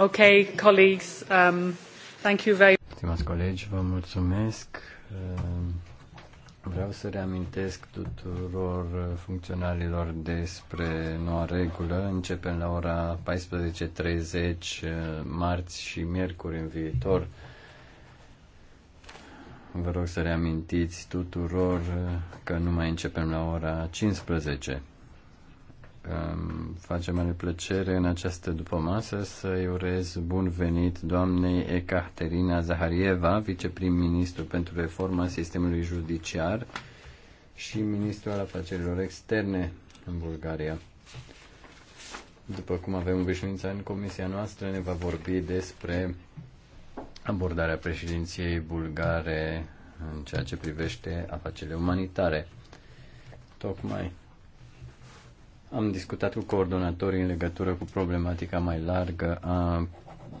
Ok, colleagues, um, thank you very Stimați colegi, vă mulțumesc. Um, vreau să reamintesc tuturor funcționarilor despre noua regulă. Începem la ora 14.30 uh, marți și miercuri în viitor. Vă rog să reamintiți tuturor uh, că nu mai începem la ora 15. Îmi face mare plăcere în această dupămasă să-i urez bun venit doamnei Ecaterina Zaharieva, viceprim-ministru pentru reforma sistemului judiciar și ministru al afacerilor externe în Bulgaria. După cum avem obișnuința în comisia noastră, ne va vorbi despre abordarea președinției bulgare în ceea ce privește afacerile umanitare. Tocmai am discutat cu coordonatorii în legătură cu problematica mai largă a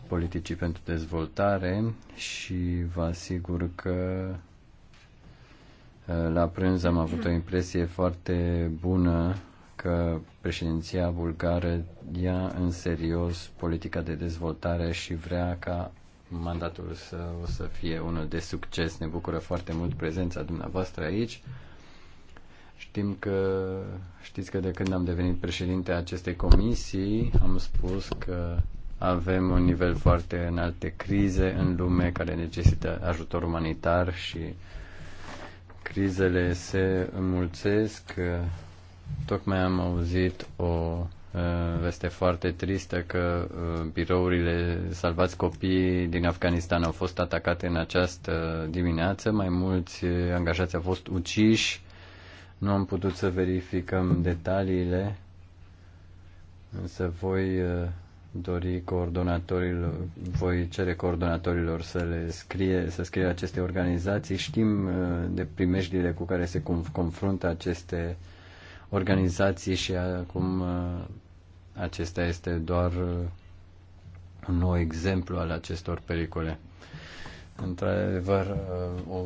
politicii pentru dezvoltare și vă asigur că uh, la prânz am avut o impresie foarte bună că președinția bulgară ia în serios politica de dezvoltare și vrea ca mandatul să, o să fie unul de succes. Ne bucură foarte mult prezența dumneavoastră aici. Știm că, știți că de când am devenit președinte acestei comisii, am spus că avem un nivel foarte înalt de crize în lume care necesită ajutor umanitar și crizele se înmulțesc. Tocmai am auzit o uh, veste foarte tristă că uh, birourile Salvați copii din Afganistan au fost atacate în această dimineață. Mai mulți uh, angajați au fost uciși nu am putut să verificăm detaliile, însă voi uh, dori coordonatorilor, voi cere coordonatorilor să le scrie, să scrie aceste organizații. Știm uh, de primejdile cu care se confruntă aceste organizații și acum uh, acesta este doar un nou exemplu al acestor pericole. Într-adevăr, o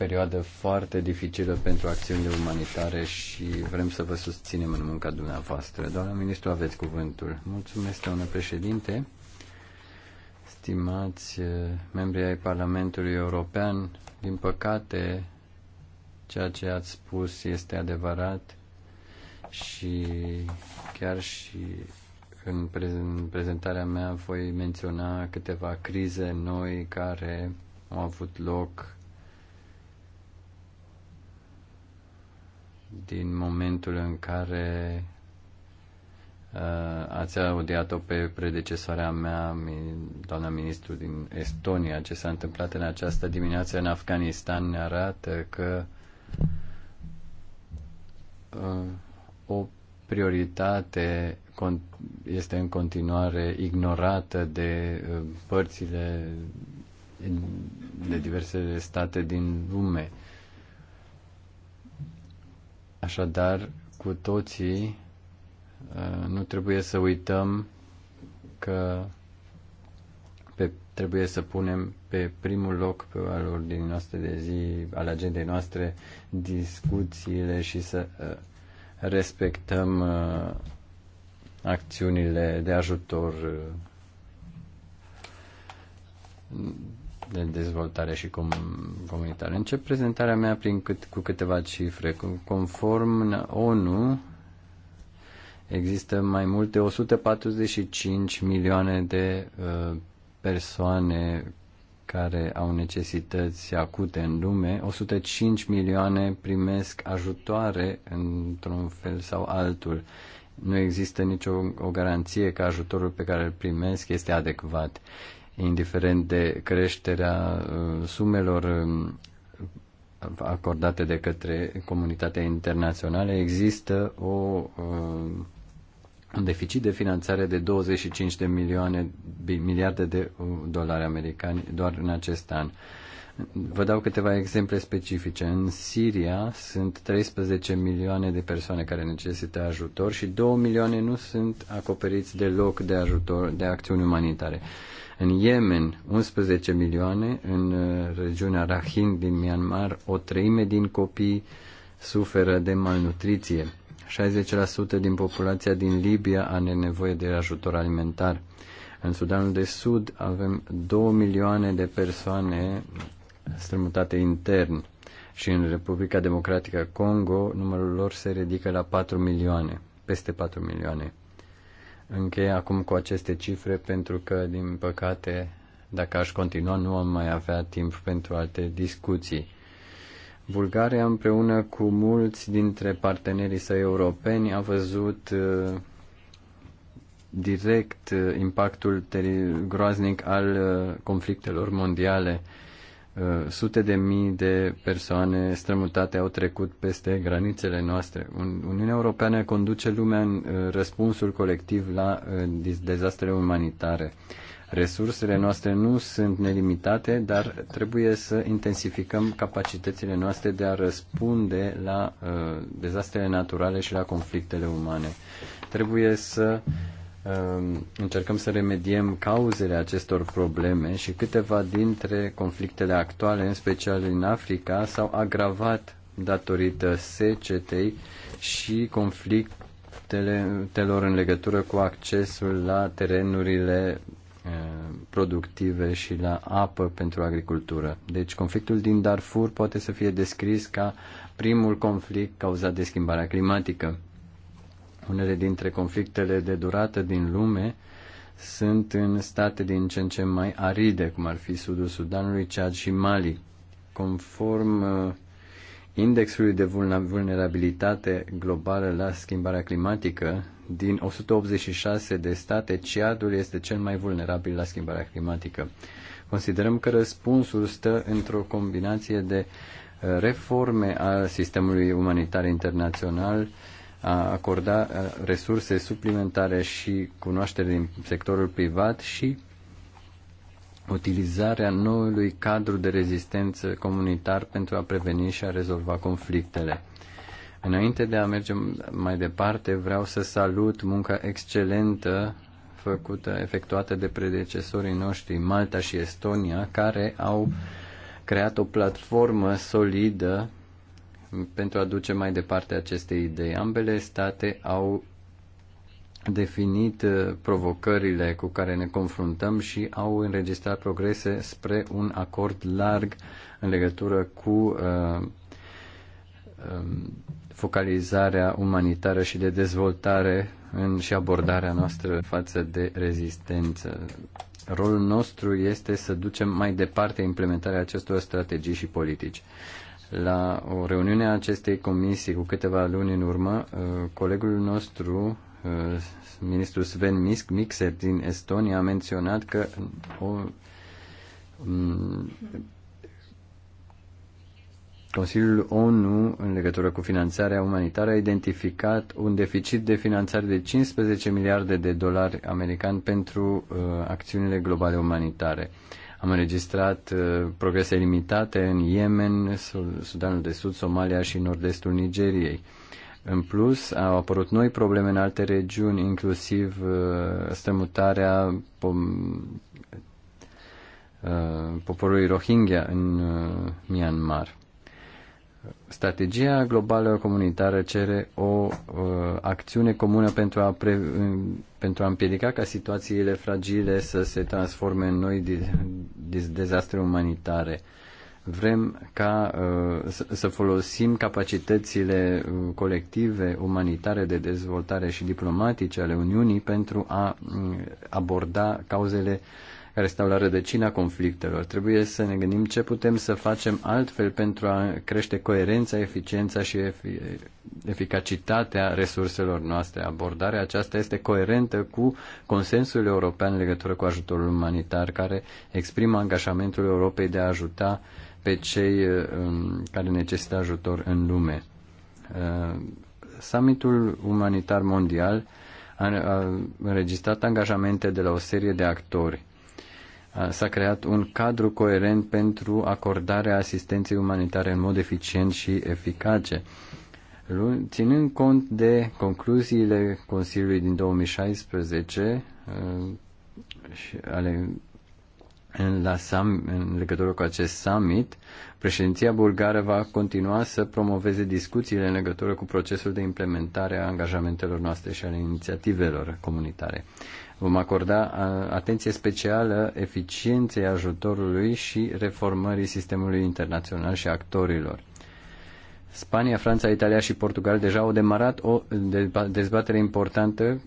perioadă foarte dificilă pentru acțiunile umanitare și vrem să vă susținem în munca dumneavoastră. Doamna ministru, aveți cuvântul. Mulțumesc, doamnă președinte. Stimați eh, membri ai Parlamentului European, din păcate, ceea ce ați spus este adevărat și chiar și în, prezentarea mea voi menționa câteva crize noi care au avut loc din momentul în care uh, ați audiat-o pe predecesoarea mea, doamna ministru din Estonia. Ce s-a întâmplat în această dimineață în Afganistan ne arată că uh, o prioritate este în continuare ignorată de uh, părțile de diversele state din lume. Așadar, cu toții uh, nu trebuie să uităm că pe, trebuie să punem pe primul loc pe al ordinii noastre de zi, al agendei noastre, discuțiile și să uh, respectăm uh, acțiunile de ajutor de dezvoltare și com- comunitară. Încep prezentarea mea prin cât, cu câteva cifre. Conform ONU, există mai multe 145 milioane de uh, persoane care au necesități acute în lume, 105 milioane primesc ajutoare într-un fel sau altul. Nu există nicio o garanție că ajutorul pe care îl primesc este adecvat indiferent de creșterea uh, sumelor um, acordate de către comunitatea internațională, există o, un um, deficit de finanțare de 25 de milioane, miliarde de uh, dolari americani doar în acest an. Vă dau câteva exemple specifice. În Siria sunt 13 milioane de persoane care necesită ajutor și 2 milioane nu sunt acoperiți deloc de ajutor, de acțiuni umanitare. În Yemen, 11 milioane, în uh, regiunea Rahin din Myanmar, o treime din copii suferă de malnutriție. 60% din populația din Libia are nevoie de ajutor alimentar. În Sudanul de Sud avem 2 milioane de persoane strămutate intern și în Republica Democratică Congo numărul lor se ridică la 4 milioane, peste 4 milioane. Încheie acum cu aceste cifre pentru că, din păcate, dacă aș continua, nu am mai avea timp pentru alte discuții. Bulgaria, împreună cu mulți dintre partenerii săi europeni, a văzut uh, direct uh, impactul groaznic al uh, conflictelor mondiale Uh, sute de mii de persoane strămutate au trecut peste granițele noastre. Uniunea Europeană conduce lumea în uh, răspunsul colectiv la uh, dezastrele umanitare. Resursele noastre nu sunt nelimitate, dar trebuie să intensificăm capacitățile noastre de a răspunde la dezastrele naturale și la conflictele umane. Trebuie să uh, Ehm, încercăm să remediem cauzele acestor probleme și câteva dintre conflictele actuale, în special în Africa, s-au agravat datorită secetei și conflictelor în legătură cu accesul la terenurile ehm, productive și la apă pentru agricultură. Deci conflictul din Darfur poate să fie descris ca primul conflict cauzat de schimbarea climatică. Unele dintre conflictele de durată din lume sunt în state din ce în ce mai aride, cum ar fi Sudul Sudanului, Chad și Mali. Conform uh, indexului de vulnerabilitate globală la schimbarea climatică, din 186 de state, Chadul este cel mai vulnerabil la schimbarea climatică. Considerăm că răspunsul stă într-o combinație de uh, reforme a sistemului umanitar internațional, a acorda resurse suplimentare și cunoaștere din sectorul privat și utilizarea noului cadru de rezistență comunitar pentru a preveni și a rezolva conflictele. Înainte de a merge mai departe, vreau să salut munca excelentă făcută, efectuată de predecesorii noștri, Malta și Estonia, care au creat o platformă solidă pentru a duce mai departe aceste idei. Ambele state au definit uh, provocările cu care ne confruntăm și au înregistrat progrese spre un acord larg în legătură cu uh, um, focalizarea umanitară și de dezvoltare în, și abordarea noastră față de rezistență. Rolul nostru este să ducem mai departe implementarea acestor strategii și politici. La o reuniune a acestei comisii cu câteva luni în urmă, uh, colegul nostru, uh, ministrul Sven Misk, Mixer din Estonia, a menționat că o, mm, Consiliul ONU, în legătură cu finanțarea umanitară, a identificat un deficit de finanțare de 15 miliarde de dolari americani pentru uh, acțiunile globale umanitare. Uh, am înregistrat uh, progrese limitate în Yemen, Sudanul de Sud, Somalia și nord-estul Nigeriei. În plus, au apărut noi probleme în alte regiuni, inclusiv uh, strămutarea uh, poporului Rohingya în Myanmar. Strategia globală comunitară cere o uh, acțiune comună pentru a, pre, pentru a împiedica ca situațiile fragile să se transforme în noi dezastre umanitare. Vrem ca uh, să, să folosim capacitățile uh, colective umanitare de dezvoltare și diplomatice ale Uniunii pentru a uh, aborda cauzele uh, care stau la rădăcina conflictelor. Trebuie să ne gândim ce putem să facem altfel pentru a crește coerența, eficiența și eficacitatea resurselor noastre. Abordarea aceasta este coerentă cu consensul european în legătură cu ajutorul umanitar, care exprimă angajamentul Europei de a ajuta pe cei uh, um, care necesită ajutor în lume. Uh, summitul Umanitar Mondial a înregistrat angajamente de la o serie de actori s-a creat un cadru coerent pentru acordarea asistenței umanitare în mod eficient și eficace. Ținând cont de concluziile Consiliului din 2016 ale în, la sum, în legătură cu acest summit, președinția bulgară va continua să promoveze discuțiile în legătură cu procesul de implementare a angajamentelor noastre și ale inițiativelor comunitare. Vom acorda atenție specială eficienței ajutorului și reformării sistemului internațional și actorilor. Spania, Franța, Italia și Portugal deja au demarat o dezbatere importantă,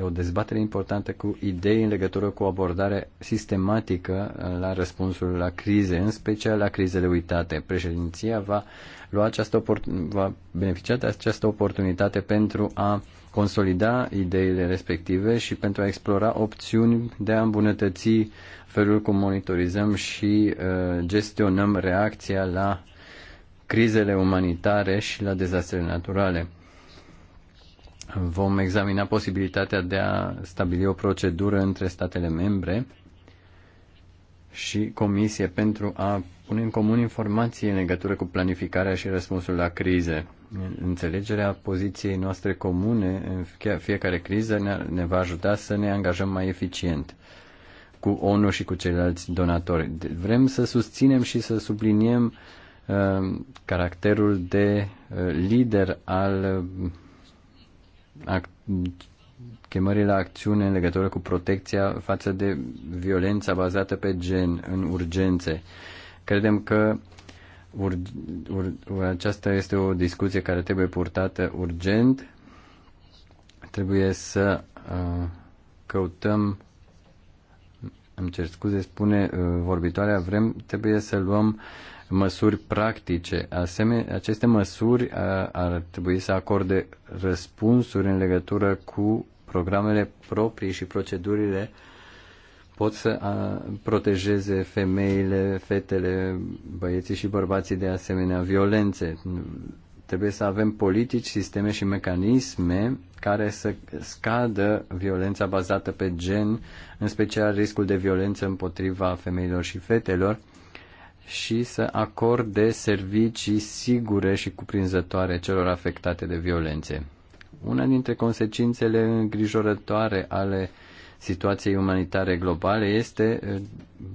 o dezbatere importantă cu idei în legătură cu o abordare sistematică la răspunsul la crize, în special la crizele uitate. Președinția va lua această va beneficia de această oportunitate pentru a consolida ideile respective și pentru a explora opțiuni de a îmbunătăți felul cum monitorizăm și uh, gestionăm reacția la crizele umanitare și la dezastrele naturale. Vom examina posibilitatea de a stabili o procedură între statele membre și Comisie pentru a pune în comun informații în legătură cu planificarea și răspunsul la crize înțelegerea poziției noastre comune în fiecare criză ne, va ajuta să ne angajăm mai eficient cu ONU și cu ceilalți donatori. Vrem să susținem și să subliniem uh, caracterul de uh, lider al uh, chemării la acțiune în legătură cu protecția față de violența bazată pe gen în urgențe. Credem că Ur, ur, aceasta este o discuție care trebuie purtată urgent. Trebuie să uh, căutăm, îmi cer scuze, spune uh, vorbitoarea, vrem, trebuie să luăm măsuri practice. Aseme, aceste măsuri uh, ar trebui să acorde răspunsuri în legătură cu programele proprii și procedurile uh, pot să protejeze femeile, fetele, băieții și bărbații de asemenea violențe. Trebuie să avem politici, sisteme și mecanisme care să scadă violența bazată pe gen, în special riscul de violență împotriva femeilor și fetelor, și să acorde servicii sigure și cuprinzătoare celor afectate de violențe. Una dintre consecințele îngrijorătoare ale uh, situației umanitare globale este eh,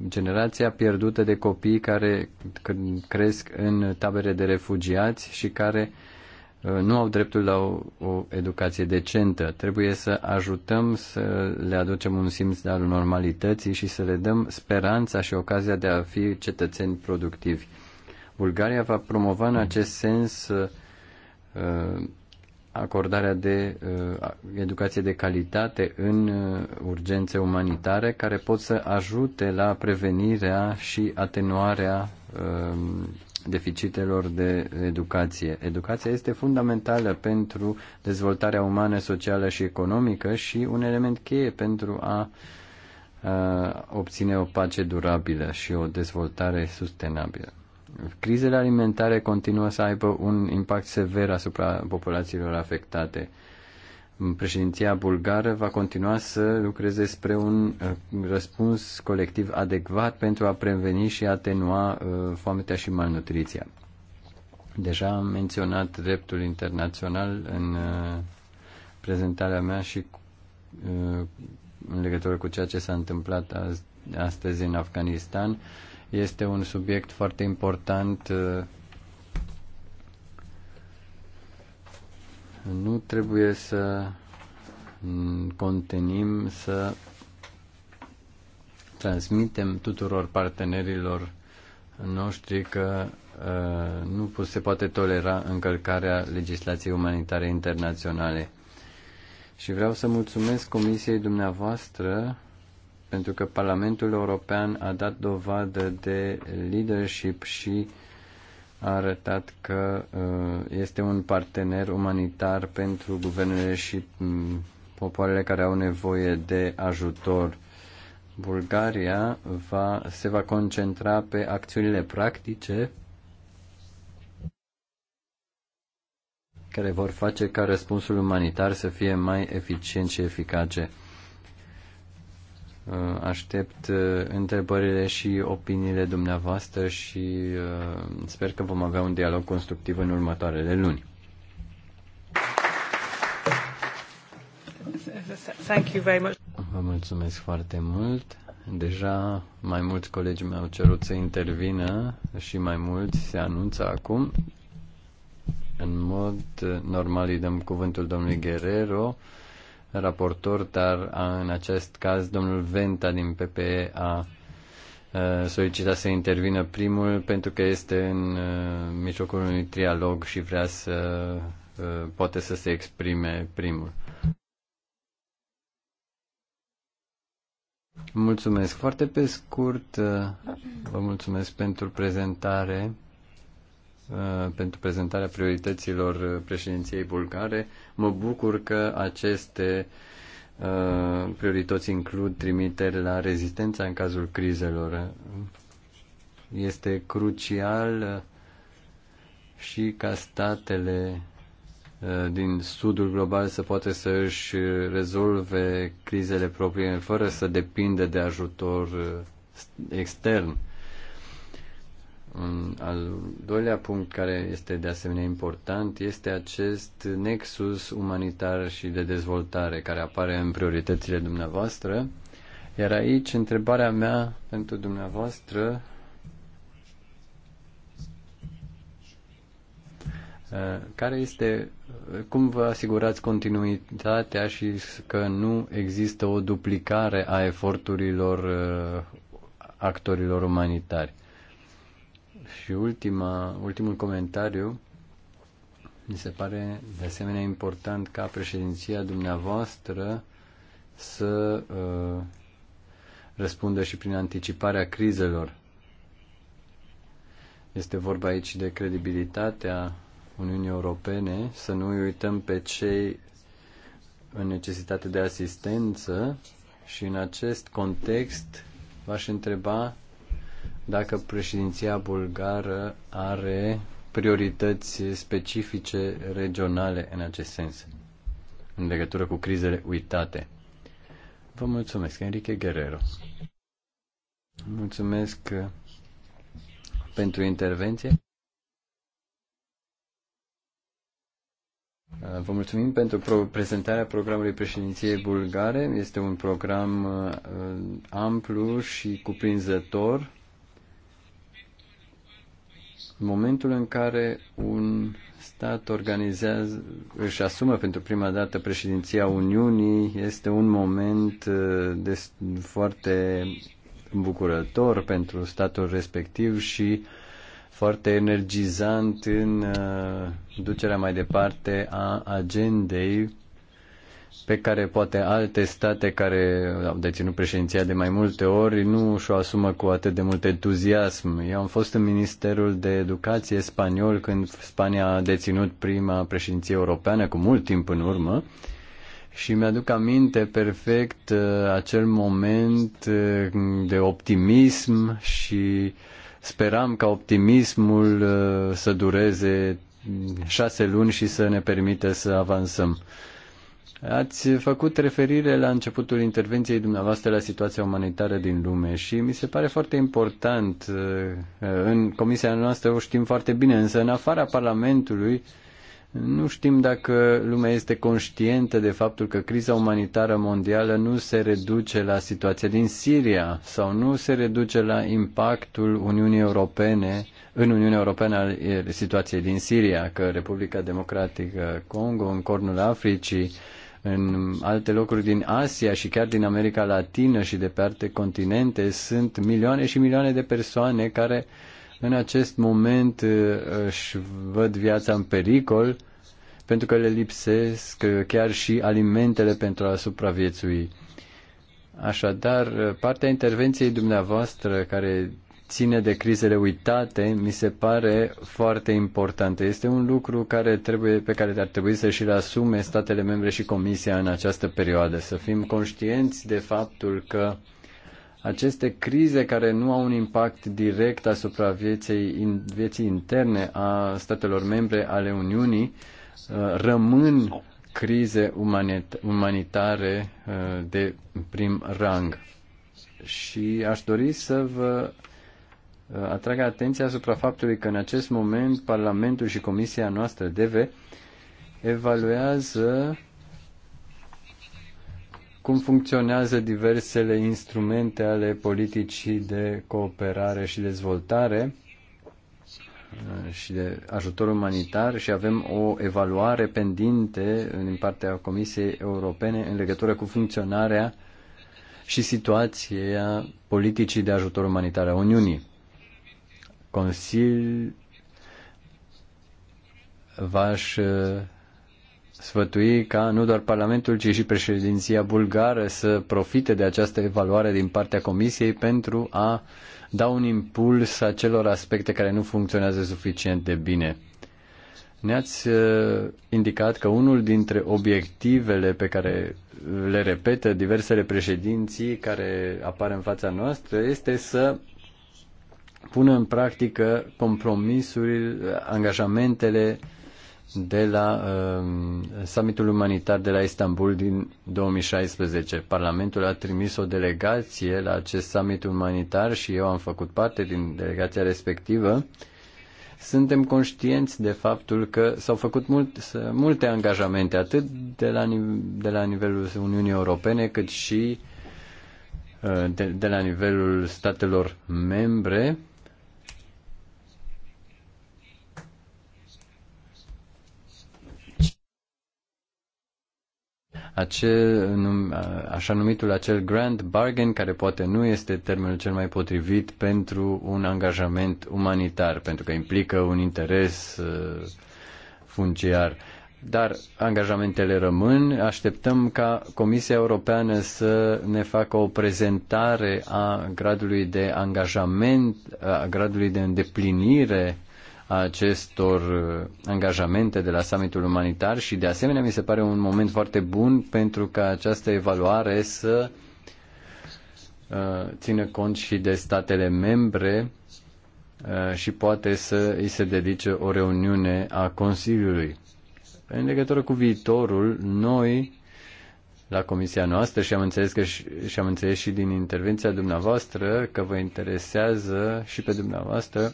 generația pierdută de copii care cresc în tabere de refugiați și care eh, nu au dreptul la o, o educație decentă. Trebuie să ajutăm să le aducem un simț al normalității și să le dăm speranța și ocazia de a fi cetățeni productivi. Bulgaria va promova în acest sens uh, acordarea de uh, educație de calitate în uh, urgențe umanitare care pot să ajute la prevenirea și atenuarea uh, deficitelor de educație. Educația este fundamentală pentru dezvoltarea umană, socială și economică și un element cheie pentru a uh, obține o pace durabilă și o dezvoltare sustenabilă crizele alimentare continuă să aibă un impact sever asupra populațiilor afectate. Președinția bulgară va continua să lucreze spre un uh, răspuns colectiv adecvat pentru a preveni și atenua uh, foametea și malnutriția. Deja am menționat dreptul internațional în uh, prezentarea mea și în legătură cu ceea ce s-a întâmplat azi, astăzi în Afganistan este un subiect foarte important. Nu trebuie să contenim, să transmitem tuturor partenerilor noștri că uh, nu se poate tolera încălcarea legislației umanitare internaționale. Și vreau să mulțumesc Comisiei dumneavoastră pentru că Parlamentul European a dat dovadă de leadership și a arătat că uh, este un partener umanitar pentru guvernele și mm, popoarele care au nevoie de ajutor. Bulgaria va, se va concentra pe acțiunile practice care vor face ca răspunsul umanitar să fie mai eficient și eficace. Uh, aștept uh, întrebările și opiniile dumneavoastră și uh, sper că vom avea un dialog constructiv în următoarele luni. Thank you very much. Vă mulțumesc foarte mult. Deja mai mulți colegi mi-au cerut să intervină și mai mulți se anunță acum. În mod normal îi dăm cuvântul domnului Guerrero raportor, dar a, în acest caz domnul Venta din PPE a solicitat să intervină primul pentru că este în mijlocul unui trialog și vrea să poate să se exprime primul. Mulțumesc. Foarte pe scurt, vă mulțumesc pentru prezentare, pentru prezentarea priorităților președinției bulgare. Mă bucur că aceste uh, priorități includ trimiteri la rezistența în cazul crizelor. Este crucial uh, și ca statele uh, din sudul global să poate să își rezolve crizele proprie fără să depindă de ajutor uh, extern. Un al doilea punct care este de asemenea important este acest nexus umanitar și de dezvoltare care apare în prioritățile dumneavoastră. Iar aici întrebarea mea pentru dumneavoastră uh, care este, cum vă asigurați continuitatea și că nu există o duplicare a eforturilor uh, actorilor umanitari? Și ultima, ultimul comentariu, mi se pare de asemenea important ca președinția dumneavoastră să uh, răspundă și prin anticiparea crizelor. Este vorba aici de credibilitatea Uniunii Europene, să nu uităm pe cei în necesitate de asistență și în acest context v-aș întreba dacă președinția bulgară are priorități specifice regionale în acest sens, în legătură cu crizele uitate. Vă mulțumesc, Enrique Guerrero. Mulțumesc uh, pentru intervenție. Uh, vă mulțumim pentru prezentarea programului președinției bulgare. Este un program uh, amplu și cuprinzător în momentul în care un stat organizează, își asumă pentru prima dată președinția Uniunii, este un moment uh, de, foarte bucurător pentru statul respectiv și foarte energizant în uh, ducerea mai departe a agendei pe care poate alte state care au deținut președinția de mai multe ori nu și-o asumă cu atât de mult entuziasm. Eu am fost în Ministerul de Educație spaniol când Spania a deținut prima președinție europeană cu mult timp în urmă și mi-aduc aminte perfect uh, acel moment uh, de optimism și speram ca optimismul uh, să dureze șase luni și să ne permită să avansăm. Ați făcut referire la începutul intervenției dumneavoastră la situația umanitară din lume și mi se pare foarte important. Uh, în comisia noastră o știm foarte bine, însă în afara Parlamentului nu știm dacă lumea este conștientă de faptul că criza umanitară mondială nu se reduce la situația din Siria sau nu se reduce la impactul Uniunii Europene în Uniunea Europeană al eh, situației din Siria, că Republica Democratică Congo, în cornul Africii, în alte locuri din Asia și chiar din America Latină și de pe alte continente sunt milioane și milioane de persoane care în acest moment uh, își văd viața în pericol pentru că le lipsesc uh, chiar și alimentele pentru a supraviețui. Așadar, uh, partea intervenției dumneavoastră care ține de crizele uitate, mi se pare foarte importantă. Este un lucru care trebuie, pe care ar trebui să și-l asume statele membre și Comisia în această perioadă. Să fim conștienți de faptul că aceste crize care nu au un impact direct asupra vieței, vieții interne a statelor membre ale Uniunii uh, rămân crize umanitare uh, de prim rang. Și aș dori să vă atrag atenția asupra faptului că în acest moment Parlamentul și Comisia noastră DEVE evaluează cum funcționează diversele instrumente ale politicii de cooperare și dezvoltare și de ajutor umanitar și avem o evaluare pendinte din partea Comisiei Europene în legătură cu funcționarea și situația politicii de ajutor umanitar a Uniunii. Consil v-aș uh, sfătui ca nu doar Parlamentul, ci și președinția bulgară să profite de această evaluare din partea Comisiei pentru a da un impuls acelor aspecte care nu funcționează suficient de bine. Ne-ați uh, indicat că unul dintre obiectivele pe care le repetă diversele președinții care apar în fața noastră este să pună în practică compromisurile, angajamentele de la uh, summitul umanitar de la Istanbul din 2016. Parlamentul a trimis o delegație la acest summit umanitar și eu am făcut parte din delegația respectivă. Suntem conștienți de faptul că s-au făcut mult, multe angajamente, atât de la, de la nivelul Uniunii Europene, cât și uh, de, de la nivelul statelor membre acel, așa numitul acel grand bargain, care poate nu este termenul cel mai potrivit pentru un angajament umanitar, pentru că implică un interes uh, funciar. Dar angajamentele rămân, așteptăm ca Comisia Europeană să ne facă o prezentare a gradului de angajament, a gradului de îndeplinire a acestor uh, angajamente de la summitul umanitar și de asemenea mi se pare un moment foarte bun pentru ca această evaluare să uh, țină cont și de statele membre uh, și poate să îi se dedice o reuniune a Consiliului. În legătură cu viitorul, noi la comisia noastră și am înțeles, că și, și am înțeles și din intervenția dumneavoastră că vă interesează și pe dumneavoastră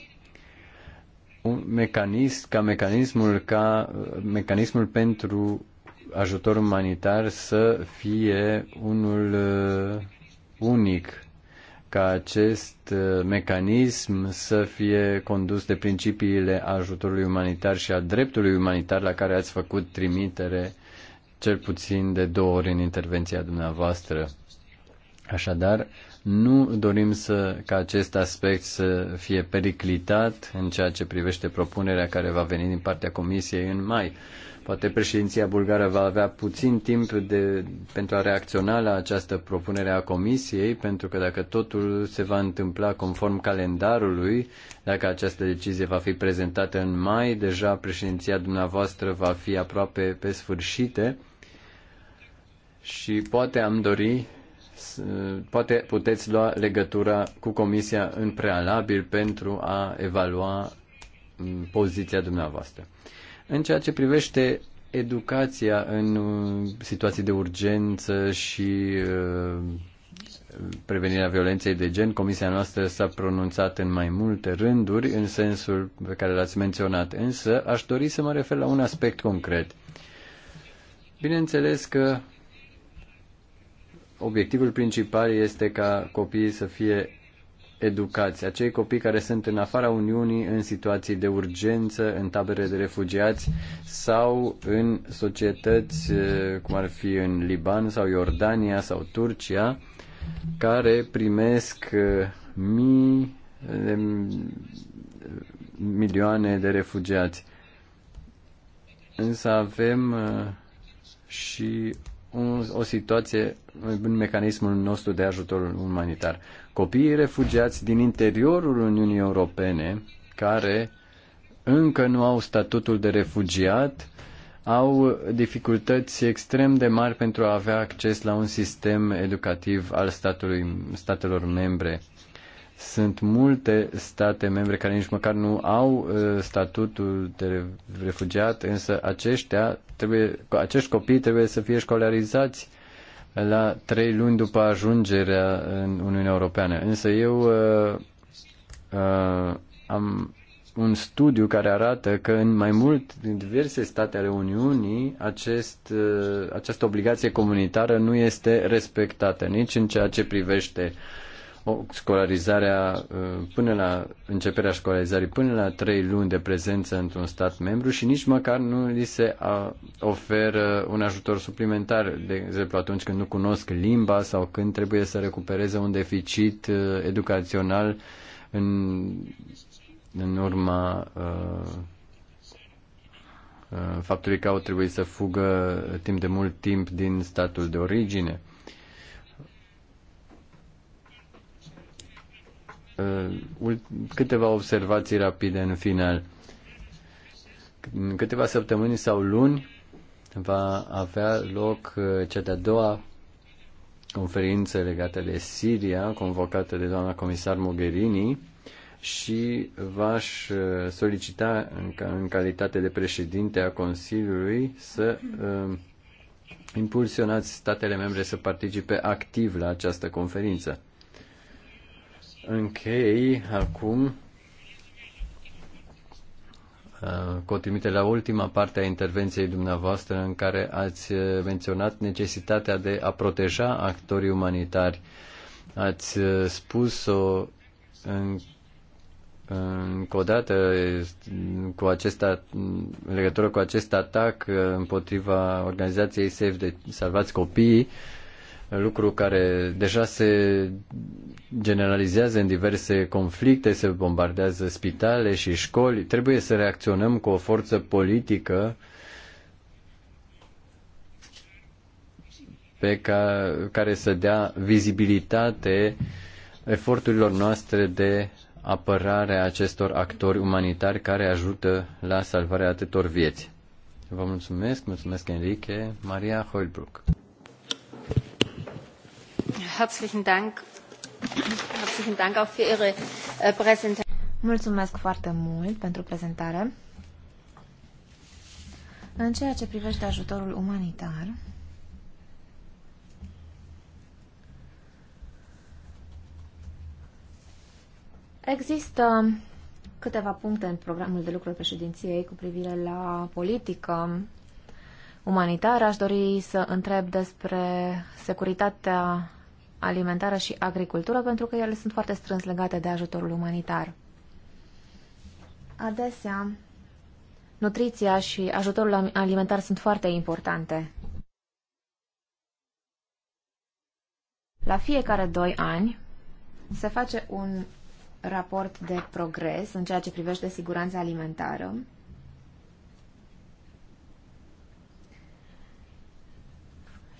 un mecanism, ca mecanismul, ca mecanismul pentru ajutor umanitar să fie unul uh, unic, ca acest uh, mecanism să fie condus de principiile ajutorului umanitar și a dreptului umanitar la care ați făcut trimitere cel puțin de două ori în intervenția dumneavoastră. Așadar, nu dorim să, ca acest aspect să fie periclitat în ceea ce privește propunerea care va veni din partea Comisiei în mai. Poate președinția bulgară va avea puțin timp de, pentru a reacționa la această propunere a Comisiei, pentru că dacă totul se va întâmpla conform calendarului, dacă această decizie va fi prezentată în mai, deja președinția dumneavoastră va fi aproape pe sfârșite și poate am dori poate puteți lua legătura cu comisia în prealabil pentru a evalua mm, poziția dumneavoastră. În ceea ce privește educația în uh, situații de urgență și uh, prevenirea violenței de gen, comisia noastră s-a pronunțat în mai multe rânduri în sensul pe care l-ați menționat, însă aș dori să mă refer la un aspect concret. Bineînțeles că obiectivul principal este ca copiii să fie educați. Acei copii care sunt în afara Uniunii, în situații de urgență, în tabere de refugiați sau în societăți eh, cum ar fi în Liban sau Iordania sau Turcia, care primesc eh, mii de eh, milioane de refugiați. Însă avem și o situație în mecanismul nostru de ajutor umanitar. Copiii refugiați din interiorul Uniunii Europene, care încă nu au statutul de refugiat, au dificultăți extrem de mari pentru a avea acces la un sistem educativ al statului, statelor membre sunt multe state membre care nici măcar nu au uh, statutul de refugiat, însă aceștia trebuie, acești copii trebuie să fie școlarizați la trei luni după ajungerea în Uniunea Europeană. Însă eu uh, uh, am un studiu care arată că în mai mult, în diverse state ale Uniunii, acest, uh, această obligație comunitară nu este respectată nici în ceea ce privește uh, scolarizarea uh, până la începerea școlarizării până la trei luni de prezență într-un stat membru și nici măcar nu li se oferă un ajutor suplimentar, de exemplu atunci când nu cunosc limba sau când trebuie să recupereze un deficit uh, educațional în, în urma uh, faptului că au trebuit să fugă timp de mult timp din statul de origine. Uh, câteva observații rapide în final. În câteva săptămâni sau luni va avea loc uh, cea de-a doua conferință legată de Siria, convocată de doamna comisar Mogherini și v-aș uh, solicita în calitate de președinte a Consiliului să impulsionați statele membre să participe activ la această conferință. Închei acum uh, cu trimite la ultima parte a intervenției dumneavoastră în care ați menționat necesitatea de a proteja actorii umanitari. Ați uh, spus-o în, încă o dată cu acesta, în legătură cu acest atac uh, împotriva organizației Save de Salvați Copiii, lucru care deja se generalizează în diverse conflicte, se bombardează spitale și școli. Trebuie să reacționăm cu o forță politică pe ca, care să dea vizibilitate eforturilor noastre de apărare a acestor actori umanitari care ajută la salvarea atâtor vieți. Vă mulțumesc, mulțumesc Enrique, Maria Holbrook. Äh, Mulțumesc foarte mult pentru prezentare. În ceea ce privește ajutorul umanitar, există câteva puncte în programul de lucru al președinției cu privire la politică umanitară. Aș dori să întreb despre securitatea alimentară și agricultură, pentru că ele sunt foarte strâns legate de ajutorul umanitar. Adesea, nutriția și ajutorul alimentar sunt foarte importante. La fiecare doi ani se face un raport de progres în ceea ce privește siguranța alimentară.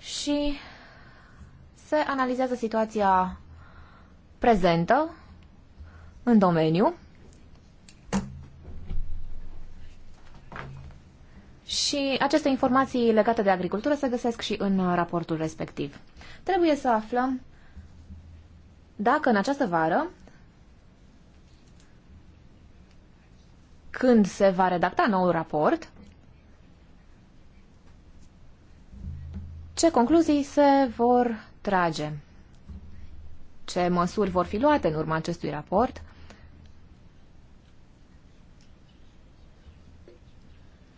Și se analizează situația prezentă în domeniu și aceste informații legate de agricultură se găsesc și în raportul respectiv. Trebuie să aflăm dacă în această vară, când se va redacta noul raport, ce concluzii se vor trage? Ce măsuri vor fi luate în urma acestui raport?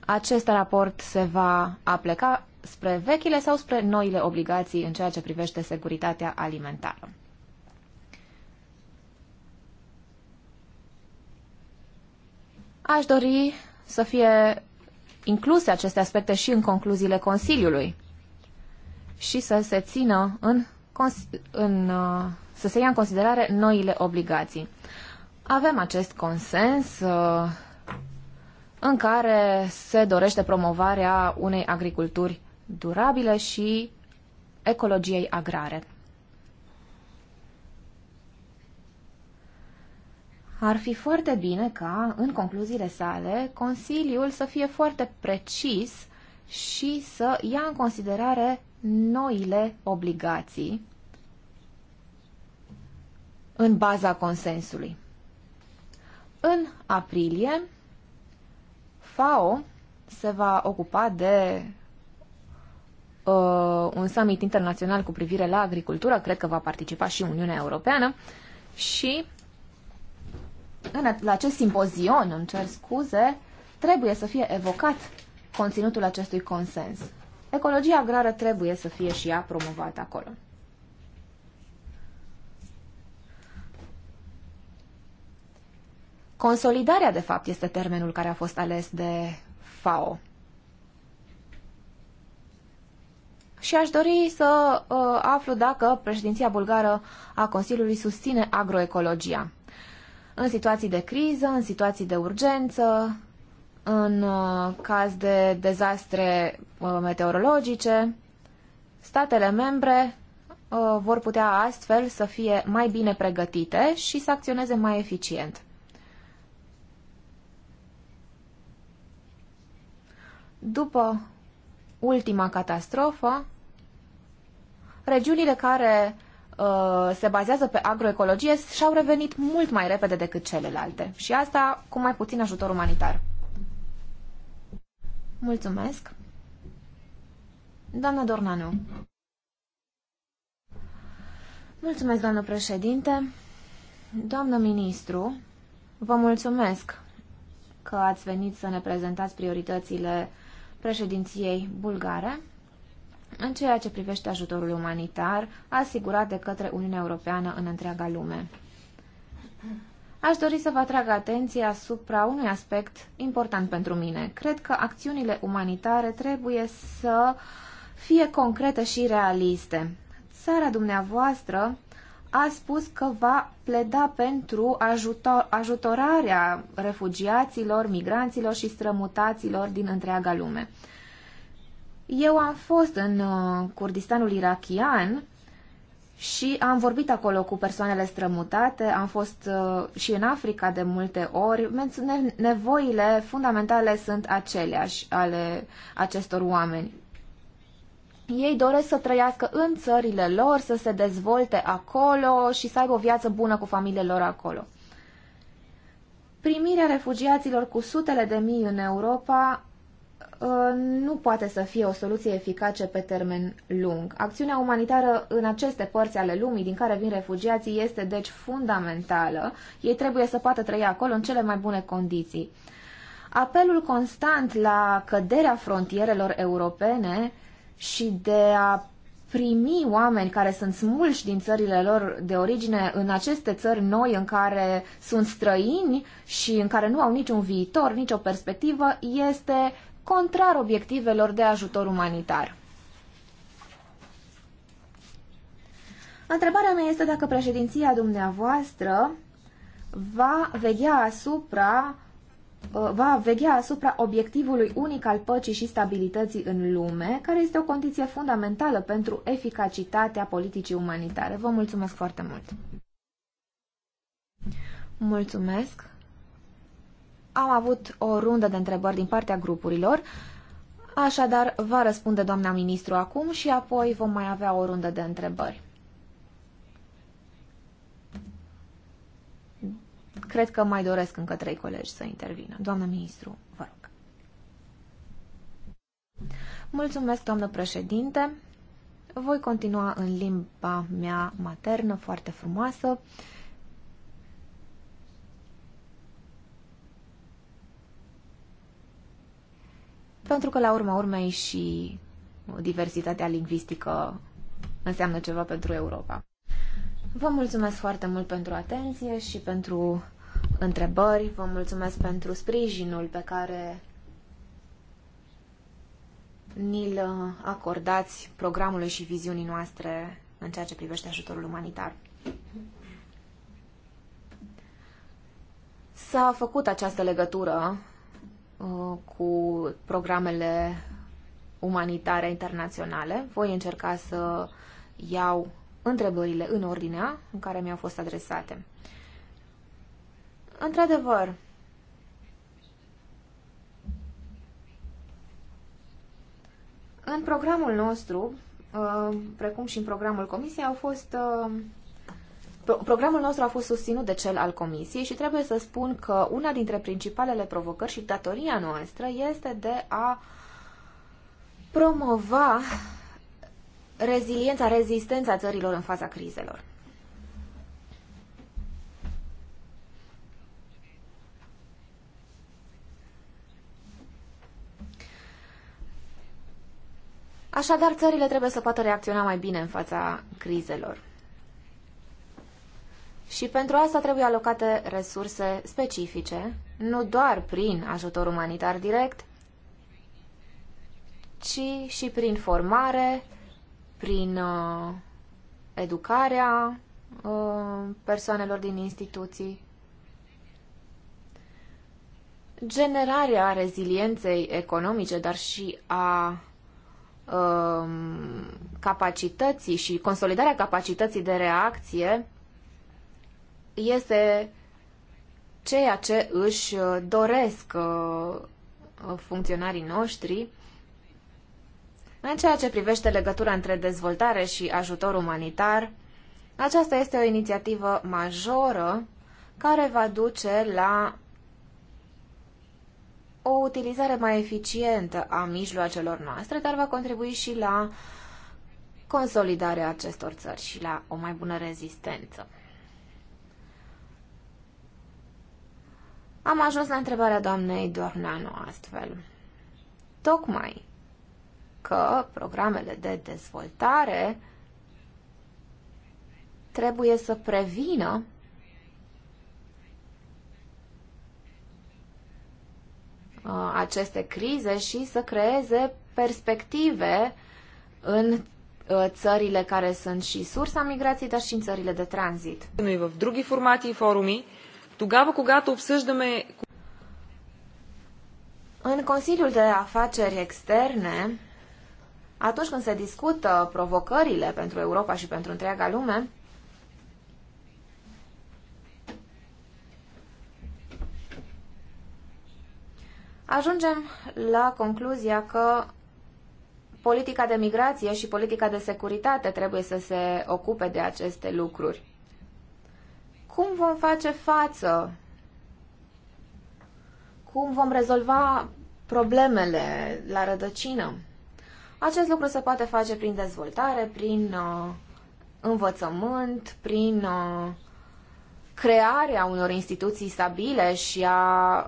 Acest raport se va apleca spre vechile sau spre noile obligații în ceea ce privește securitatea alimentară. Aș dori să fie incluse aceste aspecte și în concluziile Consiliului și să se țină în, în uh, să se ia în considerare noile obligații. Avem acest consens uh, în care se dorește promovarea unei agriculturi durabile și ecologiei agrare. Ar fi foarte bine ca, în concluziile sale, Consiliul să fie foarte precis și să ia în considerare noile obligații în baza consensului. În aprilie, FAO se va ocupa de uh, un summit internațional cu privire la agricultură, cred că va participa și Uniunea Europeană, și în, la acest simpozion, îmi cer scuze, trebuie să fie evocat conținutul acestui consens ecologia agrară trebuie să fie și ea promovată acolo. Consolidarea, de fapt, este termenul care a fost ales de FAO. Și aș dori să uh, aflu dacă președinția bulgară a Consiliului susține agroecologia. În situații de criză, în situații de urgență, în uh, caz de dezastre uh, meteorologice, statele membre uh, vor putea astfel să fie mai bine pregătite și să acționeze mai eficient. După ultima catastrofă, regiunile care se bazează pe agroecologie și-au revenit mult mai repede decât celelalte și asta cu mai puțin ajutor umanitar. Mulțumesc. Doamna Dornanu. Mulțumesc, doamnă președinte. Doamnă ministru, vă mulțumesc că ați venit să ne prezentați prioritățile președinției bulgare în ceea ce privește ajutorul umanitar asigurat de către Uniunea Europeană în întreaga lume. Aș dori să vă atrag atenția asupra unui aspect important pentru mine. Cred că acțiunile umanitare trebuie să fie concrete și realiste. Țara dumneavoastră a spus că va pleda pentru ajutor, ajutorarea refugiaților, migranților și strămutaților din întreaga lume. Eu am fost în uh, Kurdistanul irachian și am vorbit acolo cu persoanele strămutate, am fost uh, și în Africa de multe ori. Nevoile fundamentale sunt aceleași ale acestor oameni. Ei doresc să trăiască în țările lor, să se dezvolte acolo și să aibă o viață bună cu familiile lor acolo. Primirea refugiaților cu sutele de mii în Europa Uh, nu poate să fie o soluție eficace pe termen lung. Acțiunea umanitară în aceste părți ale lumii din care vin refugiații este deci fundamentală. Ei trebuie să poată trăi acolo în cele mai bune condiții. Apelul constant la căderea frontierelor europene și de a primi oameni care sunt smulși din țările lor de origine în aceste țări noi în care sunt străini și în care nu au niciun viitor, nicio perspectivă, este contrar obiectivelor de ajutor umanitar. Întrebarea mea este dacă președinția dumneavoastră va veghea asupra uh, va veghea asupra obiectivului unic al păcii și stabilității în lume, care este o condiție fundamentală pentru eficacitatea politicii umanitare. Vă mulțumesc foarte mult! Mulțumesc! Am avut o rundă de întrebări din partea grupurilor, așadar va răspunde doamna ministru acum și apoi vom mai avea o rundă de întrebări. Cred că mai doresc încă trei colegi să intervină. Doamna ministru, vă rog. Mulțumesc, doamnă președinte. Voi continua în limba mea maternă, foarte frumoasă. Uh, pentru că la urma urmei și diversitatea lingvistică înseamnă ceva pentru Europa. Vă mulțumesc foarte mult pentru atenție și pentru întrebări, vă mulțumesc pentru sprijinul pe care ni-l acordați programului și viziunii noastre în ceea ce privește ajutorul umanitar. S-a făcut această legătură Uh, cu programele umanitare internaționale. Voi încerca să iau întrebările în ordinea în care mi-au fost adresate. Într-adevăr, în programul nostru, uh, precum și în programul Comisiei, au fost uh, Programul nostru a fost susținut de cel al Comisiei și trebuie să spun că una dintre principalele provocări și datoria noastră este de a promova reziliența, rezistența țărilor în fața crizelor. Așadar, țările trebuie să poată reacționa mai bine în fața crizelor. Și pentru asta trebuie alocate resurse specifice, nu doar prin ajutor umanitar direct, ci și prin formare, prin uh, educarea uh, persoanelor din instituții, generarea rezilienței economice, dar și a uh, capacității și consolidarea capacității de reacție este ceea ce își uh, doresc uh, funcționarii noștri în ceea ce privește legătura între dezvoltare și ajutor umanitar. Aceasta este o inițiativă majoră care va duce la o utilizare mai eficientă a mijloacelor noastre, dar va contribui și la consolidarea acestor țări și la o mai bună rezistență. Am ajuns la întrebarea doamnei Dornano astfel. Tocmai că programele de dezvoltare trebuie să prevină aceste crize și să creeze perspective în uh, țările care sunt și sursa migrației, dar și în țările de tranzit. În drugi formatii forumii, Тогава, когато обсъждаме... În Consiliul de Afaceri Externe, atunci când se discută provocările pentru Europa și pentru întreaga lume, ajungem la concluzia că politica de migrație și politica de securitate trebuie să se ocupe de aceste lucruri. Cum vom face față? Cum vom rezolva problemele la rădăcină? Acest lucru se poate face prin dezvoltare, prin uh, învățământ, prin uh, crearea unor instituții stabile și a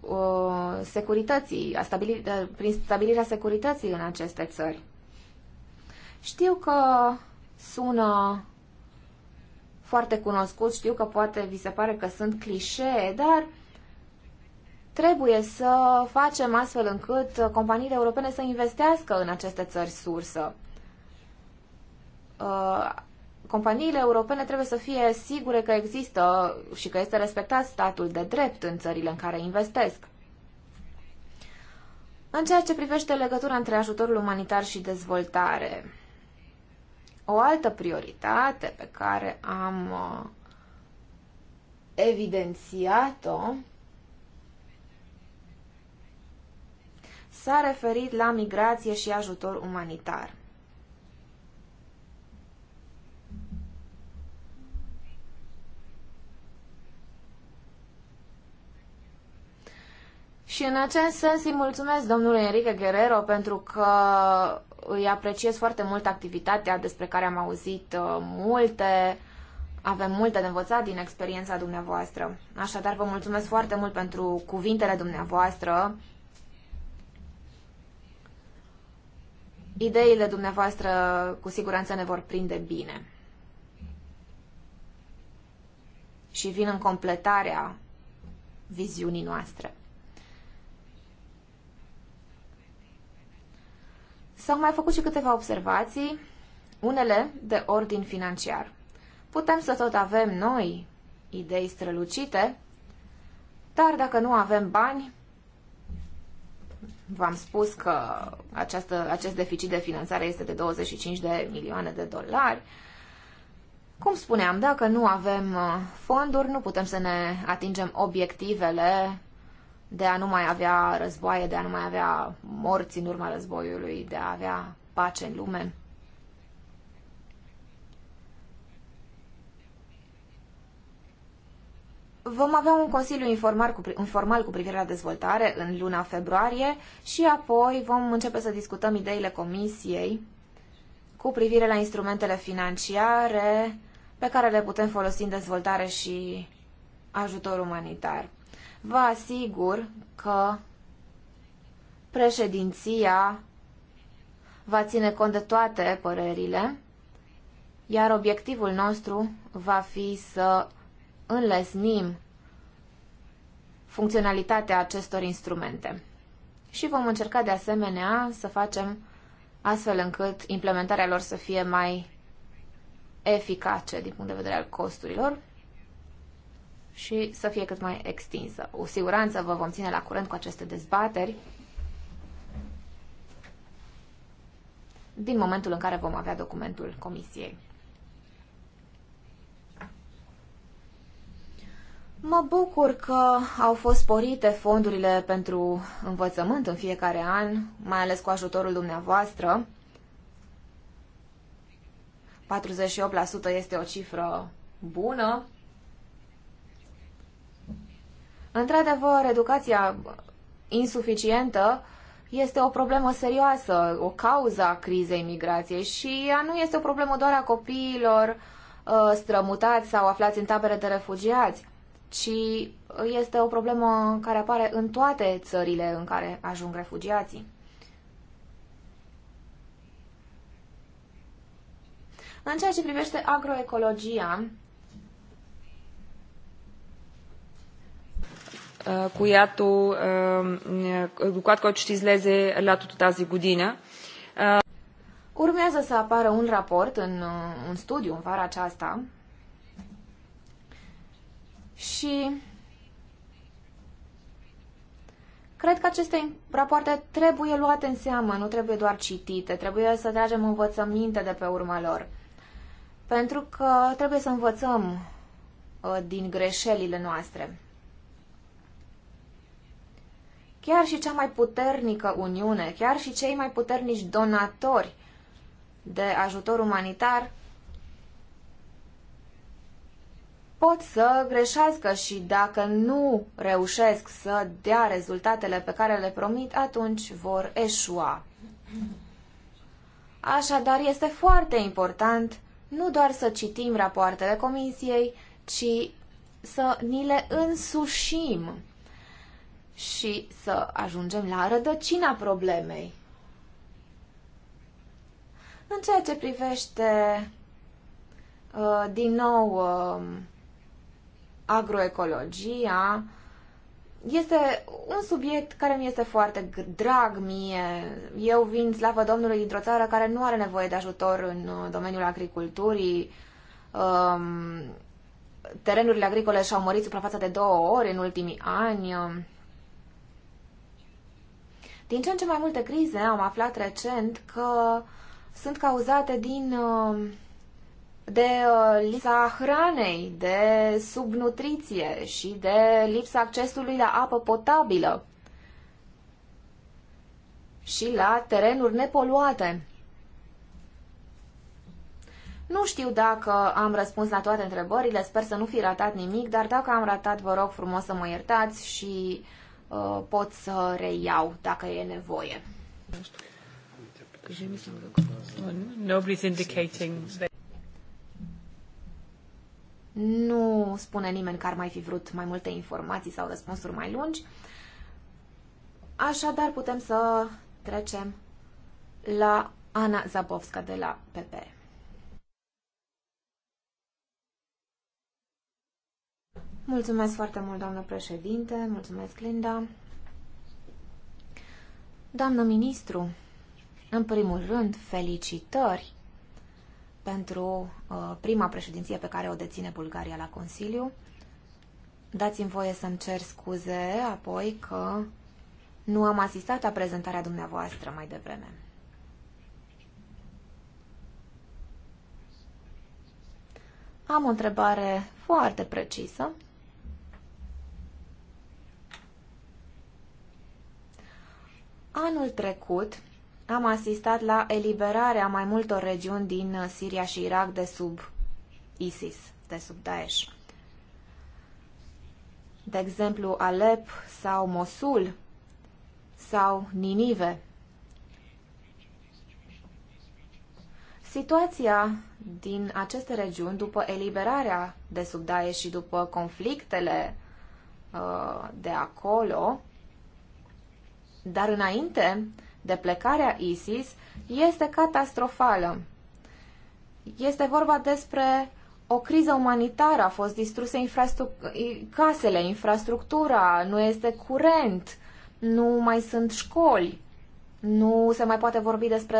uh, securității, a stabili, uh, prin stabilirea securității în aceste țări. Știu că sună foarte cunoscut. Știu că poate vi se pare că sunt clișee, dar trebuie să facem astfel încât companiile europene să investească în aceste țări sursă. Uh, companiile europene trebuie să fie sigure că există și că este respectat statul de drept în țările în care investesc. În ceea ce privește legătura între ajutorul umanitar și dezvoltare, o altă prioritate pe care am uh, evidențiat-o s-a referit la migrație și ajutor umanitar. Și în acest sens îi mulțumesc domnului Enrique Guerrero pentru că îi apreciez foarte mult activitatea despre care am auzit uh, multe, avem multe de învățat din experiența dumneavoastră. Așadar, vă mulțumesc foarte mult pentru cuvintele dumneavoastră, Ideile dumneavoastră cu siguranță ne vor prinde bine. Și vin în completarea viziunii noastre. S-au mai făcut și câteva observații, unele de ordin financiar. Putem să tot avem noi idei strălucite, dar dacă nu avem bani, v-am spus că această, acest deficit de finanțare este de 25 de milioane de dolari. Cum spuneam, dacă nu avem uh, fonduri, nu putem să ne atingem obiectivele de a nu mai avea războaie, de a nu mai avea morți în urma războiului, de a avea pace în lume. Vom avea un consiliu informal cu, informal cu privire la dezvoltare în luna februarie și apoi vom începe să discutăm ideile comisiei cu privire la instrumentele financiare pe care le putem folosi în dezvoltare și ajutor umanitar. Vă asigur că președinția va ține cont de toate părerile, iar obiectivul nostru va fi să înlesnim funcționalitatea acestor instrumente. Și vom încerca de asemenea să facem astfel încât implementarea lor să fie mai eficace din punct de vedere al costurilor și să fie cât mai extinsă. Cu siguranță vă vom ține la curent cu aceste dezbateri din momentul în care vom avea documentul comisiei. Mă bucur că au fost sporite fondurile pentru învățământ în fiecare an, mai ales cu ajutorul dumneavoastră. 48% este o cifră bună Într-adevăr, educația insuficientă este o problemă serioasă, o cauză a crizei migrației și ea nu este o problemă doar a copiilor uh, strămutați sau aflați în tabere de refugiați, ci este o problemă care apare în toate țările în care ajung refugiații. În ceea ce privește agroecologia, която, доклад, който ще излезе лятото тази година. Urmează să apară un raport, în, un studiu în vara aceasta și cred că aceste rapoarte trebuie luate în seamă, nu trebuie doar citite, trebuie să tragem învățăminte de pe urma lor. Pentru că trebuie să învățăm uh, din greșelile noastre. Chiar și cea mai puternică Uniune, chiar și cei mai puternici donatori de ajutor umanitar pot să greșească și dacă nu reușesc să dea rezultatele pe care le promit, atunci vor eșua. Așadar, este foarte important nu doar să citim rapoartele comisiei, ci să ni le însușim și să ajungem la rădăcina problemei. În ceea ce privește uh, din nou um, agroecologia, este un subiect care mi este foarte drag mie. Eu vin, slavă Domnului, dintr-o țară care nu are nevoie de ajutor în uh, domeniul agriculturii. Um, terenurile agricole și-au mărit suprafața de două ori în ultimii ani um, din ce în ce mai multe crize am aflat recent că sunt cauzate din uh, de uh, lipsa hranei, de subnutriție și de lipsa accesului la apă potabilă și la terenuri nepoluate. Nu știu dacă am răspuns la toate întrebările, sper să nu fi ratat nimic, dar dacă am ratat, vă rog frumos să mă iertați și uh, Uh, pot să reiau dacă e nevoie. Nobody's indicating nu spune nimeni că ar mai fi vrut mai multe informații sau răspunsuri mai lungi. Așadar, putem să trecem la Ana Zabovska de la PP. Mulțumesc foarte mult, doamnă președinte. Mulțumesc, Linda. Doamnă ministru, în primul rând, felicitări pentru uh, prima președinție pe care o deține Bulgaria la Consiliu. Dați-mi voie să-mi cer scuze apoi că nu am asistat la prezentarea dumneavoastră mai devreme. Am o întrebare foarte precisă Anul trecut am asistat la eliberarea mai multor regiuni din Siria și Irak de sub ISIS, de sub Daesh. De exemplu, Alep sau Mosul sau Ninive. Situația din aceste regiuni, după eliberarea de sub Daesh și după conflictele uh, de acolo, dar înainte de plecarea ISIS este catastrofală. Este vorba despre o criză umanitară, a fost distruse infrastruc- casele, infrastructura, nu este curent, nu mai sunt școli, nu se mai poate vorbi despre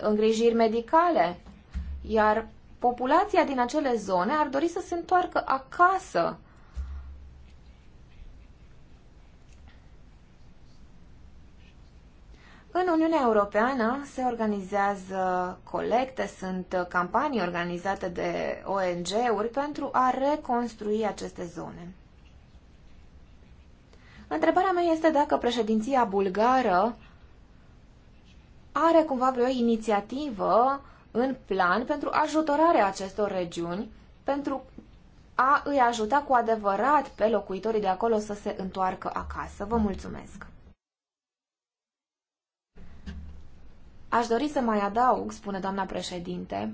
îngrijiri medicale, iar populația din acele zone ar dori să se întoarcă acasă În Uniunea Europeană se organizează colecte, sunt campanii organizate de ONG-uri pentru a reconstrui aceste zone. Întrebarea mea este dacă președinția bulgară are cumva vreo inițiativă în plan pentru ajutorarea acestor regiuni, pentru a îi ajuta cu adevărat pe locuitorii de acolo să se întoarcă acasă. Vă mulțumesc! Aș dori să mai adaug, spune doamna președinte,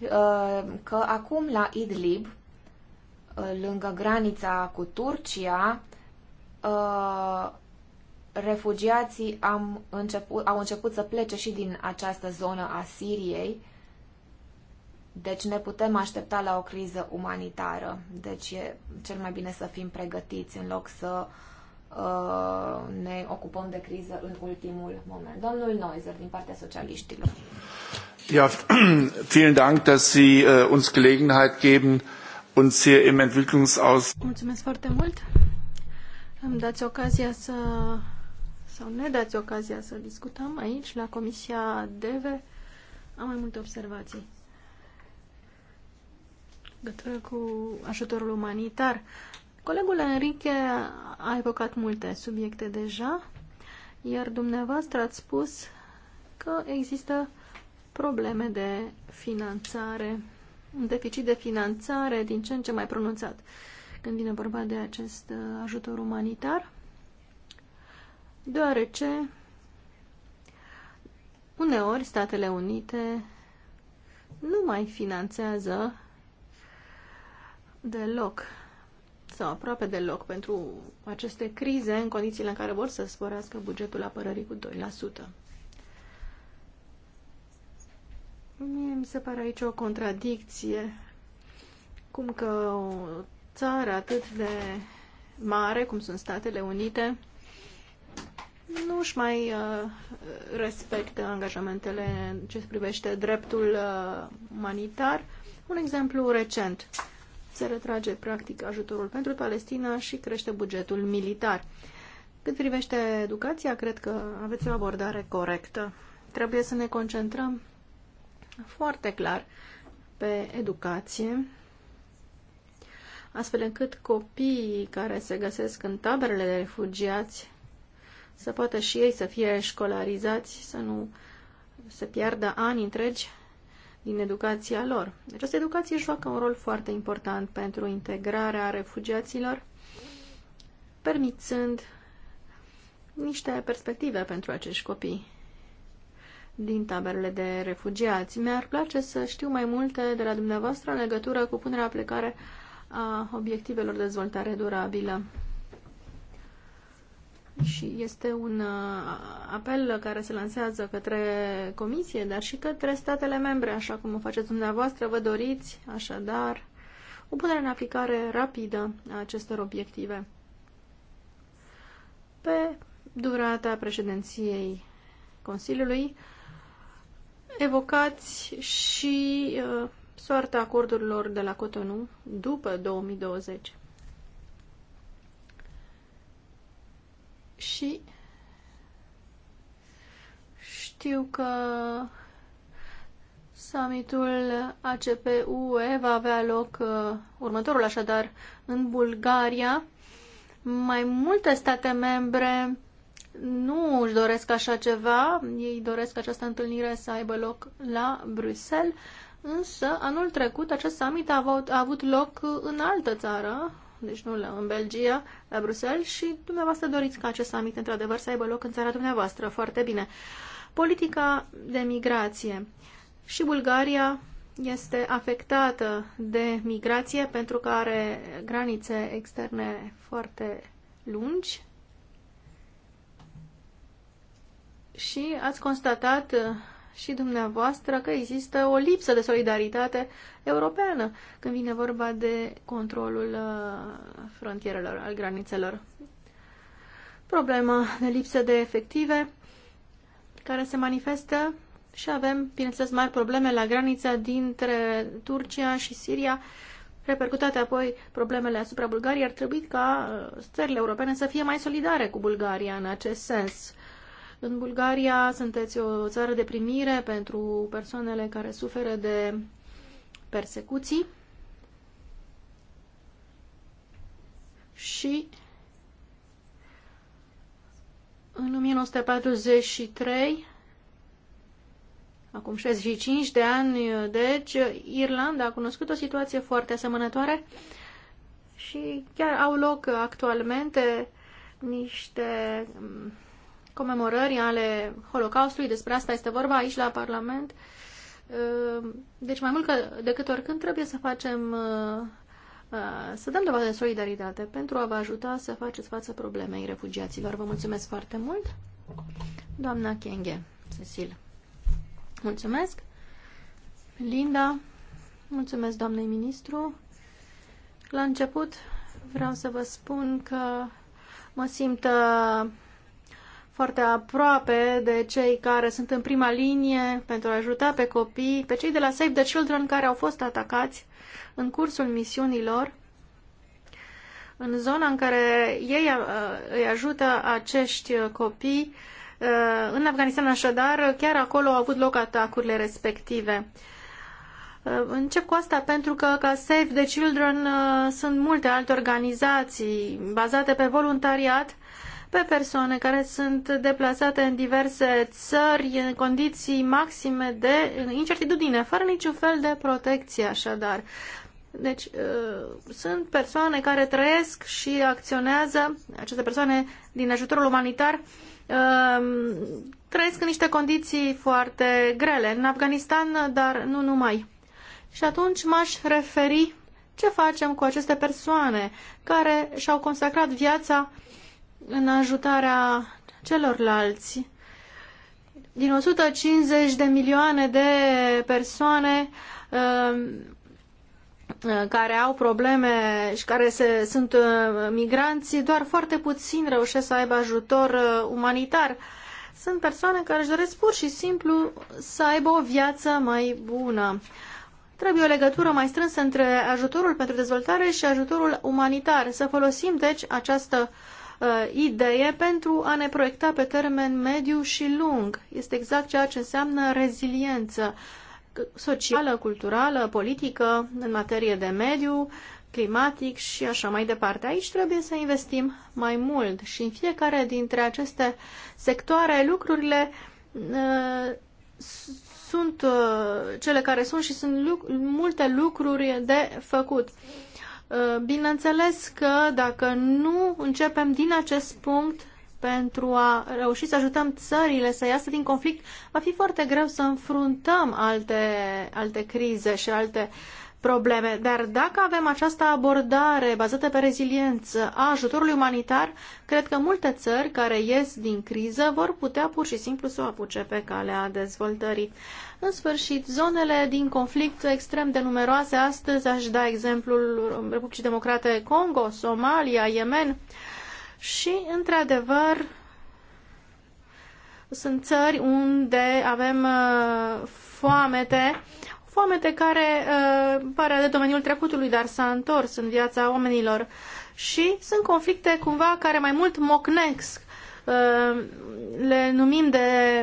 uh, că acum la Idlib, uh, lângă granița cu Turcia, uh, refugiații am început, au început să plece și din această zonă a Siriei, deci ne putem aștepta la o criză umanitară. Deci e cel mai bine să fim pregătiți în loc să uh, Uh, ne ocupăm de criză în ultimul moment. Domnul Neuser, din partea socialiștilor. Ja, vielen Dank, dass Sie uh, uns Gelegenheit geben, uns hier im Entwicklungsaus... Mulțumesc foarte mult. Îmi dați ocazia să sau ne dați ocazia să discutăm aici, la Comisia DEVE. Am mai multe observații. Gătură cu ajutorul umanitar. Colegul Enrique a evocat multe subiecte deja, iar dumneavoastră ați spus că există probleme de finanțare, un deficit de finanțare din ce în ce mai pronunțat când vine vorba de acest uh, ajutor umanitar, deoarece uneori Statele Unite nu mai finanțează deloc sau aproape deloc pentru aceste crize în condițiile în care vor să sporească bugetul apărării cu 2%. Mie mi se pare aici o contradicție, cum că o țară atât de mare, cum sunt Statele Unite, nu își mai uh, respectă angajamentele în ce privește dreptul uh, umanitar. Un exemplu recent se retrage practic ajutorul pentru Palestina și crește bugetul militar. Cât privește educația, cred că aveți o abordare corectă. Trebuie să ne concentrăm foarte clar pe educație, astfel încât copiii care se găsesc în taberele de refugiați să poată și ei să fie școlarizați, să nu se piardă ani întregi din educația lor. Deci această educație joacă un rol foarte important pentru integrarea refugiaților, permițând niște perspective pentru acești copii din taberele de refugiați. Mi-ar place să știu mai multe de la dumneavoastră în legătură cu punerea aplicare a obiectivelor de dezvoltare durabilă și este un uh, apel care se lansează către Comisie, dar și către statele membre, așa cum o faceți dumneavoastră, vă doriți, așadar, o punere în aplicare rapidă a acestor obiective. Pe durata președinției Consiliului, evocați și uh, soarta acordurilor de la Cotonou după 2020. și știu că summitul ACP-UE va avea loc uh, următorul așadar în Bulgaria. Mai multe state membre nu își doresc așa ceva, ei doresc această întâlnire să aibă loc la Bruxelles, însă anul trecut acest summit a avut, a avut loc în altă țară, deci nu în Belgia, la Bruxelles și dumneavoastră doriți ca acest summit într-adevăr să aibă loc în țara dumneavoastră. Foarte bine. Politica de migrație. Și Bulgaria este afectată de migrație pentru că are granițe externe foarte lungi. Și ați constatat și dumneavoastră că există o lipsă de solidaritate europeană când vine vorba de controlul uh, frontierelor, al granițelor. Problema de lipsă de efective care se manifestă și avem, bineînțeles, mari probleme la granița dintre Turcia și Siria, repercutate apoi problemele asupra Bulgariei, ar trebui ca uh, țările europene să fie mai solidare cu Bulgaria în acest sens. În Bulgaria sunteți o țară de primire pentru persoanele care suferă de persecuții și în 1943 acum 65 de ani, deci, Irlanda a cunoscut o situație foarte asemănătoare și chiar au loc actualmente niște comemorări ale Holocaustului, despre asta este vorba aici la Parlament. Ehm, deci mai mult decât oricând trebuie să facem, uh, uh, să dăm dovadă de solidaritate pentru a vă ajuta să faceți față problemei refugiaților. Vă mulțumesc foarte mult, doamna Kenge, Cecil. Mulțumesc, Linda, mulțumesc doamnei ministru. La început vreau să vă spun că mă simt uh, foarte aproape de cei care sunt în prima linie pentru a ajuta pe copii, pe cei de la Save the Children care au fost atacați în cursul misiunilor, în zona în care ei uh, îi ajută acești copii. Uh, în Afganistan, așadar, chiar acolo au avut loc atacurile respective. Uh, încep cu asta pentru că ca Save the Children sunt multe alte organizații bazate pe voluntariat pe persoane care sunt deplasate în diverse țări în condiții maxime de incertitudine, fără niciun fel de protecție așadar. Deci uh, sunt persoane care trăiesc și acționează, aceste persoane din ajutorul umanitar, uh, trăiesc în niște condiții foarte grele în Afganistan, dar nu numai. Și atunci m-aș referi ce facem cu aceste persoane care și-au consacrat viața uh, în ajutarea celorlalți. Din 150 de milioane de persoane um, uh, care au probleme și care se, sunt uh, migranți, doar foarte puțin reușesc să aibă ajutor uh, umanitar. Sunt persoane care își doresc pur și simplu să aibă o viață mai bună. Trebuie o legătură mai strânsă între ajutorul pentru dezvoltare și ajutorul umanitar. Să folosim, deci, această uh, uh, idee pentru a ne proiecta pe termen mediu și lung. Este exact ceea ce înseamnă reziliență socială, culturală, politică, în materie de mediu, climatic și așa mai departe. Aici trebuie să investim mai mult și în fiecare dintre aceste sectoare lucrurile uh, sunt uh, cele care sunt și sunt luc- multe lucruri de făcut. Uh, Uh, bineînțeles că dacă nu începem din acest punct pentru a reuși să ajutăm țările să iasă din conflict, va fi foarte greu să înfruntăm alte, alte crize și alte uh, probleme. Dar dacă avem această abordare bazată pe reziliență a ajutorului umanitar, cred că multe țări care ies din criză vor putea pur și simplu să o apuce pe calea dezvoltării. În sfârșit, zonele din conflict extrem de numeroase astăzi, aș da exemplul Republicii Democrate Congo, Somalia, Yemen și, într-adevăr, sunt țări unde avem uh, foamete uh, foamete care uh, pare de domeniul trecutului, dar s-a întors în viața oamenilor și sunt conflicte cumva care mai mult mocnesc Ehm, le numim de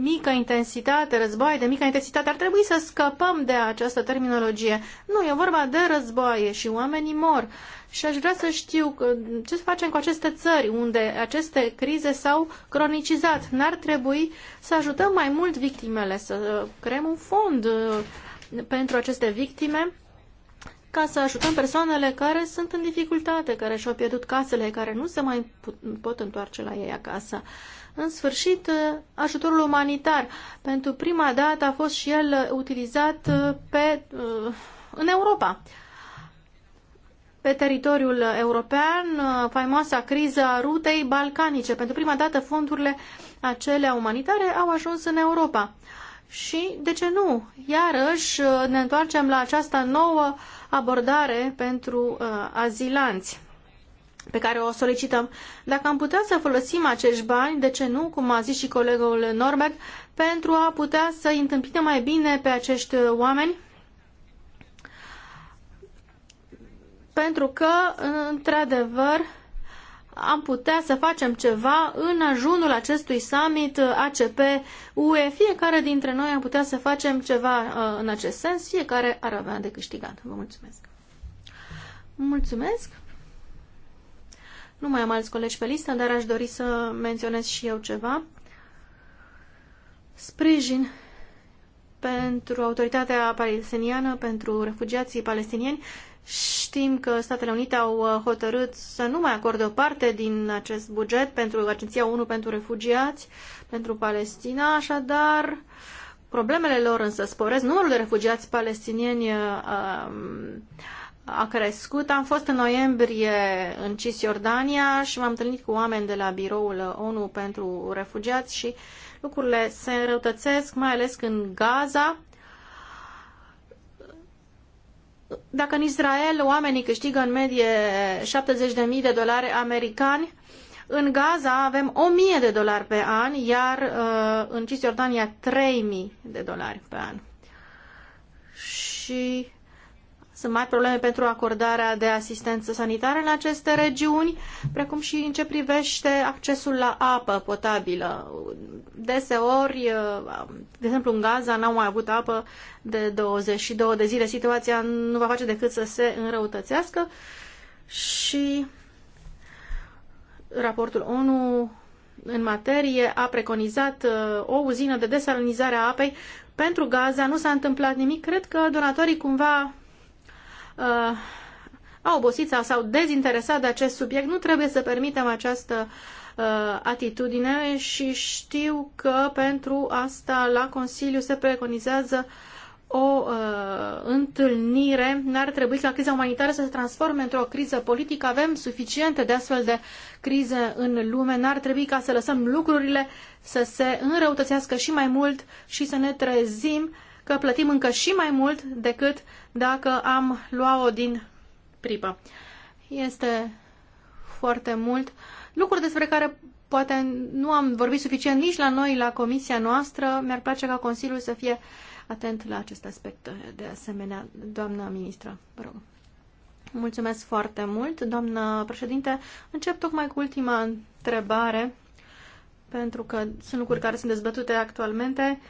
mică intensitate, război, de mică intensitate, ar trebui să scăpăm de această terminologie. Nu, e vorba de războaie și oamenii mor. Și aș vrea să știu ce să facem cu aceste țări unde aceste crize s-au cronicizat. N-ar trebui să ajutăm mai mult victimele, să creăm un fond eh, pentru aceste victime ca să ajutăm persoanele care sunt în dificultate, care și-au pierdut casele, care nu se mai pot întoarce la ei acasă. În sfârșit, uh, ajutorul umanitar. Pentru prima dată a fost și el utilizat uh, pe, uh, în Europa. Pe teritoriul european, faimoasa criză a rutei balcanice. Pentru prima dată, fondurile acelea umanitare au ajuns în Europa. Și, de ce nu? Iarăși ne întoarcem la această nouă uh, abordare pentru uh, azilanți pe care o solicităm. Dacă am putea să folosim acești bani, de ce nu, cum a zis și colegul Norbert, pentru a putea să întâmpinăm mai bine pe acești oameni? Pentru că, într-adevăr, uh, am putea să facem ceva în ajunul acestui summit uh, ACP-UE. Fiecare dintre noi am putea să facem ceva uh, în acest sens, fiecare ar avea de câștigat. Vă mulțumesc! Mulțumesc! Nu mai am alți colegi pe listă, dar aș dori să menționez și eu ceva. Sprijin pentru autoritatea palestiniană, pentru refugiații palestinieni Știm că Statele Unite au uh, hotărât să nu mai acorde o parte din acest buget pentru Agenția ONU pentru refugiați, pentru Palestina, așadar problemele lor însă sporesc. Numărul de refugiați palestinieni a, uh, a crescut. Am fost în noiembrie în Cisjordania și m-am întâlnit cu oameni de la biroul ONU pentru refugiați și lucrurile se înrăutățesc, mai ales în Gaza, dacă în Israel oamenii câștigă în medie 70.000 de dolari americani, în Gaza avem 1.000 de dolari pe an, iar uh, în Cisjordania 3.000 de dolari pe an. Și sunt mai probleme pentru acordarea de asistență sanitară în aceste regiuni, precum și în ce privește accesul la apă potabilă. Deseori, uh, de exemplu în Gaza, n-au mai avut apă de 22 de zile. Situația nu va face decât să se înrăutățească și raportul ONU în materie a preconizat uh, o uzină de desalinizare a apei pentru Gaza. Nu s-a întâmplat nimic. Cred că donatorii cumva uh, a obosit sau s-au dezinteresat de acest subiect. Nu trebuie să permitem această uh, atitudine și știu că pentru asta la Consiliu se preconizează o uh, întâlnire. N-ar trebui ca criza umanitară să se transforme într-o criză politică. Avem suficiente de astfel de crize în lume. N-ar trebui ca să lăsăm lucrurile să se înrăutățească și mai mult și să ne trezim uh, că plătim încă și mai mult decât dacă am luat-o din pripă. Este foarte mult. Lucruri despre care poate nu am vorbit suficient nici la noi, la comisia noastră. Mi-ar place ca Consiliul să fie atent la acest aspect. De asemenea, doamna ministră, vă rog. Mulțumesc foarte mult, doamnă președinte. Încep tocmai cu ultima întrebare, pentru că sunt lucruri care sunt dezbătute actualmente. Uh,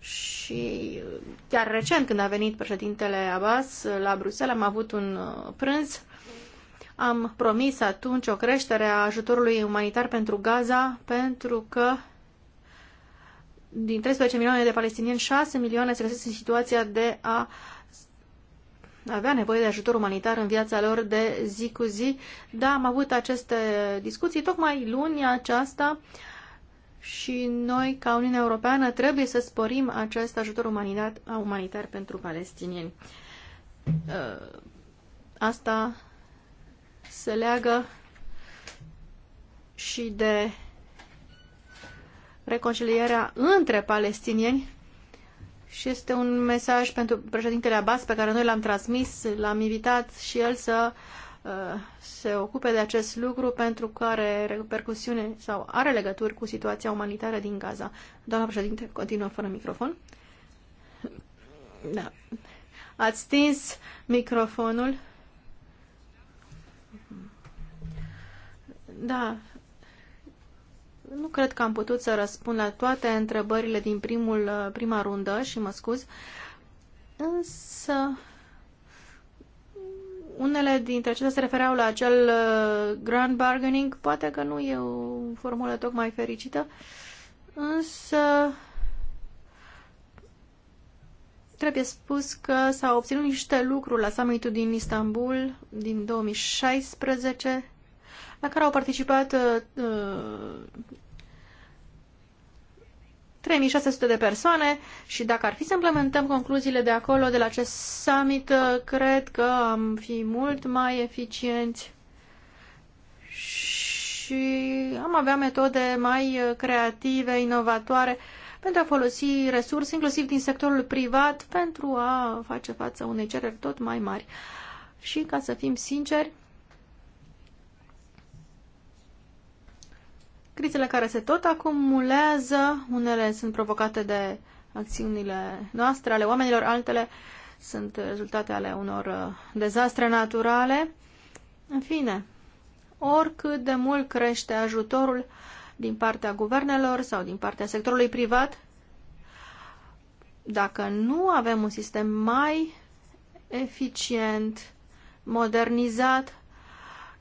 și uh, chiar recent când a venit președintele Abbas uh, la Bruxelles am avut un uh, prânz. Am promis atunci o creștere a ajutorului umanitar pentru Gaza pentru că din 13 milioane de palestinieni, 6 milioane se găsesc în situația de a avea nevoie de ajutor umanitar în viața lor de zi cu zi. Da, am avut aceste discuții tocmai luni aceasta și noi, ca Uniunea Europeană, trebuie să sporim acest ajutor umanitar, umanitar pentru palestinieni. Uh, asta se leagă și de reconcilierea între palestinieni și este un mesaj pentru președintele Abbas pe care noi l-am transmis, l-am invitat și el să uh, Uh, se ocupe de acest lucru pentru că are repercusiune sau are legături cu situația umanitară din Gaza. Doamna președinte, continuă fără microfon. Da. Ați stins microfonul. Da. Nu cred că am putut să răspund la toate întrebările din primul, uh, prima rundă și mă scuz. Însă unele dintre acestea se refereau la acel uh, grand bargaining, poate că nu e o formulă tocmai fericită, însă trebuie spus că s-au obținut niște lucruri la summitul din Istanbul din 2016, la care au participat uh, uh 3600 de persoane și dacă ar fi să implementăm concluziile de acolo, de la acest summit, uh, cred că am fi mult mai eficienți și am avea metode mai uh, creative, inovatoare pentru a folosi resurse, inclusiv din sectorul privat, pentru a face față unei cereri tot mai mari. Și, ca să fim sinceri, Crizele care se tot acumulează, unele sunt provocate de acțiunile noastre, ale oamenilor, altele sunt rezultate ale unor uh, dezastre naturale. În fine, oricât de mult crește ajutorul din partea guvernelor sau din partea sectorului privat, dacă nu avem un sistem mai eficient, modernizat,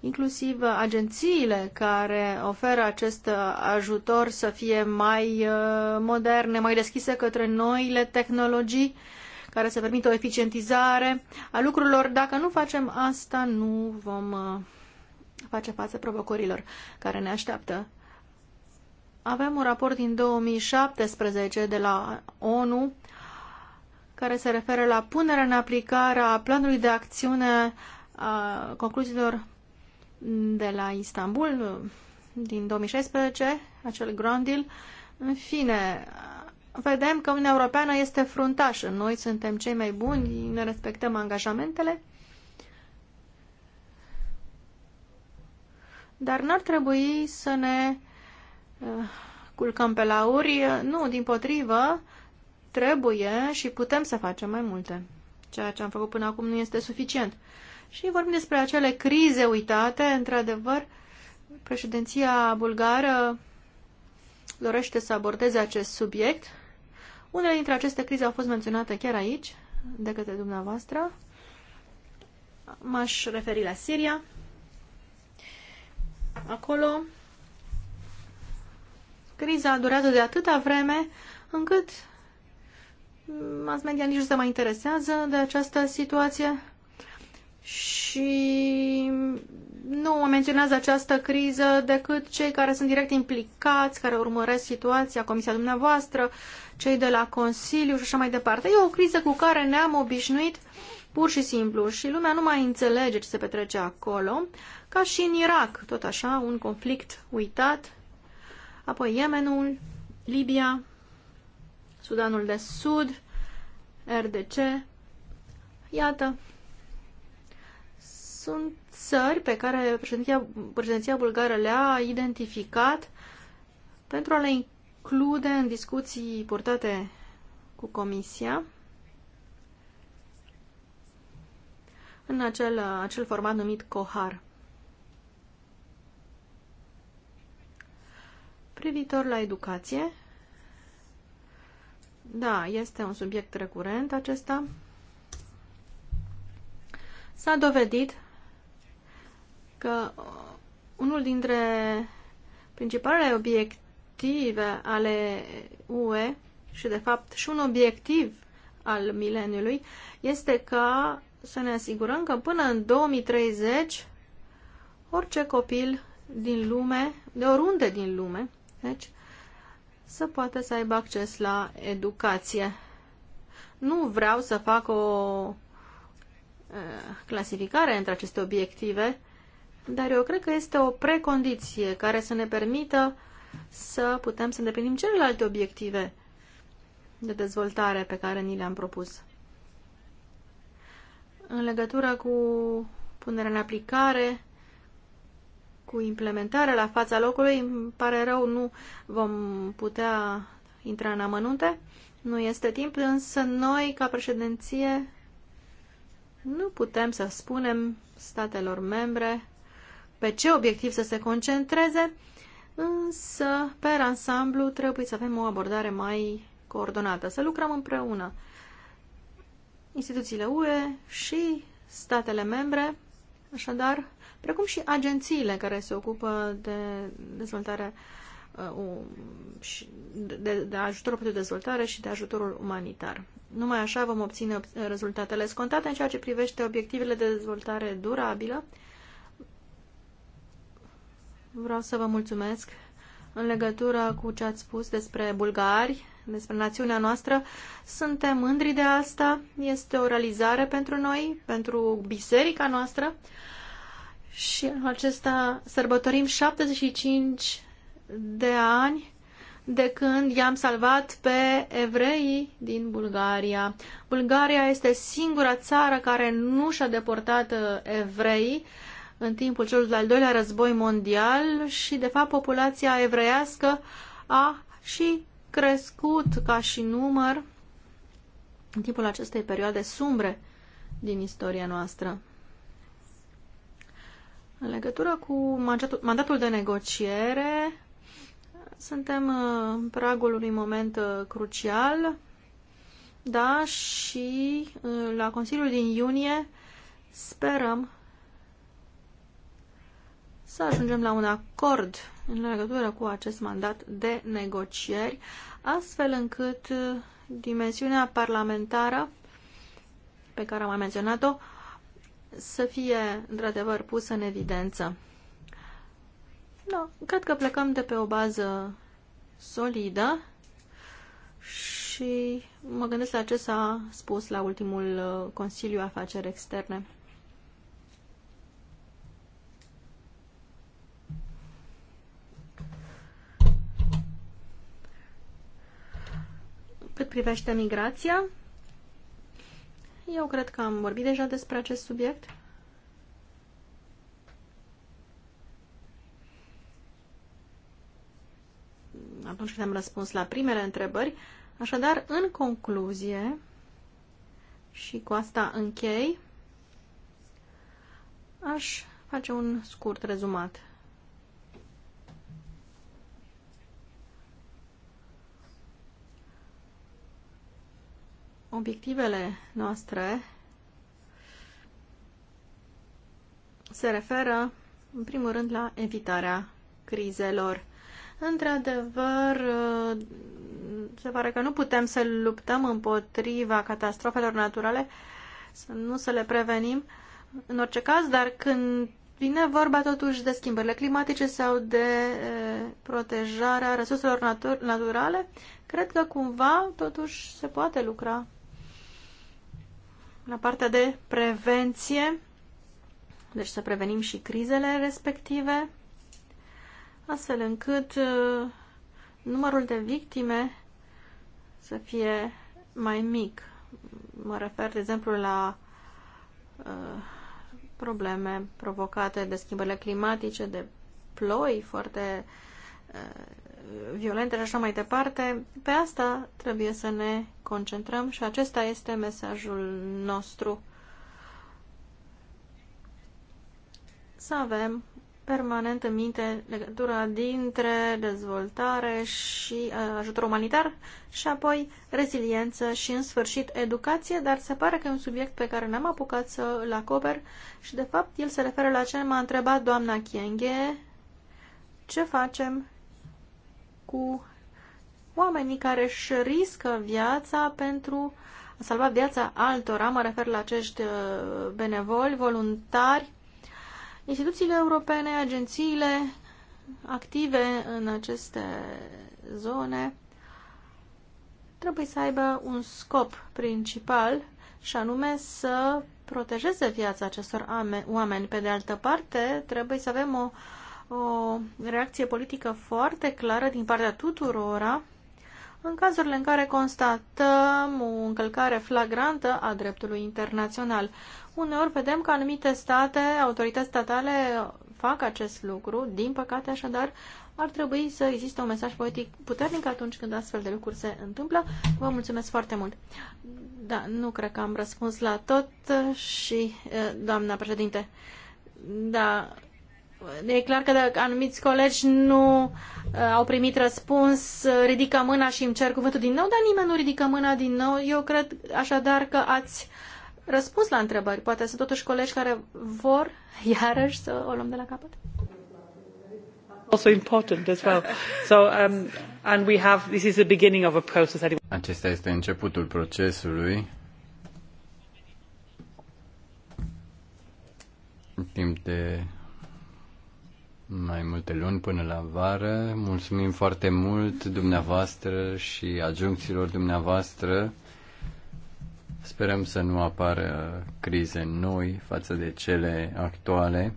inclusiv agențiile care oferă acest ajutor să fie mai uh, moderne, mai deschise către noile tehnologii care să permită o eficientizare a lucrurilor. Dacă nu facem asta, nu vom uh, face față provocărilor care ne așteaptă. Avem un raport din 2017 de la ONU care se referă la punerea în aplicare a planului de acțiune a concluziilor de la Istanbul din 2016, acel Grand Deal. În fine, vedem că Uniunea Europeană este fruntașă. Noi suntem cei mai buni, ne respectăm angajamentele. Dar n-ar trebui să ne uh, culcăm pe lauri. Nu, din potrivă, trebuie și putem să facem mai multe. Ceea ce am făcut până acum nu este suficient și vorbim despre acele crize uitate, într-adevăr, președinția bulgară dorește să abordeze acest subiect. Unele dintre aceste crize au fost menționate chiar aici, de către dumneavoastră. M-aș referi la Siria. Acolo criza durează de atâta vreme încât mass media nici nu se mai interesează de această situație și nu menționează această criză decât cei care sunt direct implicați, care urmăresc situația, comisia dumneavoastră, cei de la Consiliu și așa mai departe. E o criză cu care ne-am obișnuit pur și simplu și lumea nu mai înțelege ce se petrece acolo, ca și în Irak, tot așa, un conflict uitat, apoi Yemenul, Libia, Sudanul de Sud, RDC, iată, sunt țări pe care președinția, președinția bulgară le-a identificat pentru a le include în discuții purtate cu Comisia în acel, acel format numit COHAR. Privitor la educație, da, este un subiect recurent acesta. S-a dovedit că uh, unul dintre principalele obiective ale UE și, de fapt, și un obiectiv al mileniului este ca să ne asigurăm că până în 2030 orice copil din lume, de oriunde din lume, deci, să poată să aibă acces la educație. Nu vreau să fac o uh, clasificare între aceste obiective, dar eu cred că este o precondiție care să ne permită să putem să îndeplinim celelalte obiective de dezvoltare pe care ni le-am propus. În legătură cu punerea în aplicare, cu implementarea la fața locului, îmi pare rău, nu vom putea intra în amănunte, nu este timp, însă noi, ca președinție, nu putem să spunem statelor membre pe ce obiectiv să se concentreze, însă, pe ansamblu, trebuie să avem o abordare mai coordonată, să lucrăm împreună. Instituțiile UE și statele membre, așadar, precum și agențiile care se ocupă de dezvoltare uh, de, de ajutorul pentru dezvoltare și de ajutorul umanitar. Numai așa vom obține rezultatele scontate în ceea ce privește obiectivele de dezvoltare durabilă vreau să vă mulțumesc în legătură cu ce ați spus despre bulgari, despre națiunea noastră. Suntem mândri de asta, este o realizare pentru noi, pentru biserica noastră și în acesta sărbătorim 75 de ani de când i-am salvat pe evreii din Bulgaria. Bulgaria este singura țară care nu și-a deportat uh, evreii, în timpul celui de-al doilea război mondial și, de fapt, populația evreiască a și crescut ca și număr în timpul acestei perioade sumbre din istoria noastră. În legătură cu mandatul de negociere, suntem uh, în pragul unui moment uh, crucial, da, și uh, la Consiliul din iunie sperăm să ajungem la un acord în legătură cu acest mandat de negocieri, astfel încât uh, dimensiunea parlamentară pe care am mai menționat-o să fie într-adevăr pusă în evidență. Da, cred că plecăm de pe o bază solidă și mă gândesc la ce s-a spus la ultimul uh, Consiliu Afaceri Externe. Cât privește migrația, eu cred că am vorbit deja despre acest subiect. Atunci când am răspuns la primele întrebări, așadar, în concluzie, și cu asta închei, aș face un scurt rezumat. obiectivele noastre se referă, în primul rând, la evitarea crizelor. Într-adevăr, se pare că nu putem să luptăm împotriva catastrofelor naturale, să nu să le prevenim, în orice caz, dar când vine vorba totuși de schimbările climatice sau de protejarea resurselor naturale, cred că cumva totuși se poate lucra la partea de prevenție, deci să prevenim și crizele respective, astfel încât uh, numărul de victime să fie mai mic. Mă refer, de exemplu, la uh, probleme provocate de schimbările climatice, de ploi foarte uh, violente și așa mai departe. Pe asta trebuie să ne concentrăm și acesta este mesajul nostru. Să avem permanent în minte legătura dintre dezvoltare și uh, ajutor umanitar și apoi reziliență și în sfârșit educație, dar se pare că e un subiect pe care n-am apucat să-l acoper și de fapt el se referă la ce m-a întrebat doamna Chienghe, ce facem cu oamenii care își riscă viața pentru a salva viața altora, mă refer la acești uh, benevoli, voluntari, instituțiile europene, agențiile active în aceste zone trebuie să aibă un scop principal și anume să protejeze viața acestor oameni. Pe de altă parte, trebuie să avem o uh, o reacție politică foarte clară din partea tuturora în cazurile în care constatăm o încălcare flagrantă a dreptului internațional. Uneori vedem că anumite state, autorități statale fac acest lucru, din păcate așadar ar trebui să existe un mesaj politic puternic atunci când astfel de lucruri se întâmplă. Vă mulțumesc foarte mult. Da, nu cred că am răspuns la tot și eh, doamna președinte. Da, E clar că dacă anumiți colegi nu uh, au primit răspuns, uh, ridică mâna și îmi cer cuvântul din nou, dar nimeni nu ridică mâna din nou. Eu cred așadar că ați răspuns la întrebări. Poate sunt totuși colegi care vor iarăși să o luăm de la capăt. Also important as well. So, um, and we have, this is the beginning of a process. Acesta este începutul procesului. Timp de mai multe luni până la vară. Mulțumim foarte mult dumneavoastră și adjuncților dumneavoastră. Sperăm să nu apară crize noi față de cele actuale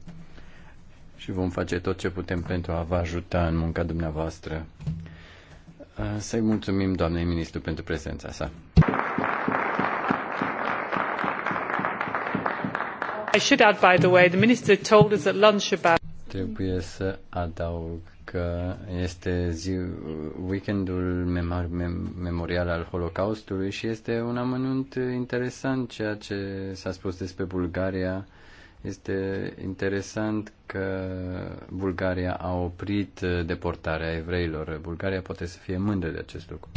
și vom face tot ce putem pentru a vă ajuta în munca dumneavoastră. Să-i mulțumim doamnei ministru pentru prezența sa. I should add, by the way, the minister told us at lunch about Trebuie să adaug că este zi, weekendul mem, memorial al Holocaustului și este un amănunt interesant ceea ce s-a spus despre Bulgaria. Este interesant că Bulgaria a oprit deportarea evreilor. Bulgaria poate să fie mândră de acest lucru.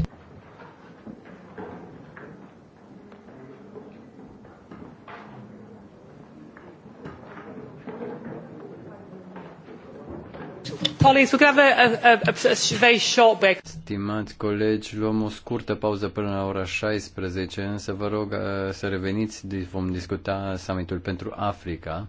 Stimați colegi, luăm o scurtă pauză până la ora 16, însă vă rog uh, să reveniți, vom discuta summitul pentru Africa.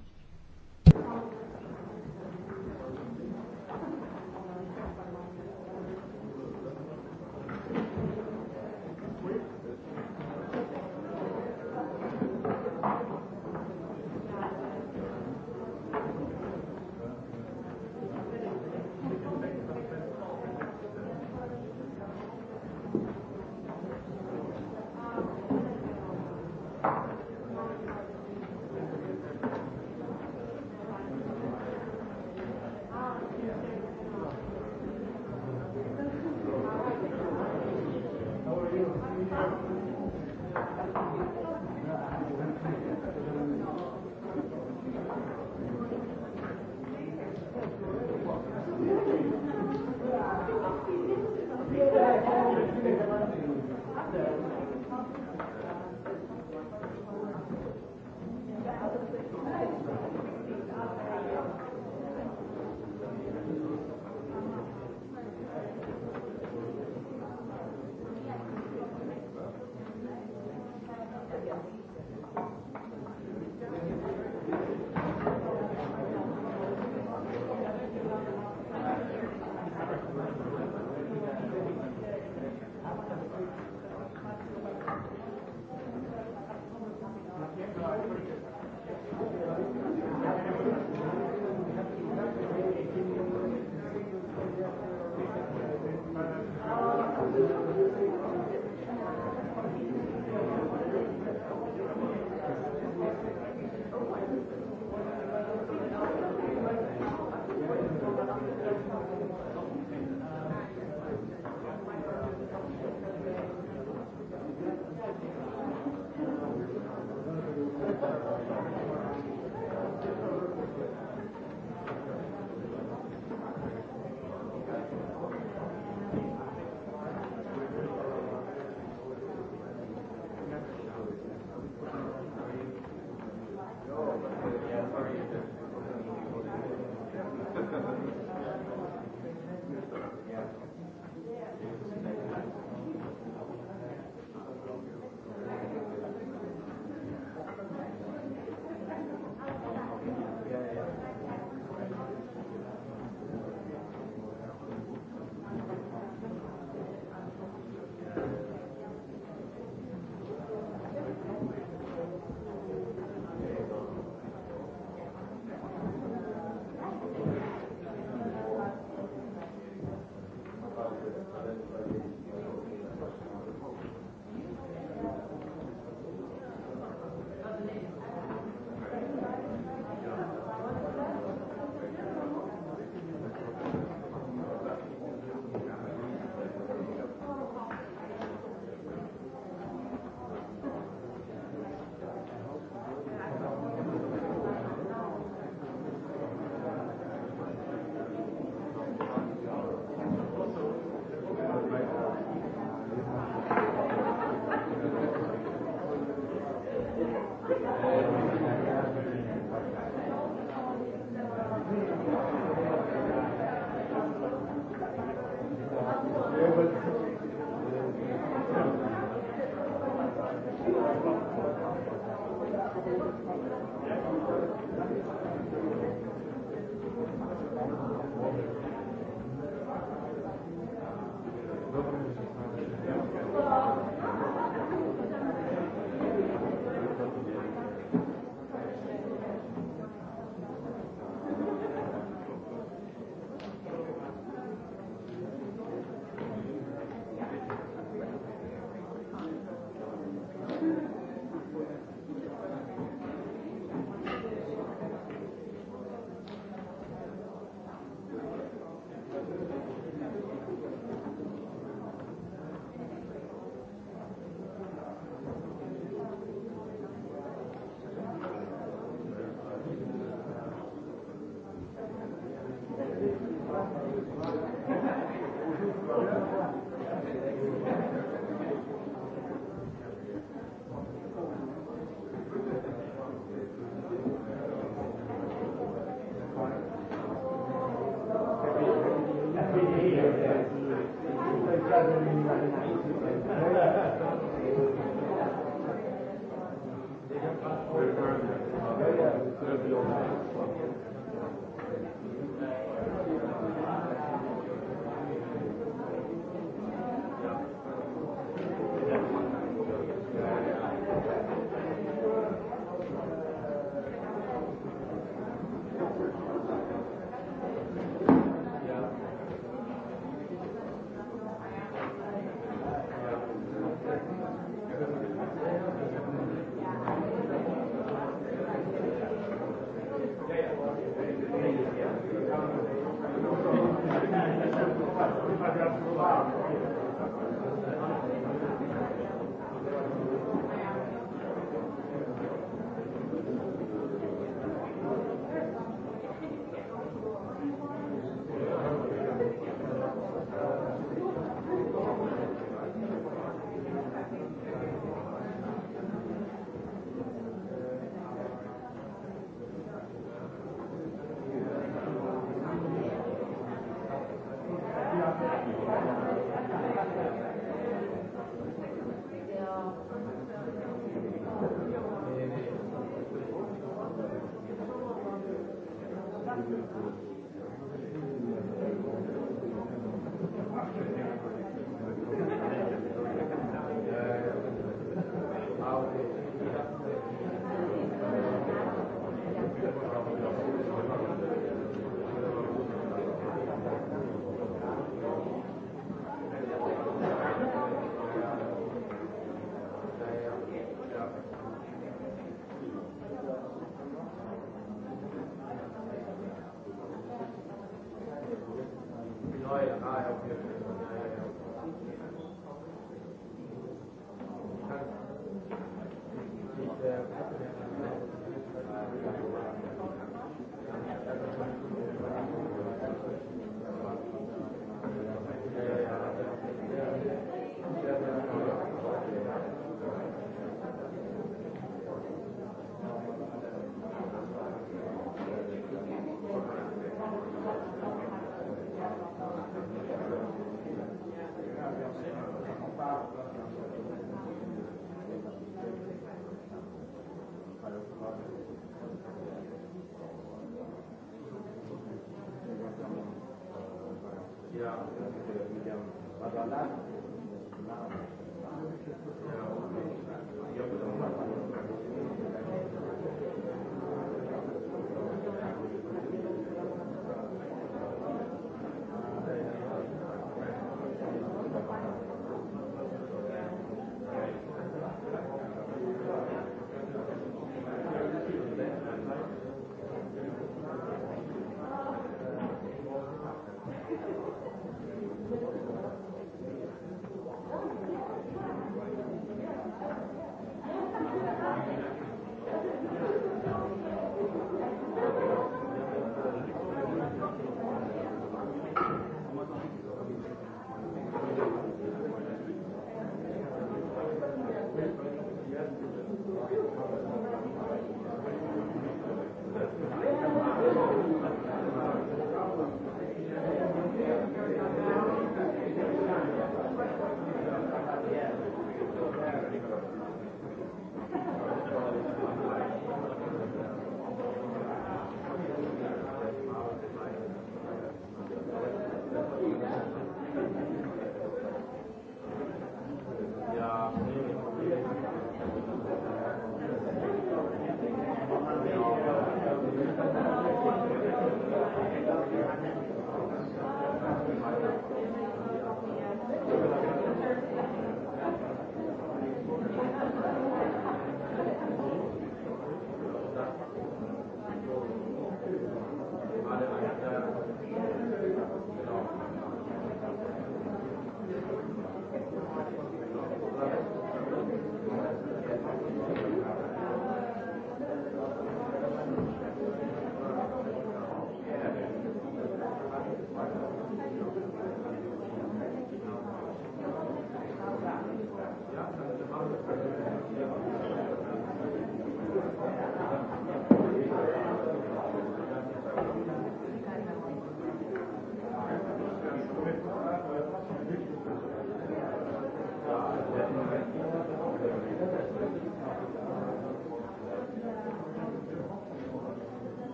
Thank you.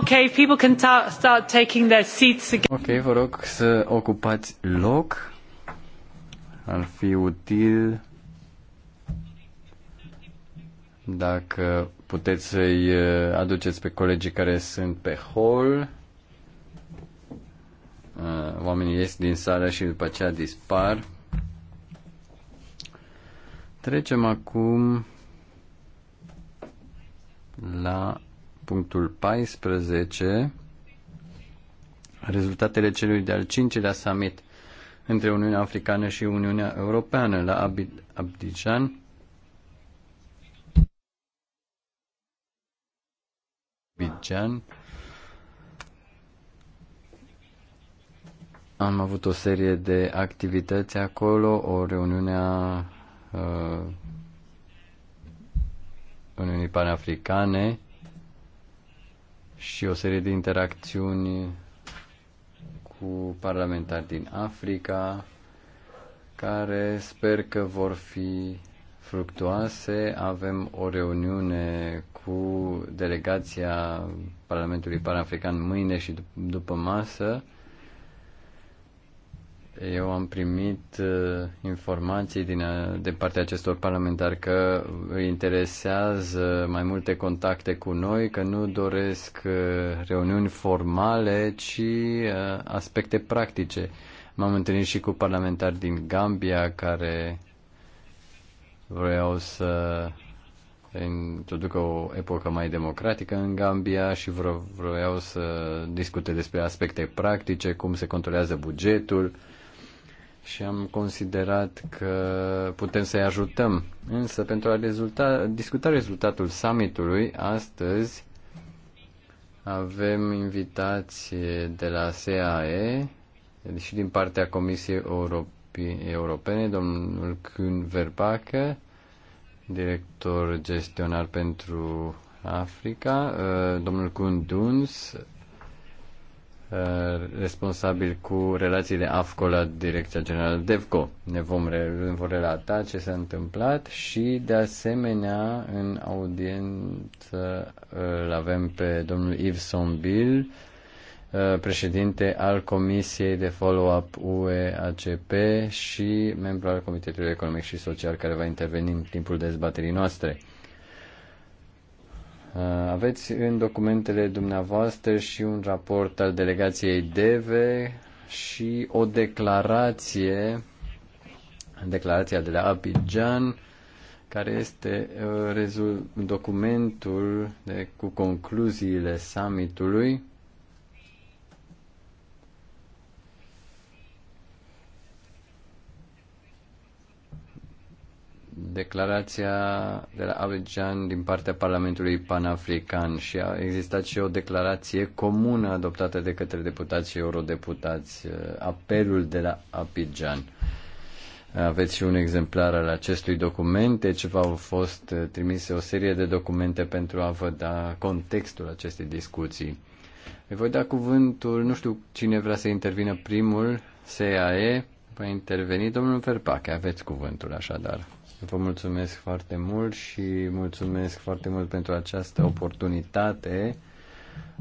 Okay, people can ta- start taking their seats again. Ok, vă rog să ocupați loc. Ar fi util dacă puteți să-i uh, aduceți pe colegii care sunt pe hall. Uh, oamenii ies din sală și după aceea dispar. Trecem acum la punctul 14, rezultatele celui de-al cincilea summit între Uniunea Africană și Uniunea Europeană la Abid- Abidjan. Abidjan. Am avut o serie de activități acolo, o reuniune a uh, Uniunii Panafricane, și o serie de interacțiuni cu parlamentari din Africa, care sper că vor fi fructuoase. Avem o reuniune cu delegația Parlamentului Panafrican mâine și dup- după masă eu am primit uh, informații din, uh, de partea acestor parlamentari că îi interesează mai multe contacte cu noi, că nu doresc uh, reuniuni formale, ci uh, aspecte practice. M-am întâlnit și cu parlamentari din Gambia care vreau să introducă o epocă mai democratică în Gambia și vreau să discute despre aspecte practice, cum se controlează bugetul, uh, și am considerat că putem să-i ajutăm. Însă, pentru a rezulta, discuta rezultatul summitului, astăzi avem invitație de la SAE și din partea Comisiei Europene, domnul Kuhn Verbache, director gestionar pentru Africa, domnul Kuhn Duns, Uh, responsabil cu relații de AFCO la Direcția Generală DEVCO. Ne vom, re- vom relata ce s-a întâmplat și, de asemenea, în audiență uh, îl avem pe domnul Yves Sombil, uh, președinte al Comisiei de Follow-up UEACP și membru al Comitetului Economic și Social care va interveni în timpul dezbaterii noastre. Uh, aveți în documentele dumneavoastră și un raport al delegației DEVE și o declarație, declarația de la Abidjan, care este uh, documentul de, cu concluziile summitului declarația de la Abidjan din partea Parlamentului Panafrican și a existat și o declarație comună adoptată de către deputați și eurodeputați, eh, apelul de la Abidjan. Aveți și un exemplar al acestui document, deci v-au fost eh, trimise o serie de documente pentru a vă da contextul acestei discuții. Îi voi da cuvântul, nu știu cine vrea să intervină primul, SAE, va interveni domnul Verpache, aveți cuvântul așadar. Vă mulțumesc foarte mult și mulțumesc foarte mult pentru această oportunitate.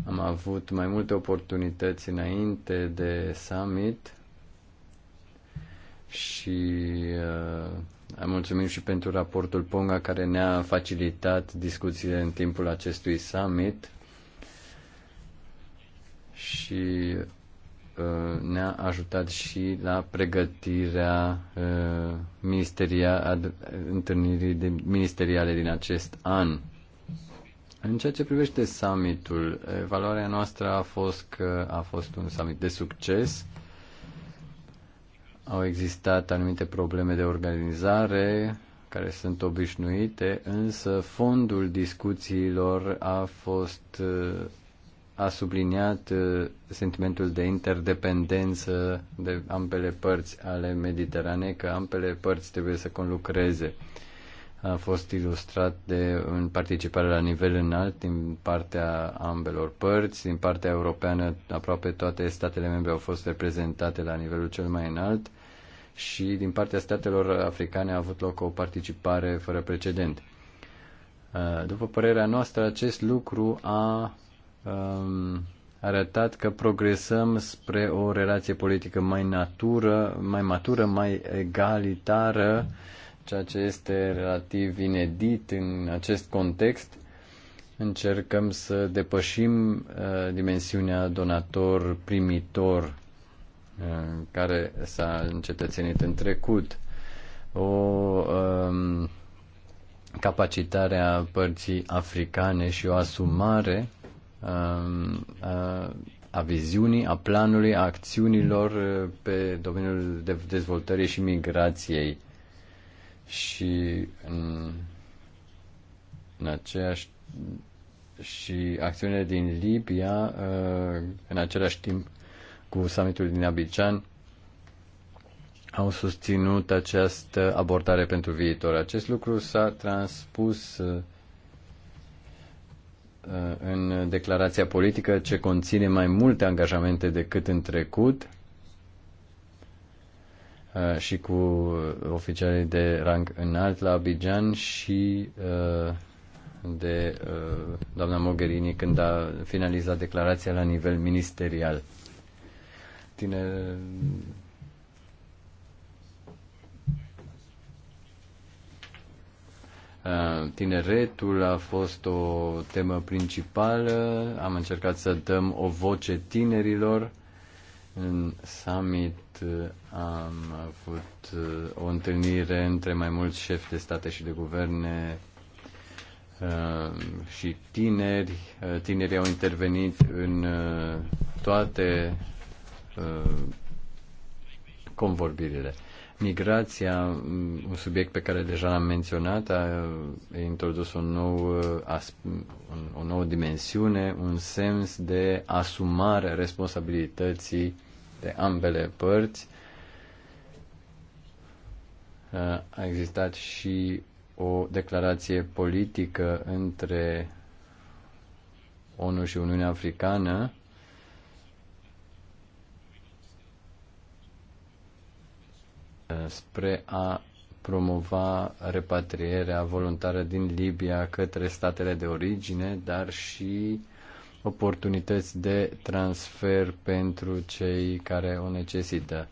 Am avut mai multe oportunități înainte de summit și uh, mulțumim și pentru raportul Ponga care ne-a facilitat discuțiile în timpul acestui summit și Uh, ne-a ajutat și la pregătirea uh, întâlnirii de ministeriale din acest an. În ceea ce privește summitul, evaluarea uh, noastră a fost că a fost un summit de succes. Au existat anumite probleme de organizare care sunt obișnuite, însă fondul discuțiilor a fost a subliniat uh, sentimentul de interdependență de ambele părți ale Mediteranei, că ambele părți trebuie să conlucreze. A fost ilustrat de în participare la nivel înalt din partea ambelor părți. Din partea europeană, aproape toate statele membre au fost reprezentate la nivelul cel mai înalt și din partea statelor africane a avut loc o participare fără precedent. După părerea noastră, acest lucru a um, arătat că progresăm spre o relație politică mai natură, mai matură, mai egalitară, ceea ce este relativ inedit în acest context. Încercăm să depășim uh, dimensiunea donator-primitor uh, care s-a încetățenit în trecut. O uh, capacitare a părții africane și o asumare Um, a viziunii, a planului, a acțiunilor uh, pe domeniul de dezvoltării și migrației. Și în, în aceeași și acțiunile din Libia uh, în același timp cu summitul din Abidjan au susținut această abordare pentru viitor. Acest lucru s-a transpus uh, Uh, în declarația politică ce conține mai multe angajamente decât în trecut uh, și cu oficialii de rang înalt la Abidjan și uh, de doamna Mogherini când a finalizat declarația la nivel ministerial. Tine, Tineretul a fost o temă principală. Am încercat să dăm o voce tinerilor. În summit am avut o întâlnire între mai mulți șefi de state și de guverne și tineri. Tinerii au intervenit în toate convorbirile. Migrația, un subiect pe care deja l-am menționat, a introdus un nou, o nouă dimensiune, un sens de asumare a responsabilității de ambele părți. A existat și o declarație politică între ONU și Uniunea Africană spre a promova repatrierea voluntară din Libia către statele de origine, dar și oportunități de transfer pentru cei care o necesită.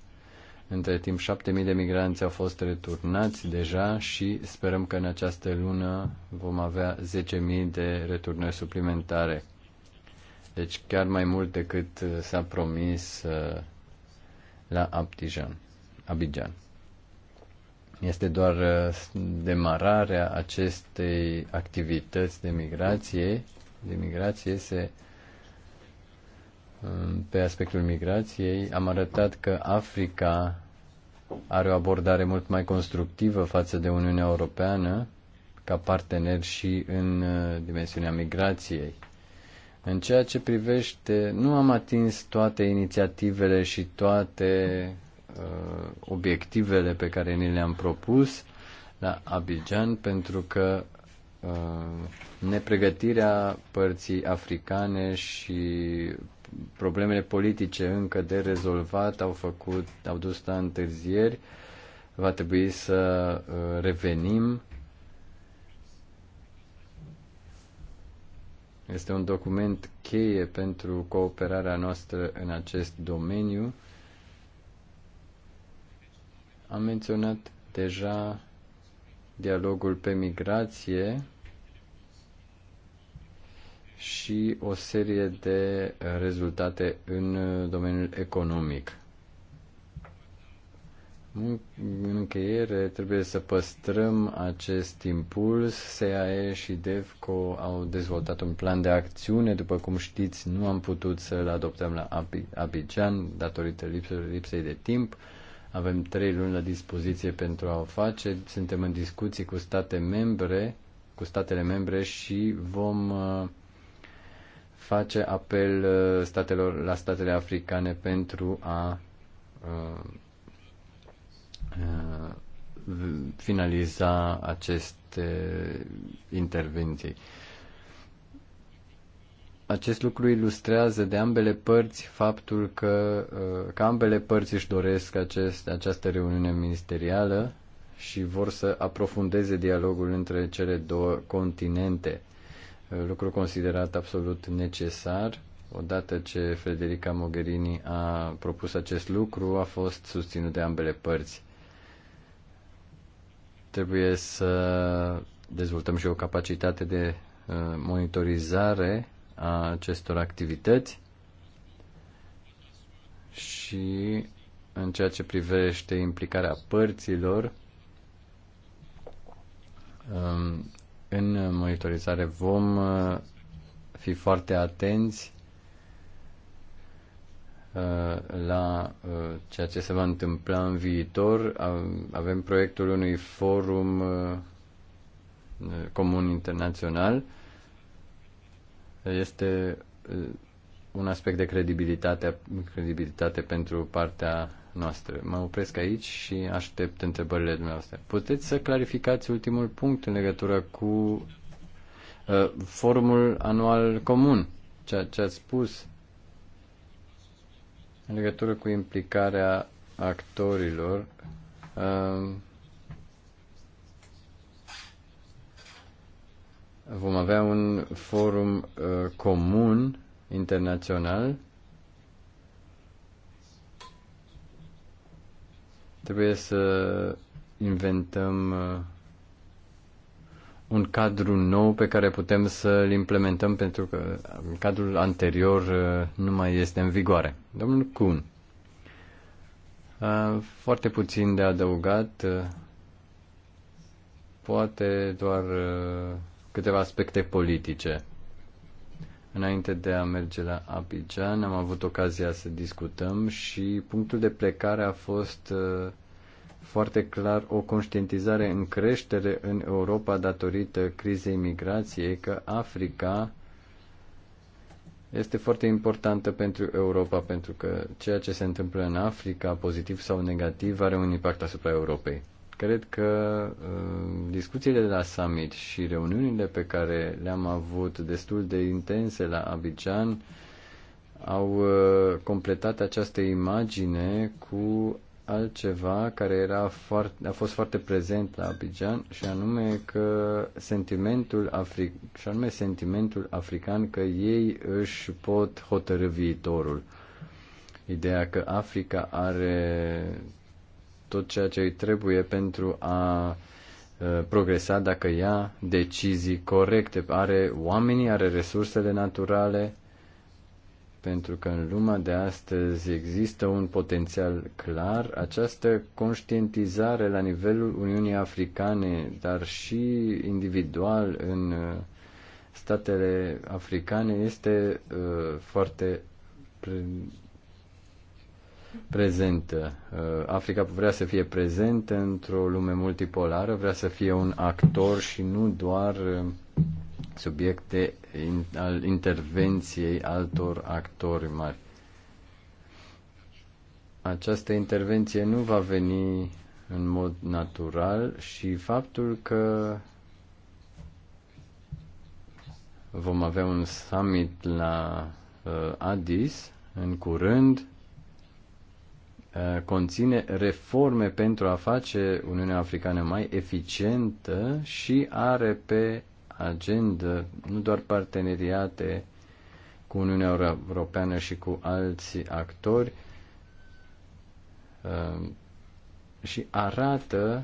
Între timp, 7.000 de migranți au fost returnați deja și sperăm că în această lună vom avea 10.000 de returnări suplimentare. Deci chiar mai mult decât s-a promis uh, la Abidjan. Abidjan. Este doar uh, demararea acestei activități de migrație, de migrație se um, pe aspectul migrației, am arătat că Africa are o abordare mult mai constructivă față de Uniunea Europeană ca partener și în uh, dimensiunea migrației. În ceea ce privește, nu am atins toate inițiativele și toate uh, obiectivele pe care ni le-am propus la Abidjan pentru că uh, nepregătirea părții africane și problemele politice încă de rezolvat au făcut, au dus la întârzieri. Va trebui să uh, revenim. Este un document cheie pentru cooperarea noastră în acest domeniu am menționat deja dialogul pe migrație și o serie de rezultate în domeniul economic. În încheiere, trebuie să păstrăm acest impuls. SAE și DEVCO au dezvoltat un plan de acțiune. După cum știți, nu am putut să-l adoptăm la Abidjan datorită lipsei de timp. Avem trei luni la dispoziție pentru a o face. Suntem în discuții cu state membre, cu statele membre și vom uh, face apel uh, statelor, la statele africane pentru a uh, finaliza aceste intervenții. Acest lucru ilustrează de ambele părți faptul că, uh, că ambele părți își doresc acest, această reuniune ministerială și vor să aprofundeze dialogul între cele două continente, uh, lucru considerat absolut necesar. Odată ce Federica Mogherini a propus acest lucru, a fost susținut de ambele părți. Trebuie să dezvoltăm și o capacitate de uh, monitorizare a acestor activități și în ceea ce privește implicarea părților um, în monitorizare vom uh, fi foarte atenți uh, la uh, ceea ce se va întâmpla în viitor. Avem proiectul unui forum comun internațional este uh, un aspect de credibilitate, credibilitate pentru partea noastră. Mă opresc aici și aștept întrebările dumneavoastră. Puteți să clarificați ultimul punct în legătură cu uh, forumul anual comun, ceea ce ați spus în legătură cu implicarea actorilor. Uh, vom avea un forum uh, comun internațional. Trebuie să inventăm uh, un cadru nou pe care putem să-l implementăm pentru că cadrul anterior uh, nu mai este în vigoare. Domnul Kuhn, uh, foarte puțin de adăugat, uh, poate doar uh, câteva aspecte politice. Înainte de a merge la Abidjan, am avut ocazia să discutăm și punctul de plecare a fost uh, foarte clar o conștientizare în creștere în Europa datorită crizei migrației că Africa este foarte importantă pentru Europa, pentru că ceea ce se întâmplă în Africa, pozitiv sau negativ, are un impact asupra Europei. Cred că uh, discuțiile de la summit și reuniunile pe care le-am avut destul de intense la Abidjan au uh, completat această imagine cu altceva care era foarte, a fost foarte prezent la Abidjan și anume că sentimentul afric- și anume sentimentul african că ei își pot hotărâ viitorul. Ideea că Africa are tot ceea ce îi trebuie pentru a uh, progresa dacă ia decizii corecte. Are oamenii, are resursele naturale, pentru că în lumea de astăzi există un potențial clar. Această conștientizare la nivelul Uniunii Africane, dar și individual în uh, statele africane, este uh, foarte prezentă. Uh, Africa vrea să fie prezentă într-o lume multipolară, vrea să fie un actor și nu doar uh, subiecte al intervenției altor actori mari. Această intervenție nu va veni în mod natural și faptul că vom avea un summit la uh, Addis în curând Uh, conține reforme pentru a face Uniunea Africană mai eficientă și are pe agenda nu doar parteneriate cu Uniunea Europeană și cu alți actori uh, și arată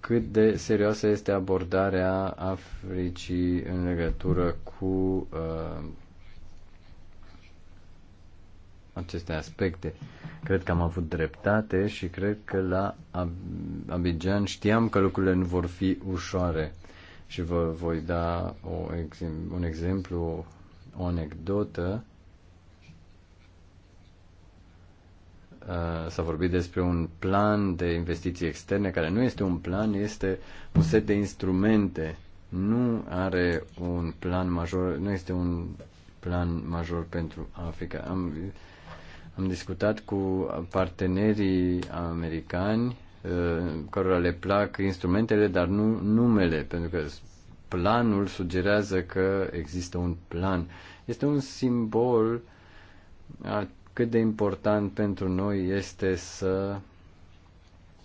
cât de serioasă este abordarea Africii în legătură cu uh, aceste aspecte. Cred că am avut dreptate și cred că la Abidjan știam că lucrurile nu vor fi ușoare. Și vă voi da o, un exemplu, o anecdotă. Uh, s-a vorbit despre un plan de investiții externe, care nu este un plan, este un set de instrumente nu are un plan major, nu este un plan major pentru Africa. Am, am discutat cu partenerii americani uh, cărora le plac instrumentele, dar nu numele, pentru că planul sugerează că există un plan. Este un simbol a cât de important pentru noi este să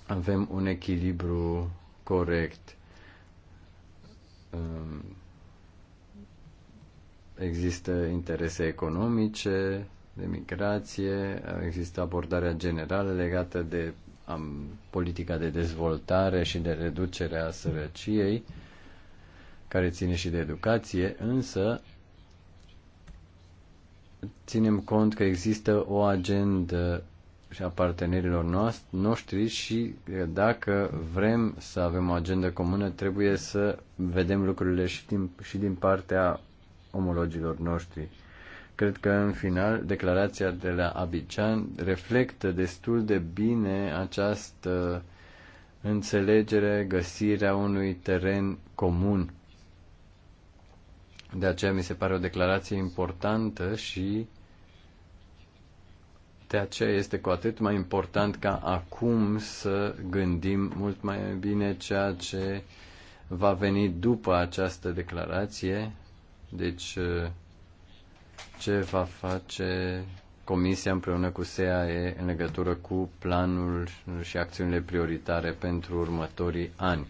avem un echilibru corect. Um, există interese economice, de migrație, există abordarea generală legată de am, politica de dezvoltare și de reducere a sărăciei, care ține și de educație, însă ținem cont că există o agendă și a partenerilor noștri și dacă vrem să avem o agendă comună, trebuie să vedem lucrurile și din, și din partea omologilor noștri. Cred că, în final, declarația de la Abidjan reflectă destul de bine această înțelegere, găsirea unui teren comun. De aceea mi se pare o declarație importantă și de aceea este cu atât mai important ca acum să gândim mult mai bine ceea ce va veni după această declarație. Deci ce va face Comisia împreună cu SEAE în legătură cu planul și acțiunile prioritare pentru următorii ani.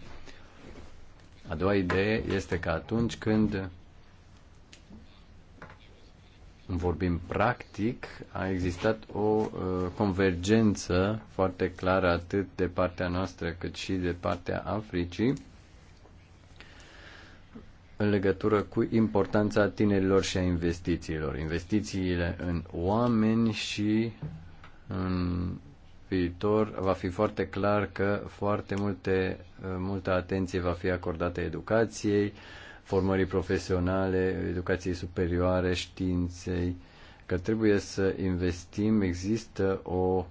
A doua idee este că atunci când vorbim practic, a existat o uh, convergență foarte clară atât de partea noastră cât și de partea Africii în legătură cu importanța tinerilor și a investițiilor. Investițiile în oameni și în viitor va fi foarte clar că foarte multe, multă atenție va fi acordată educației, formării profesionale, educației superioare, științei, că trebuie să investim, există o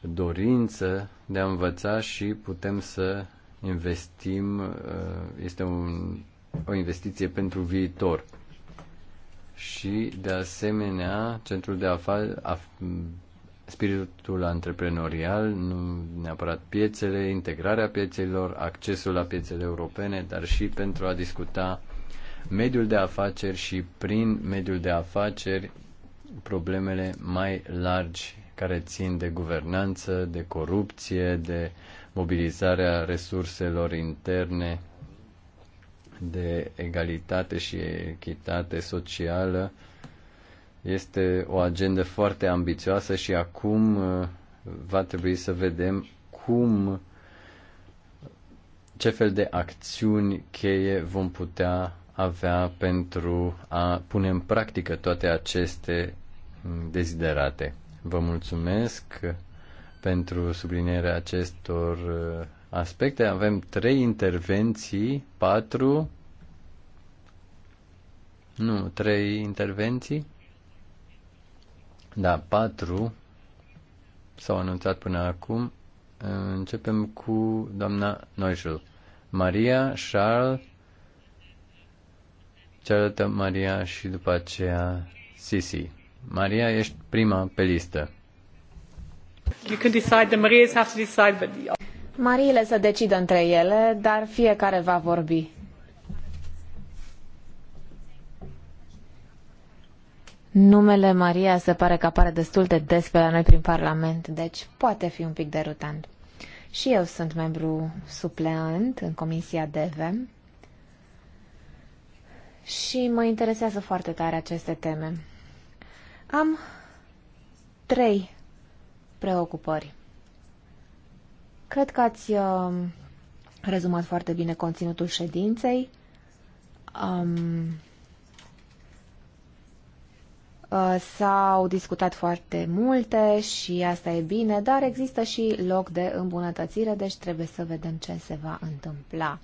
dorință de a învăța și putem să investim, uh, este un o investiție pentru viitor. Și, de asemenea, centrul de afaceri, af- spiritul antreprenorial, nu neapărat piețele, integrarea piețelor, accesul la piețele europene, dar și pentru a discuta mediul de afaceri și prin mediul de afaceri problemele mai largi care țin de guvernanță, de corupție, de mobilizarea resurselor interne de egalitate și echitate socială este o agendă foarte ambițioasă și acum uh, va trebui să vedem cum ce fel de acțiuni cheie vom putea avea pentru a pune în practică toate aceste deziderate. Vă mulțumesc pentru sublinierea acestor uh, aspecte. Avem trei intervenții, patru, nu, trei intervenții, da, patru s-au anunțat până acum. Începem cu doamna Noișul. Maria, Charles, cealaltă Maria și după aceea Sisi. Maria, ești prima pe listă. You can decide, the Marias have to decide, but... Mariile să decidă între ele, dar fiecare va vorbi. Numele Maria se pare că apare destul de des pe la noi prin Parlament, deci poate fi un pic derutant. Și eu sunt membru supleant în Comisia DEVE și mă interesează foarte tare aceste teme. Am trei preocupări. Cred că ați uh, rezumat foarte bine conținutul ședinței. Um, uh, S-au discutat foarte multe și asta e bine, dar există și loc de îmbunătățire, deci trebuie să vedem ce se va întâmpla.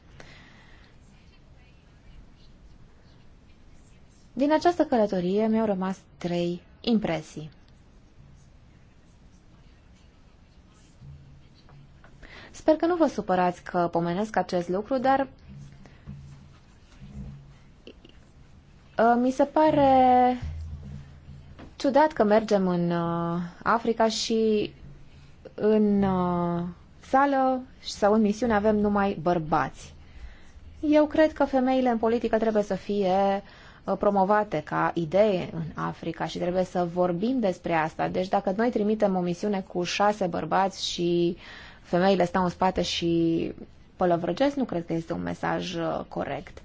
Din această călătorie mi-au rămas trei impresii. Sper că nu vă supărați că pomenesc acest lucru, dar ă, mi se pare ciudat că mergem în ă, Africa și în ă, sală sau în misiune avem numai bărbați. Eu cred că femeile în politică trebuie să fie promovate ca idee în Africa și trebuie să vorbim despre asta. Deci dacă noi trimitem o misiune cu șase bărbați și femeile stau în spate și pălăvrăgesc, nu cred că este un mesaj uh, corect.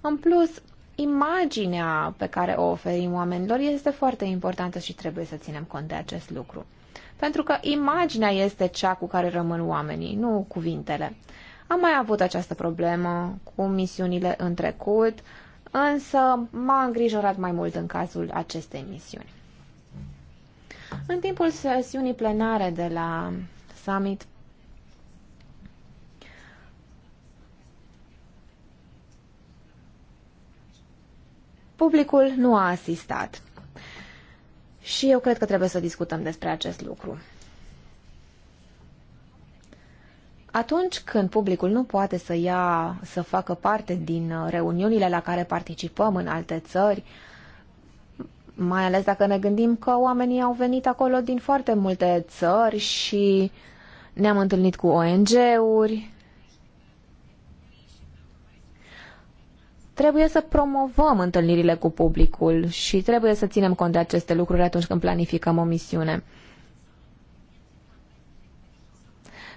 În plus, imaginea pe care o oferim oamenilor este foarte importantă și trebuie să ținem cont de acest lucru. Pentru că imaginea este cea cu care rămân oamenii, nu cuvintele. Am mai avut această problemă cu misiunile în trecut, însă m-a îngrijorat mai mult în cazul acestei misiuni. În timpul sesiunii plenare de la summit publicul nu a asistat. Și eu cred că trebuie să discutăm despre acest lucru. Atunci când publicul nu poate să ia, să facă parte din uh, reuniunile la care participăm în alte țări, mai ales dacă ne gândim că oamenii au venit acolo din foarte multe țări și ne-am întâlnit cu ONG-uri, Trebuie să promovăm întâlnirile cu publicul și trebuie să ținem cont de aceste lucruri atunci când planificăm o misiune.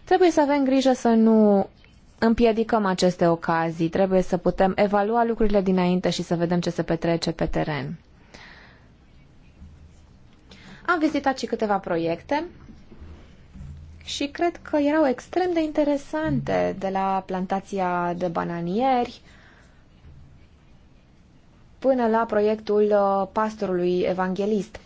Trebuie să avem grijă să nu împiedicăm aceste ocazii, trebuie să putem evalua lucrurile dinainte și să vedem ce se petrece pe teren. Am vizitat și câteva proiecte și cred că erau extrem de interesante, de la plantația de bananieri până la proiectul uh, pastorului evanghelist.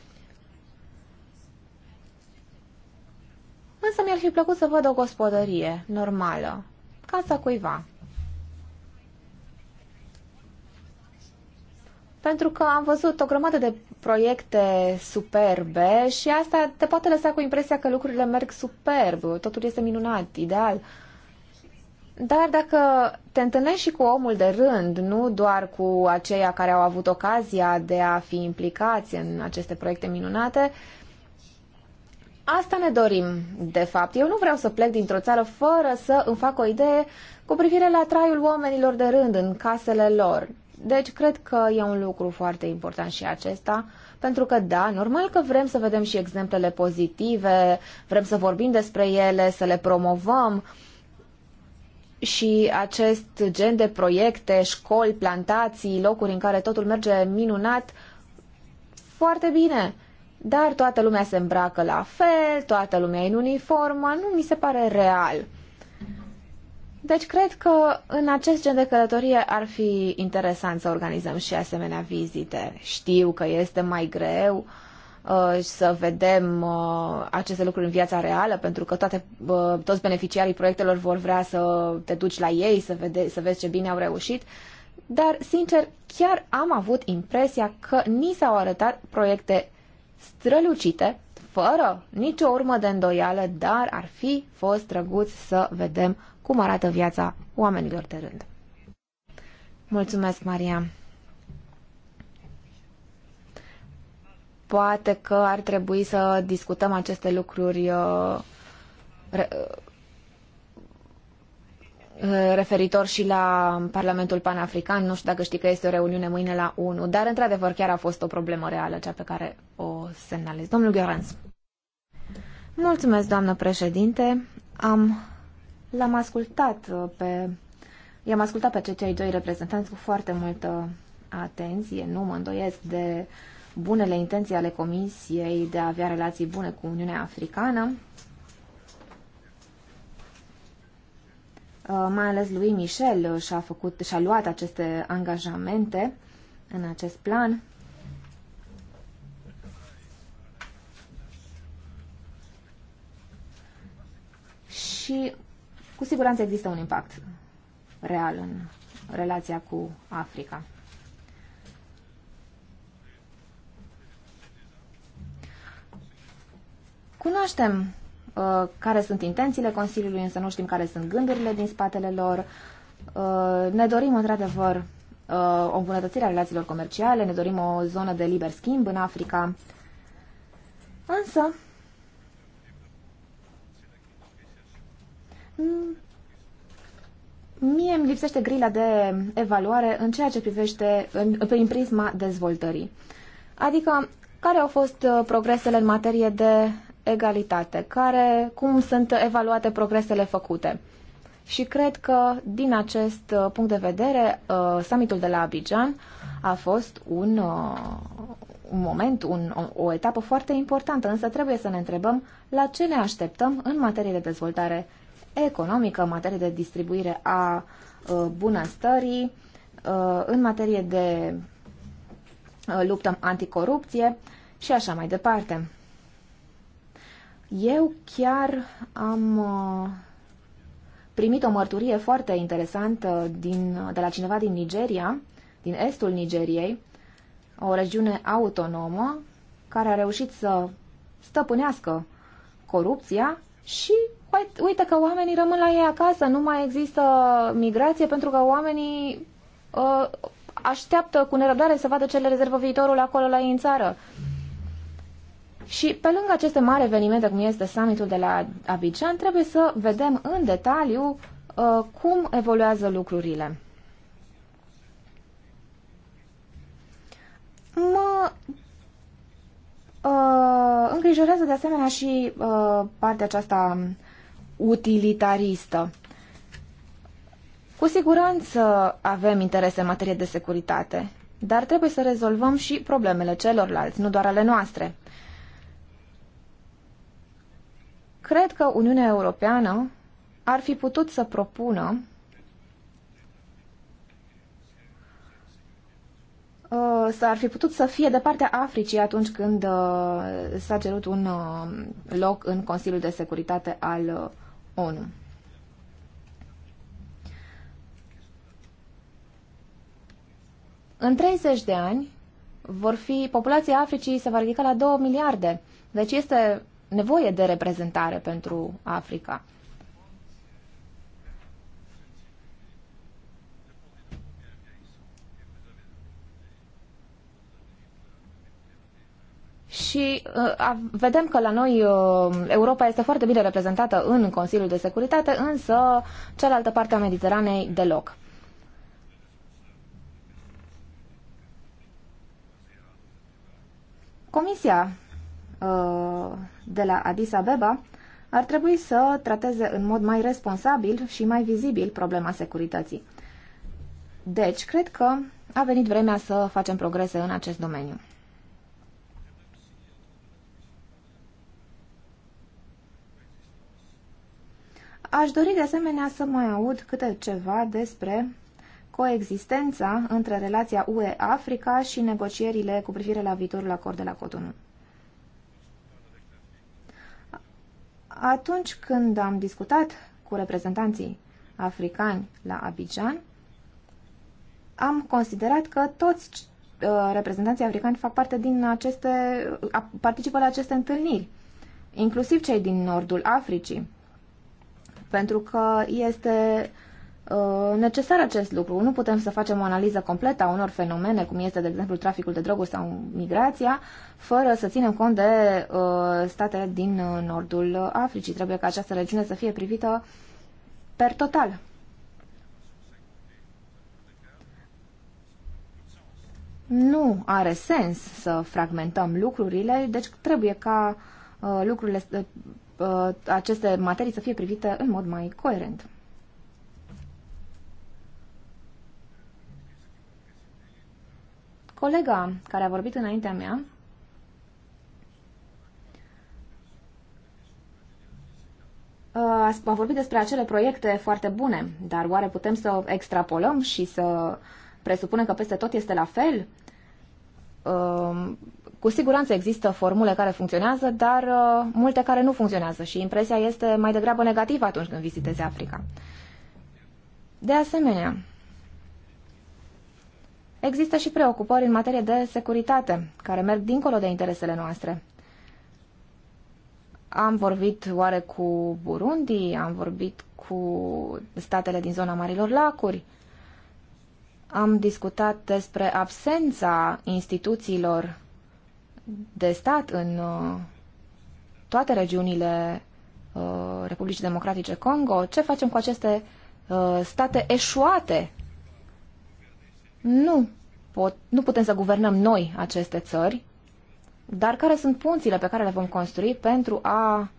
Însă mi-ar fi plăcut să văd o gospodărie normală, casa cuiva. Pentru că am văzut o grămadă de proiecte superbe și asta te poate lăsa cu impresia că lucrurile merg superb, totul este minunat, ideal. Uh, dar dacă te întâlnești și cu omul de rând, nu doar cu aceia care au avut ocazia de a fi implicați în aceste proiecte minunate, Asta ne dorim, de fapt. Eu nu vreau să plec dintr-o țară fără să îmi fac o idee cu privire la traiul oamenilor de rând în casele lor. Deci cred că e un lucru foarte important și acesta, pentru că da, normal că vrem să vedem și exemplele pozitive, vrem să vorbim despre ele, să le promovăm, și acest gen de proiecte, școli, plantații, locuri în care totul merge minunat, foarte bine. Dar toată lumea se îmbracă la fel, toată lumea e în uniformă, nu mi se pare real. Deci cred că în acest gen de călătorie ar fi interesant să organizăm și asemenea vizite. Știu că este mai greu, uh, Uh, să vedem uh, aceste lucruri în viața reală, pentru că toate, uh, toți beneficiarii proiectelor vor vrea să te duci la ei, să, vede, să vezi ce bine au reușit. Dar, sincer, chiar am avut impresia că ni s-au arătat proiecte strălucite, fără nicio urmă de îndoială, dar ar fi fost drăguț să vedem cum arată viața oamenilor de rând. Mulțumesc, Maria! poate că ar trebui să discutăm aceste lucruri uh, uh, referitor și la Parlamentul Panafrican. Nu știu dacă știi că este o reuniune mâine la 1, dar într-adevăr chiar a fost o problemă reală cea pe care o semnalez. Domnul Gheorans. Mulțumesc, doamnă președinte. Am, l-am ascultat uh, pe, i-am ascultat pe cei doi reprezentanți cu foarte multă atenție. Nu mă îndoiesc de uh, bunele intenții ale Comisiei de a avea relații bune cu Uniunea Africană, uh, mai ales lui Michel și-a, făcut, și-a luat aceste angajamente în acest plan. Și cu siguranță există un impact real în relația cu Africa. Cunoaștem uh, care sunt intențiile Consiliului, însă nu știm care sunt gândurile din spatele lor. Uh, ne dorim, într-adevăr, uh, o îmbunătățire a relațiilor comerciale, ne dorim o zonă de liber schimb în Africa. Însă, mie îmi lipsește grila de evaluare în ceea ce privește în, prin prisma dezvoltării. Adică, care au fost uh, progresele în materie de egalitate, care, cum sunt evaluate progresele făcute. Și cred că, din acest uh, punct de vedere, uh, summitul de la Abidjan a fost un, uh, un moment, un, o, o etapă foarte importantă, însă trebuie să ne întrebăm la ce ne așteptăm în materie de dezvoltare economică, în materie de distribuire a bunăstării, în materie de luptă anticorupție și așa mai departe. Eu chiar am uh, primit o mărturie foarte interesantă din, de la cineva din Nigeria, din estul Nigeriei, o regiune autonomă care a reușit să stăpânească corupția și uite că oamenii rămân la ei acasă, nu mai există migrație pentru că oamenii uh, așteaptă cu nerăbdare să vadă ce le rezervă viitorul acolo la ei în țară. Și pe lângă aceste mari evenimente, cum este summitul de la Abidjan, trebuie să vedem în detaliu uh, cum evoluează lucrurile. Mă uh, îngrijorează de asemenea și uh, partea aceasta utilitaristă. Cu siguranță avem interese în materie de securitate, dar trebuie să rezolvăm și problemele celorlalți, nu doar ale noastre. Cred că Uniunea Europeană ar fi putut să propună uh, să ar fi putut să fie de partea Africii atunci când uh, s-a cerut un uh, loc în Consiliul de Securitate al ONU. În 30 de ani vor fi populația Africii se va ridica la 2 miliarde. Deci este nevoie de reprezentare pentru Africa. Și uh, vedem că la noi uh, Europa este foarte bine reprezentată în Consiliul de Securitate, însă cealaltă parte a Mediteranei deloc. Comisia Uh, de la Addis Abeba ar trebui să trateze în mod mai responsabil și mai vizibil problema securității. Deci, cred că a venit vremea să facem progrese în acest domeniu. Aș dori de asemenea să mai aud câte ceva despre coexistența între relația UE-Africa și negocierile cu privire la viitorul acord de la Cotonou. Atunci când am discutat cu reprezentanții africani la Abidjan, am considerat că toți uh, reprezentanții africani fac parte din aceste, uh, participă la aceste întâlniri, inclusiv cei din nordul Africii, pentru că este Uh, necesar acest lucru. Nu putem să facem o analiză completă a unor fenomene, cum este, de exemplu, traficul de droguri sau migrația, fără să ținem cont de uh, state din uh, nordul Africii. Trebuie ca această regiune să fie privită per total. Nu are sens să fragmentăm lucrurile, deci trebuie ca uh, lucrurile, uh, uh aceste materii să fie privite în mod mai coerent. Colega care a vorbit înaintea mea a vorbit despre acele proiecte foarte bune, dar oare putem să extrapolăm și să presupunem că peste tot este la fel? Um, cu siguranță există formule care funcționează, dar uh, multe care nu funcționează și impresia este mai degrabă negativă atunci când vizitezi Africa. De asemenea, Există și preocupări în materie de securitate, care merg dincolo de interesele noastre. Am vorbit oare cu Burundi, am vorbit cu statele din zona Marilor Lacuri, am discutat despre absența instituțiilor de stat în uh, toate regiunile uh, Republicii Democratice Congo, ce facem cu aceste uh, state eșuate nu, pot, nu putem să guvernăm noi aceste țări, dar care sunt punțile pe care le vom construi pentru a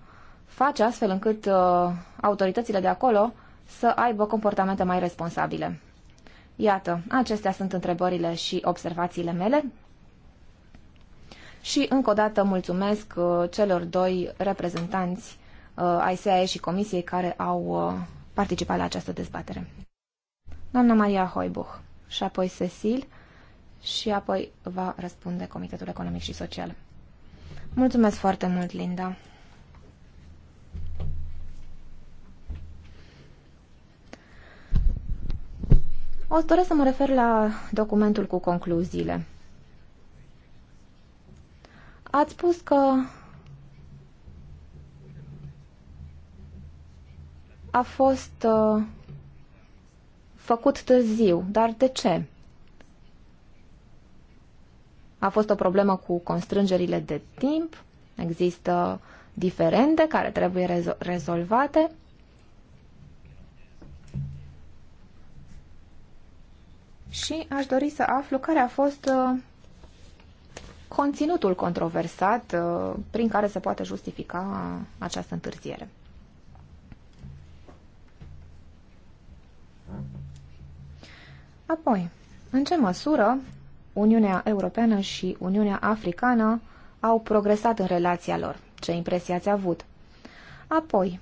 face astfel încât uh, autoritățile de acolo să aibă comportamente mai responsabile. Iată, acestea sunt întrebările și observațiile mele. Și încă o dată mulțumesc uh, celor doi reprezentanți uh, ai SAE și Comisiei care au uh, participat la această dezbatere. Doamna Maria Hoibuch și apoi Cecil și apoi va răspunde Comitetul Economic și Social. Mulțumesc foarte mult, Linda! O să doresc să mă refer la documentul cu concluziile. Ați spus că a fost uh, făcut târziu. Dar de ce? A fost o problemă cu constrângerile de timp, există diferende care trebuie rezo- rezolvate. Și aș dori să aflu care a fost uh, conținutul controversat uh, prin care se poate justifica această întârziere. Apoi, în ce măsură Uniunea Europeană și Uniunea Africană au progresat în relația lor? Ce impresie ați avut? Apoi,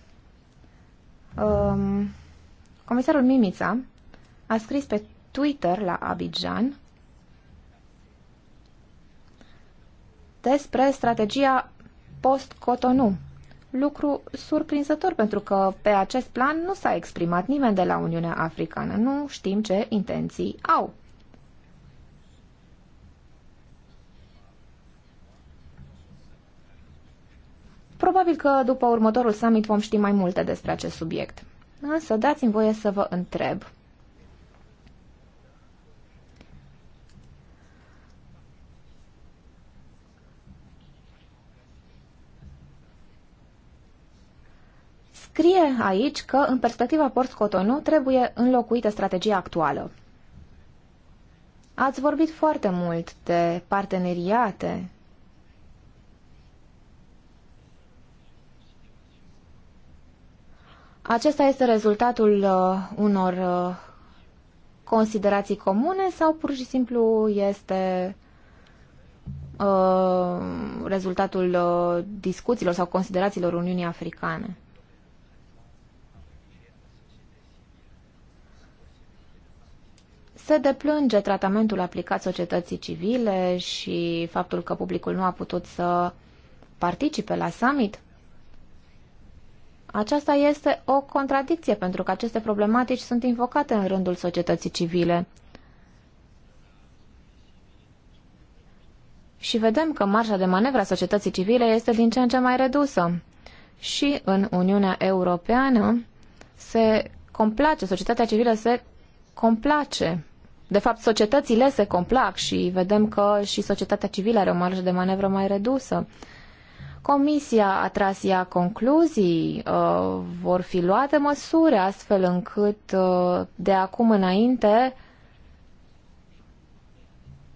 um, comisarul Mimița a scris pe Twitter la Abidjan despre strategia post-Cotonou lucru surprinzător pentru că pe acest plan nu s-a exprimat nimeni de la Uniunea Africană. Nu știm ce intenții au. Probabil că după următorul summit vom ști mai multe despre acest subiect. Însă dați-mi voie să vă întreb aici că, în perspectiva Port Cotonou, trebuie înlocuită strategia actuală. Ați vorbit foarte mult de parteneriate. Acesta este rezultatul uh, unor uh, considerații comune sau pur și simplu este uh, rezultatul uh, discuțiilor sau considerațiilor Uniunii Africane? se deplânge tratamentul aplicat societății civile și faptul că publicul nu a putut să participe la summit? Aceasta este o contradicție pentru că aceste problematici sunt invocate în rândul societății civile. Și vedem că marșa de manevră a societății civile este din ce în ce mai redusă. Și în Uniunea Europeană se complace, societatea civilă se complace de fapt, societățile se complac și vedem că și societatea civilă are o marjă de manevră mai redusă. Comisia a tras ea concluzii, uh, vor fi luate măsuri astfel încât uh, de acum înainte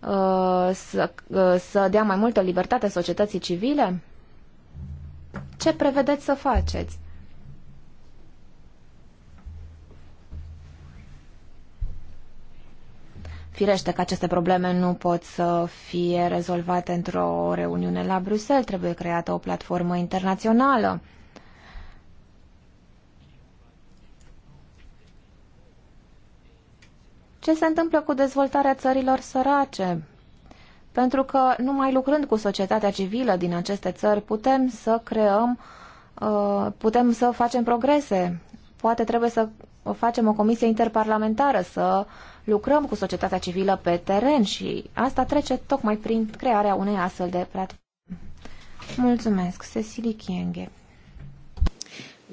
uh, să, să dea mai multă libertate societății civile? Ce prevedeți să faceți? Firește că aceste probleme nu pot să fie rezolvate într-o reuniune la Bruxelles, trebuie creată o platformă internațională. Ce se întâmplă cu dezvoltarea țărilor sărace? Pentru că numai lucrând cu societatea civilă din aceste țări putem să creăm, uh, putem să facem progrese. Poate trebuie să facem o comisie interparlamentară, să lucrăm cu societatea civilă pe teren și asta trece tocmai prin crearea unei astfel de platforme. Mulțumesc, Cecilie Kienge.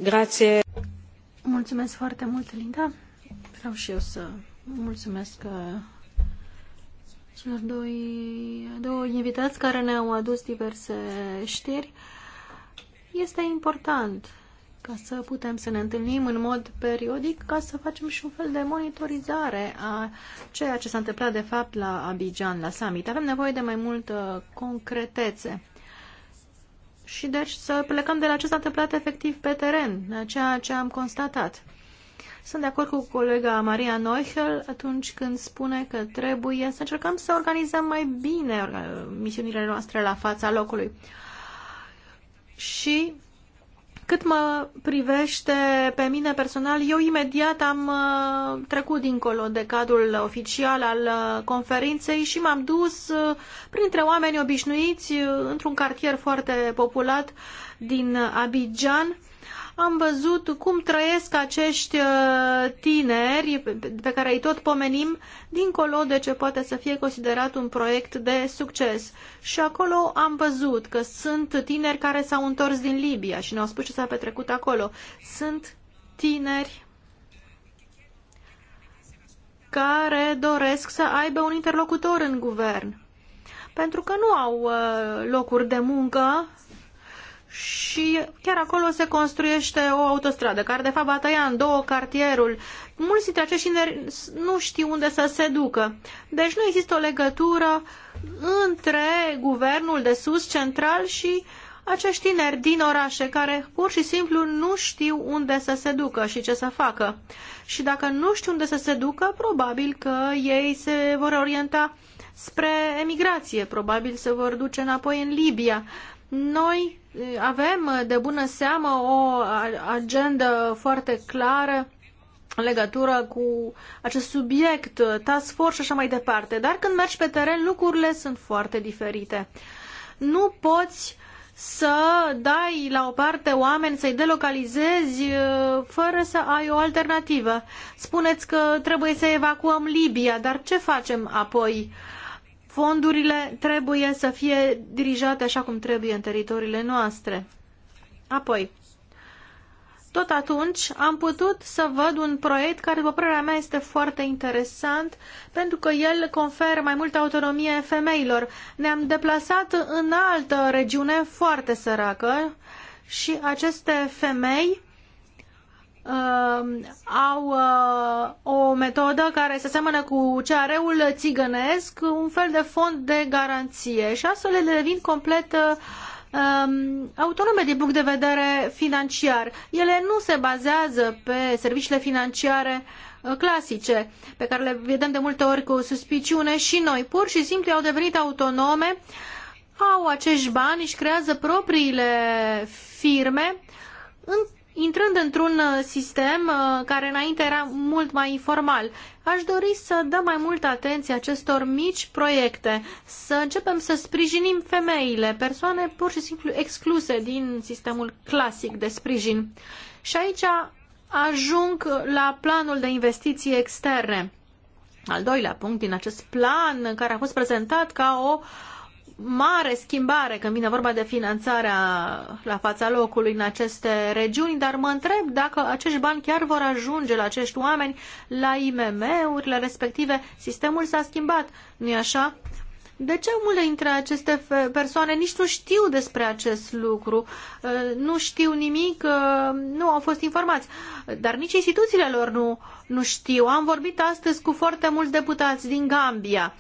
Grație. Mulțumesc foarte mult, Linda. Vreau și eu să mulțumesc uh, celor doi, doi invitați care ne-au adus diverse știri. Este important ca să putem să ne întâlnim în mod periodic, ca să facem și un fel de monitorizare a ceea ce s-a întâmplat de fapt la Abidjan, la summit. Avem nevoie de mai multă uh, concretețe. Și deci să plecăm de la ce s-a întâmplat efectiv pe teren, ceea ce am constatat. Sunt de acord cu colega Maria Neuchel atunci când spune că trebuie să încercăm să organizăm mai bine uh, misiunile noastre la fața locului. Și cât mă privește pe mine personal, eu imediat am uh, trecut dincolo de cadrul oficial al uh, conferinței și m-am dus uh, printre oameni obișnuiți într-un cartier foarte populat din Abidjan am văzut cum trăiesc acești uh, tineri pe care îi tot pomenim, dincolo de ce poate să fie considerat un proiect de succes. Și acolo am văzut că sunt tineri care s-au întors din Libia și ne-au spus ce s-a petrecut acolo. Sunt tineri care doresc să aibă un interlocutor în guvern. Pentru că nu au uh, locuri de muncă și chiar acolo se construiește o autostradă, care de fapt va tăia în două cartierul. Mulți dintre acești nu știu unde să se ducă. Deci nu există o legătură între guvernul de sus, central și acești tineri din orașe care pur și simplu nu știu unde să se ducă și ce să facă. Și dacă nu știu unde să se ducă, probabil că ei se vor orienta spre emigrație, probabil se vor duce înapoi în Libia. Noi eh, avem eh, de bună seamă o agendă foarte clară în legătură cu acest subiect, eh, task force și așa mai departe. Dar când mergi pe teren, lucrurile sunt foarte diferite. Nu poți să dai la o parte oameni, să-i delocalizezi fără să ai o alternativă. Spuneți că trebuie să evacuăm Libia, dar ce facem apoi? Uh, fondurile trebuie să fie dirijate așa cum trebuie în teritoriile noastre. Apoi, tot atunci am putut să văd un proiect care, după părerea mea, este foarte interesant pentru că el conferă mai multă autonomie femeilor. Ne-am deplasat în altă regiune foarte săracă și aceste femei Um, au uh, o metodă care se seamănă cu CR-ul țigănesc, un fel de fond de garanție și astfel le devin complet um, autonome din punct de vedere financiar. Ele nu se bazează pe serviciile financiare uh, clasice, pe care le vedem de multe ori cu suspiciune și noi. Pur și simplu au devenit autonome, au acești bani, își creează propriile firme în intrând într-un uh, sistem uh, care înainte era mult mai informal. Aș dori să dăm mai multă atenție acestor mici proiecte, să începem să sprijinim femeile, persoane pur și simplu excluse din sistemul clasic de sprijin. Și aici ajung la planul de investiții externe. Al doilea punct din acest plan, care a fost prezentat ca o uh, mare schimbare când vine vorba de finanțarea la fața locului în aceste regiuni, dar mă întreb dacă acești bani chiar vor ajunge la acești oameni, la IMM-urile respective. Sistemul s-a schimbat, nu-i așa? De ce multe dintre aceste persoane nici nu știu despre acest lucru, uh, nu știu nimic, uh, nu au fost informați, dar nici instituțiile lor nu, nu știu. Am vorbit astăzi cu foarte mulți deputați din Gambia.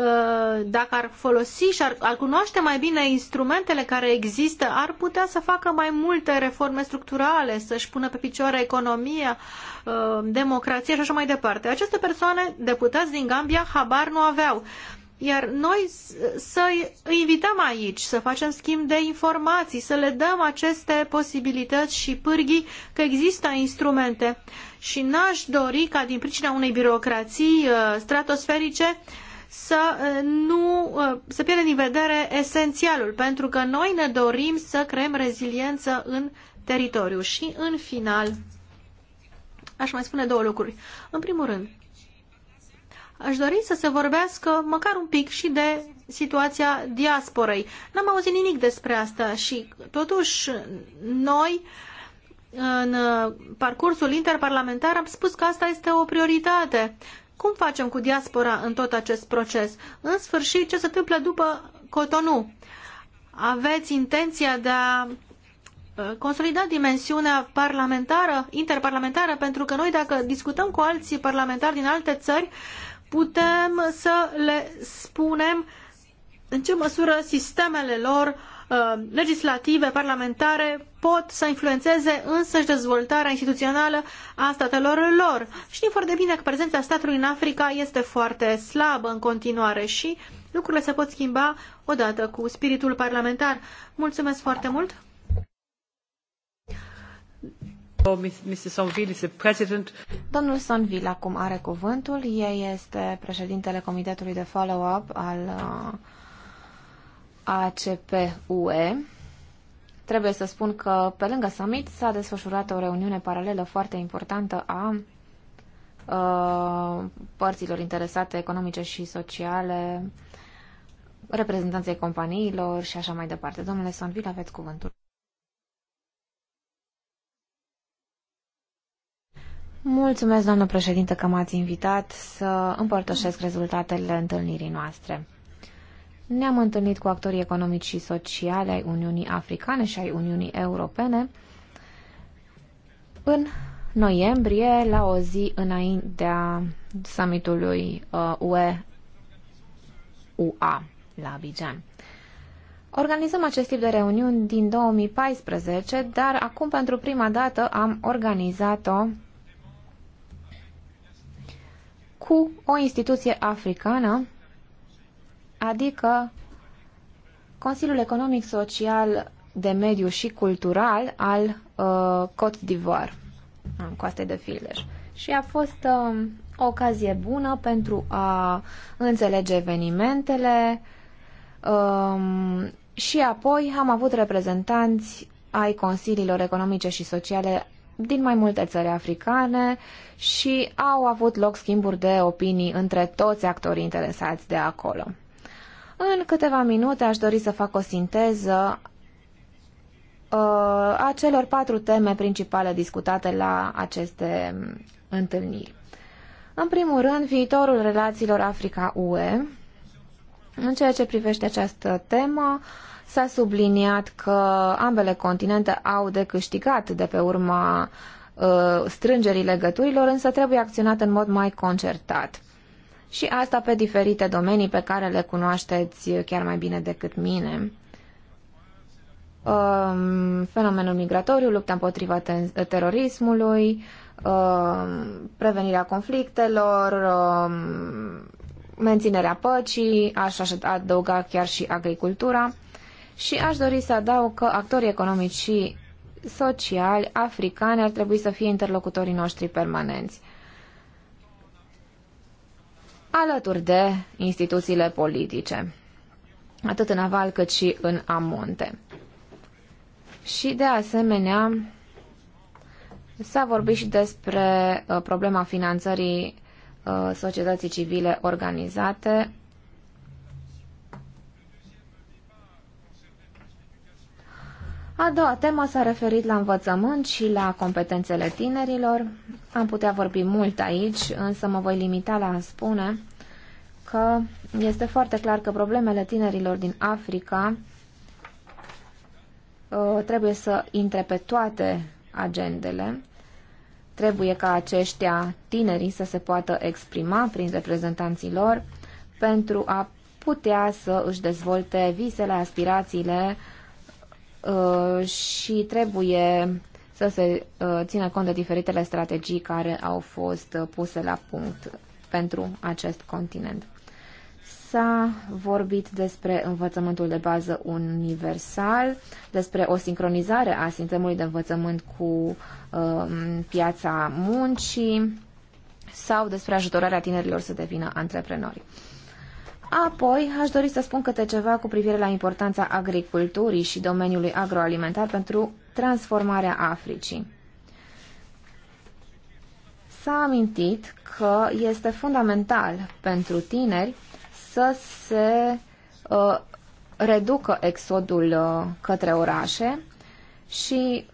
Uh, dacă ar folosi și ar, ar cunoaște mai bine instrumentele care există, ar putea să facă mai multe reforme structurale, să-și pună pe picioare economia, uh, democrația și așa mai departe. Aceste persoane, deputați din Gambia, habar nu aveau. Iar noi să îi invităm aici, să facem schimb de informații, să le dăm aceste posibilități și pârghii că există instrumente. Și n-aș dori ca din pricina unei birocrații uh, stratosferice să nu să pierdem din vedere esențialul, pentru că noi ne dorim să creăm reziliență în teritoriu. Și în final, aș mai spune două lucruri. În primul rând, aș dori să se vorbească măcar un pic și de situația diasporei. N-am auzit nimic despre asta și totuși noi în parcursul interparlamentar am spus că asta este o prioritate cum facem cu diaspora în tot acest proces? În sfârșit, ce se întâmplă după Cotonou? Aveți intenția de a uh, consolida dimensiunea parlamentară, interparlamentară, pentru că noi dacă discutăm cu alții parlamentari din alte țări, putem să le spunem în ce măsură sistemele lor Uh, legislative, parlamentare, pot să influențeze însăși dezvoltarea instituțională a statelor lor. Știm foarte bine că prezența statului în Africa este foarte slabă în continuare și lucrurile se pot schimba odată cu spiritul parlamentar. Mulțumesc foarte mult! Oh, Domnul Sonville acum are cuvântul. El este președintele Comitetului de Follow-up al uh, ACPUE. trebuie să spun că pe lângă summit s-a desfășurat o reuniune paralelă foarte importantă a uh, părților interesate economice și sociale, reprezentanței companiilor și așa mai departe. Domnule Sonvil, aveți cuvântul. Mulțumesc, doamnă președinte, că m-ați invitat să împărtășesc rezultatele întâlnirii noastre. Ne-am întâlnit cu actorii economici și sociali ai Uniunii Africane și ai Uniunii Europene în noiembrie, la o zi înaintea summitului UE-UA uh, la Abidjan. Organizăm acest tip de reuniuni din 2014, dar acum pentru prima dată am organizat-o cu o instituție africană adică Consiliul Economic, Social, de Mediu și Cultural al uh, Côte d'Ivoire, în coaste de Filder. Și a fost uh, o ocazie bună pentru a înțelege evenimentele uh, și apoi am avut reprezentanți ai Consiliilor Economice și Sociale din mai multe țări africane și au avut loc schimburi de opinii între toți actorii interesați de acolo. În câteva minute aș dori să fac o sinteză uh, a celor patru teme principale discutate la aceste um, întâlniri. În primul rând, viitorul relațiilor Africa-UE. În ceea ce privește această temă, s-a subliniat că ambele continente au de câștigat de pe urma uh, strângerii legăturilor, însă trebuie acționat în mod mai concertat și asta pe diferite domenii pe care le cunoașteți chiar mai bine decât mine. Um, fenomenul migratoriu, lupta împotriva terorismului, um, prevenirea conflictelor, um, menținerea păcii, aș adăuga chiar și agricultura. Și aș dori să adaug că actorii economici și sociali africani ar trebui să fie interlocutorii noștri permanenți alături de instituțiile politice, atât în aval cât și în amonte. Și de asemenea, s-a vorbit și despre uh, problema finanțării uh, societății civile organizate, A doua temă s-a referit la învățământ și la competențele tinerilor. Am putea vorbi mult aici, însă mă voi limita la a spune că este foarte clar că problemele tinerilor din Africa ă, trebuie să intre pe toate agendele. Trebuie ca aceștia tinerii să se poată exprima prin reprezentanții lor pentru a putea să își dezvolte visele, aspirațiile, Uh, și trebuie să se uh, țină cont de diferitele strategii care au fost uh, puse la punct pentru acest continent. S-a vorbit despre învățământul de bază universal, despre o sincronizare a sistemului de învățământ cu um, piața muncii sau despre ajutorarea tinerilor să devină antreprenori. Apoi, aș dori să spun câte ceva cu privire la importanța agriculturii și domeniului agroalimentar pentru transformarea Africii. S-a amintit că este fundamental pentru tineri să se uh, reducă exodul uh, către orașe și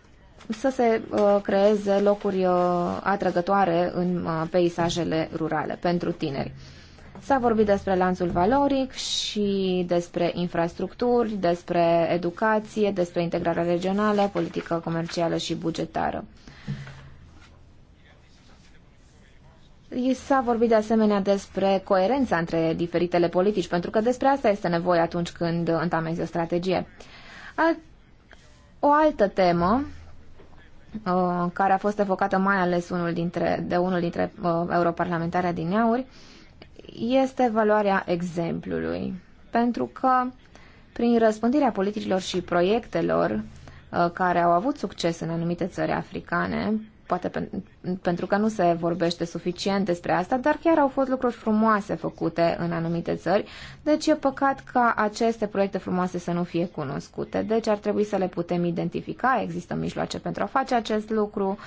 să se uh, creeze locuri uh, atrăgătoare în uh, peisajele rurale pentru tineri. Uh, S-a vorbit despre lanțul valoric și despre infrastructuri, despre educație, despre integrarea regională, politică comercială și bugetară. S-a vorbit de asemenea despre coerența între diferitele politici, pentru că despre asta este nevoie atunci când întamezi o strategie. o altă temă uh, care a fost evocată mai ales unul dintre, de unul dintre uh, europarlamentarea din Iauri, uh, este valoarea exemplului, pentru că prin răspândirea politicilor și proiectelor uh, care au avut succes în anumite țări africane, poate pe, pentru că nu se vorbește suficient despre asta, dar chiar au fost lucruri frumoase făcute în anumite țări, deci e păcat ca aceste proiecte frumoase să nu fie cunoscute. Deci ar trebui să le putem identifica, există mijloace pentru a face acest lucru. Uh,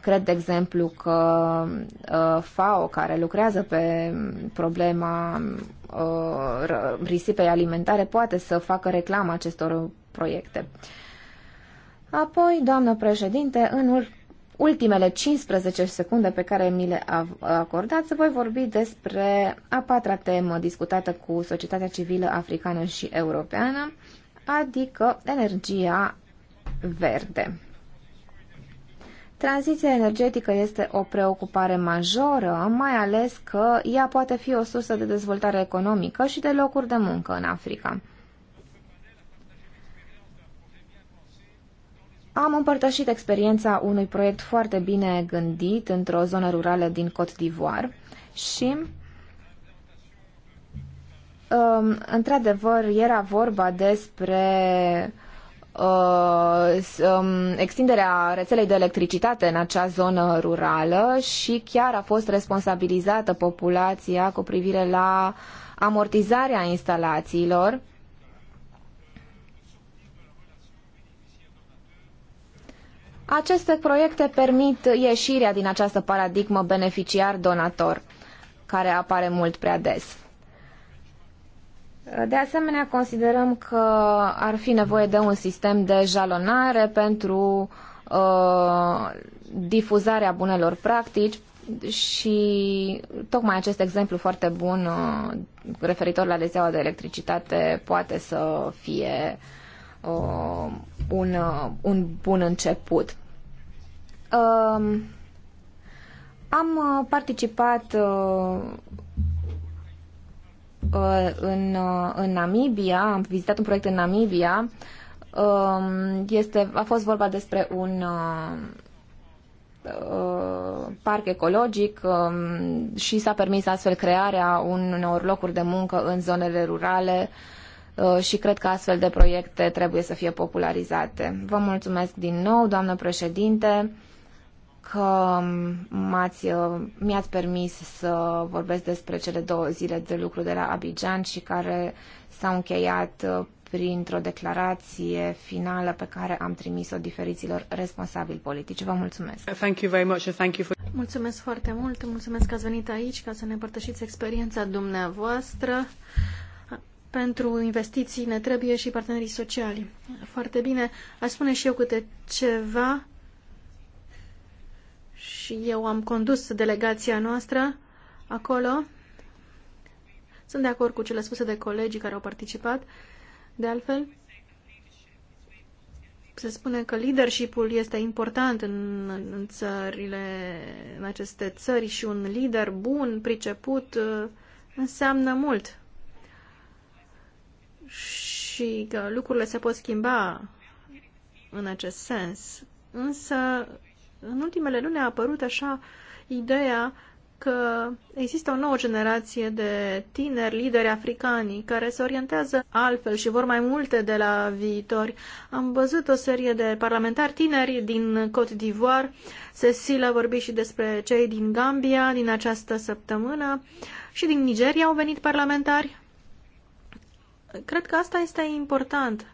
Cred, de exemplu, că uh, FAO, care lucrează pe problema uh, risipei alimentare, poate să facă reclamă acestor proiecte. Apoi, doamnă președinte, în ultimele 15 secunde pe care mi le acordați, voi vorbi despre a patra temă discutată cu societatea civilă africană și europeană, adică energia verde. Tranziția energetică este o preocupare majoră, mai ales că ea poate fi o sursă de dezvoltare economică și de locuri de muncă în Africa. Am împărtășit experiența unui proiect foarte bine gândit într-o zonă rurală din Côte d'Ivoire și um, într-adevăr era vorba despre Uh, um, extinderea rețelei de electricitate în acea zonă rurală și chiar a fost responsabilizată populația cu privire la amortizarea instalațiilor. Aceste proiecte permit ieșirea din această paradigmă beneficiar-donator, care apare mult prea des. De asemenea, considerăm că ar fi nevoie de un sistem de jalonare pentru uh, difuzarea bunelor practici și tocmai acest exemplu foarte bun uh, referitor la rețeaua de electricitate poate să fie uh, un, uh, un bun început. Um, uh, am participat uh, Uh, în, uh, în Namibia, am vizitat un proiect în Namibia, um, este, a fost vorba despre un uh, parc ecologic um, și s-a permis astfel crearea unor locuri de muncă în zonele rurale și cred că astfel de proiecte trebuie să fie popularizate. Vă mulțumesc din nou, doamnă președinte că m-ați, uh, mi-ați permis să vorbesc despre cele două zile de lucru de la Abidjan și care s-au încheiat uh, printr-o declarație finală pe care am trimis-o diferiților responsabili politici. Vă mulțumesc! Thank you very much and thank you for... Mulțumesc foarte mult! Mulțumesc că ați venit aici ca să ne împărtășiți experiența dumneavoastră. Pentru investiții ne trebuie și partenerii sociali. Foarte bine. Aș spune și eu câte ceva și eu am condus delegația noastră acolo. Sunt de acord cu cele spuse de colegii care au participat. De altfel, se spune că leadership-ul este important în, în țările, în aceste țări și un lider bun, priceput, uh, înseamnă mult. Și că lucrurile se pot schimba în acest sens. Însă în ultimele luni a apărut așa ideea că există o nouă generație de tineri lideri africani care se orientează altfel și vor mai multe de la viitor. Am văzut o serie de parlamentari tineri din Côte d'Ivoire. Cecil a vorbit și despre cei din Gambia din această săptămână și din Nigeria au venit parlamentari. Cred că asta este important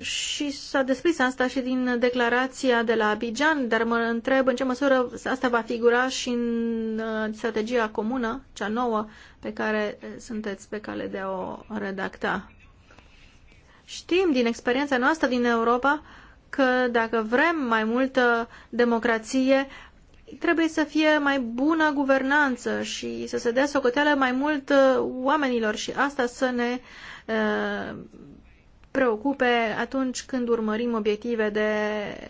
și s-a desprins asta și din declarația de la Abidjan, dar mă întreb în ce măsură asta va figura și în uh, strategia comună, cea nouă, pe care uh, sunteți pe cale de a o redacta. Știm din experiența noastră din Europa că dacă vrem mai multă democrație, trebuie să fie mai bună guvernanță și să se dea socoteală mai mult uh, oamenilor și asta să ne preocupe atunci când urmărim obiective de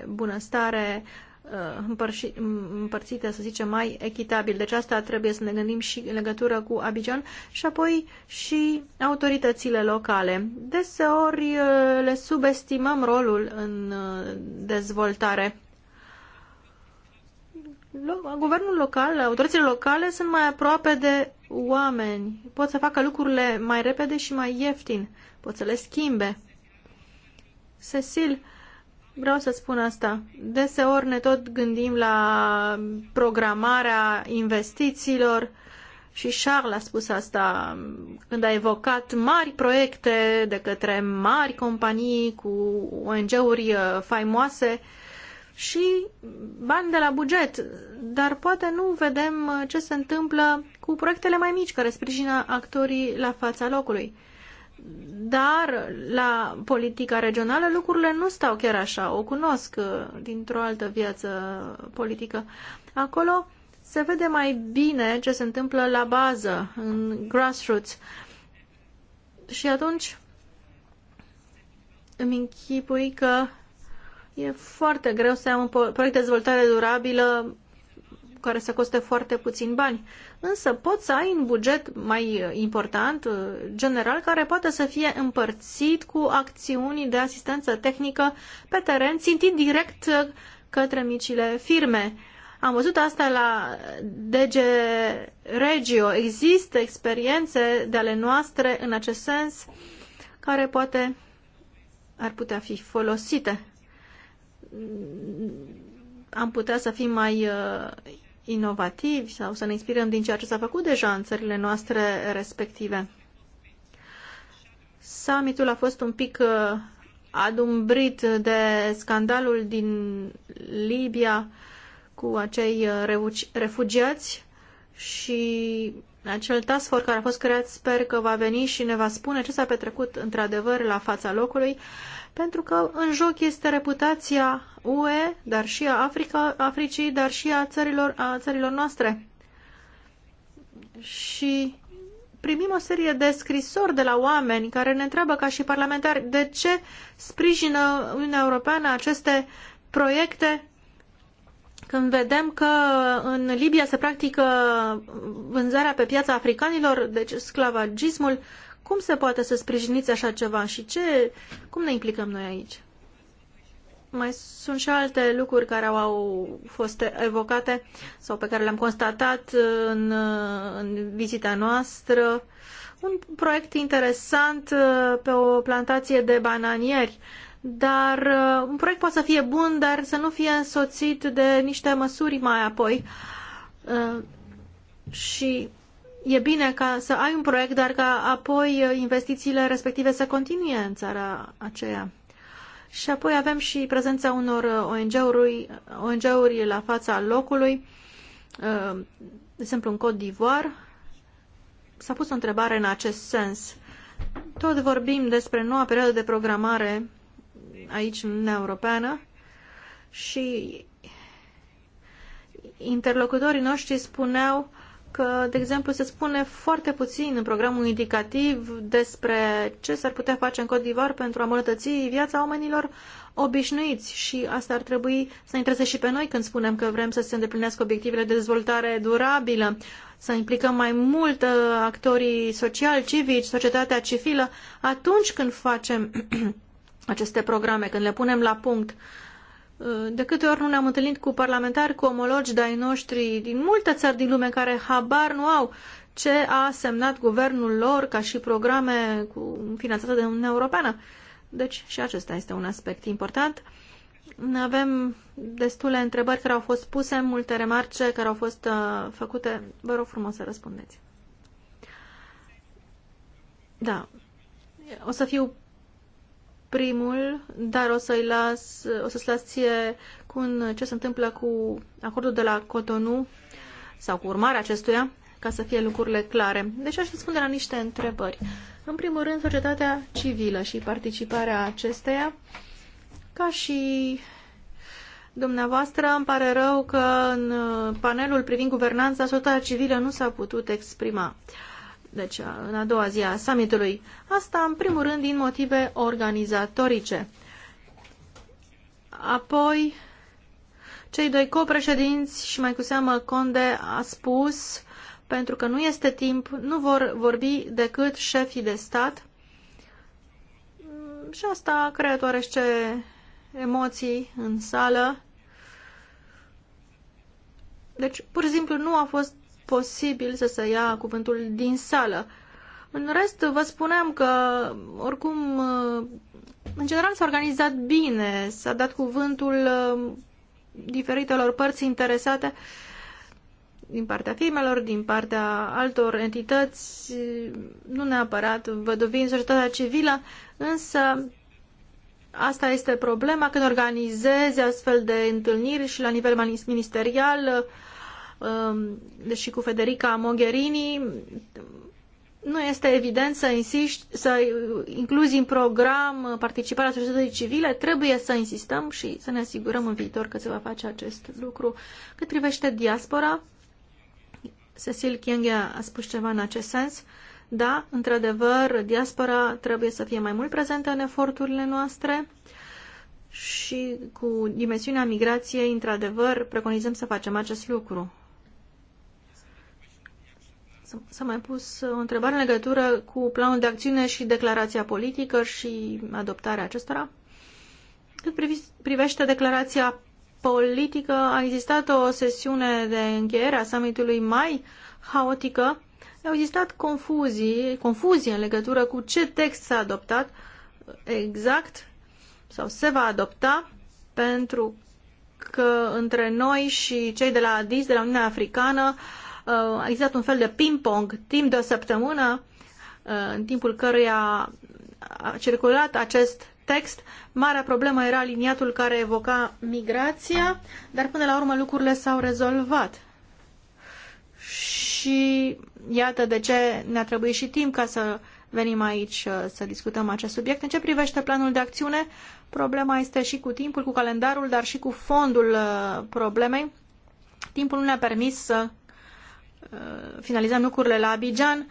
bunăstare uh, împărțite, să zicem, mai echitabil. Deci asta trebuie să ne gândim și în legătură cu Abidjan și apoi și autoritățile locale. Deseori uh, le subestimăm rolul în uh, dezvoltare. Guvernul local, autoritățile locale sunt mai aproape de oameni. Pot să facă lucrurile mai repede și mai ieftin. Pot să le schimbe. Cecil, vreau să spun asta. Deseori ne tot gândim la programarea investițiilor și Charles a spus asta când a evocat mari proiecte de către mari companii cu ONG-uri uh, faimoase și bani de la buget, dar poate nu vedem uh, ce se întâmplă cu proiectele mai mici care sprijină actorii la fața locului. Dar la politica regională lucrurile nu stau chiar așa. O cunosc uh, dintr-o altă viață politică. Acolo se vede mai bine ce se întâmplă la bază, în grassroots. Și atunci îmi închipui că e foarte greu să am un proiect de dezvoltare durabilă care să coste foarte puțin bani însă poți să ai un buget mai uh, important, uh, general, care poate să fie împărțit cu acțiuni de asistență tehnică pe teren, țintit direct uh, către micile firme. Am văzut asta la DG Regio. Există experiențe de ale noastre în acest sens care poate ar putea fi folosite. Am putea să fim mai inovativi sau să ne inspirăm din ceea ce s-a făcut deja în țările noastre respective. Summitul a fost un pic uh, adumbrit de scandalul din Libia cu acei uh, refugiați și acel task force care a fost creat sper că va veni și ne va spune ce s-a petrecut într-adevăr la fața locului, pentru că în joc este reputația UE, dar și a Africa, Africii, dar și a țărilor, a țărilor noastre. Și primim o serie de scrisori de la oameni care ne întreabă ca și parlamentari de ce sprijină Uniunea Europeană aceste proiecte când vedem că în Libia se practică vânzarea pe piața africanilor, deci sclavagismul, cum se poate să sprijiniți așa ceva și ce, cum ne implicăm noi aici? Mai sunt și alte lucruri care au fost evocate sau pe care le-am constatat în, în vizita noastră. Un proiect interesant pe o plantație de bananieri dar uh, un proiect poate să fie bun, dar să nu fie însoțit de niște măsuri mai apoi. Uh, și e bine ca să ai un proiect, dar ca apoi uh, investițiile respective să continue în țara aceea. Și apoi avem și prezența unor ONG-uri, ONG-uri la fața locului, de exemplu în Cod d'Ivoire. S-a pus o întrebare în acest sens. Tot vorbim despre noua perioadă de programare aici în Uniunea Europeană și interlocutorii noștri spuneau că, de exemplu, se spune foarte puțin în programul indicativ despre ce s-ar putea face în Codivar pentru a îmbunătăți viața oamenilor obișnuiți și asta ar trebui să intreze și pe noi când spunem că vrem să se îndeplinească obiectivele de dezvoltare durabilă, să implicăm mai mult uh, actorii sociali, civici, societatea civilă, atunci când facem aceste programe, când le punem la punct. De câte ori nu ne-am întâlnit cu parlamentari, cu omologi de-ai noștri din multe țări din lume care habar nu au ce a semnat guvernul lor ca și programe cu, finanțate de Uniunea Europeană. Deci și acesta este un aspect important. Avem destule întrebări care au fost puse, multe remarce care au fost uh, făcute. Vă rog frumos să răspundeți. Da. O să fiu primul, dar o să-i las, o să-ți las ție cu ce se întâmplă cu acordul de la Cotonou sau cu urmarea acestuia, ca să fie lucrurile clare. Deci aș răspunde la niște întrebări. În primul rând, societatea civilă și participarea acesteia, ca și dumneavoastră, îmi pare rău că în panelul privind guvernanța, societatea civilă nu s-a putut exprima. Uh, deci în a doua zi a summitului. Asta, în primul rând, din motive organizatorice. Apoi, cei doi copreședinți și mai cu seamă Conde a spus, pentru că nu este timp, nu vor vorbi decât șefii de stat mm, și asta creează oarește emoții în sală. Deci, pur și simplu, nu a fost posibil să se ia cuvântul din sală. În rest, vă spuneam că, oricum, în general s-a organizat bine, s-a dat cuvântul uh, diferitelor părți interesate din partea firmelor, din partea altor entități, nu neapărat văduvii societatea civilă, însă asta este problema când organizezi astfel de întâlniri și la nivel ministerial Um, și cu Federica Mogherini, nu este evident să, insiști, să incluzi în program participarea societății civile, trebuie să insistăm și să ne asigurăm în viitor că se va face acest lucru. Cât privește diaspora, Cecil Kienge a spus ceva în acest sens. Da, într-adevăr, diaspora trebuie să fie mai mult prezentă în eforturile noastre și cu dimensiunea migrației, într-adevăr, preconizăm să facem acest lucru. S-a mai pus o întrebare în legătură cu planul de acțiune și declarația politică și adoptarea acestora. Cât privește declarația politică, a existat o sesiune de încheiere a summitului mai haotică. Au existat confuzii, confuzie în legătură cu ce text s-a adoptat exact sau se va adopta pentru că între noi și cei de la ADIS, de la Uniunea Africană, uh, Uh, a existat un fel de ping-pong timp de o săptămână, uh, în timpul căruia a circulat acest text. Marea problemă era aliniatul care evoca migrația, dar până la urmă lucrurile s-au rezolvat. Și iată de ce ne-a trebuit și timp ca să venim aici uh, să discutăm acest subiect. În ce privește planul de acțiune, problema este și cu timpul, cu calendarul, dar și cu fondul problemei. Timpul nu ne-a permis să finalizăm lucrurile la Abidjan,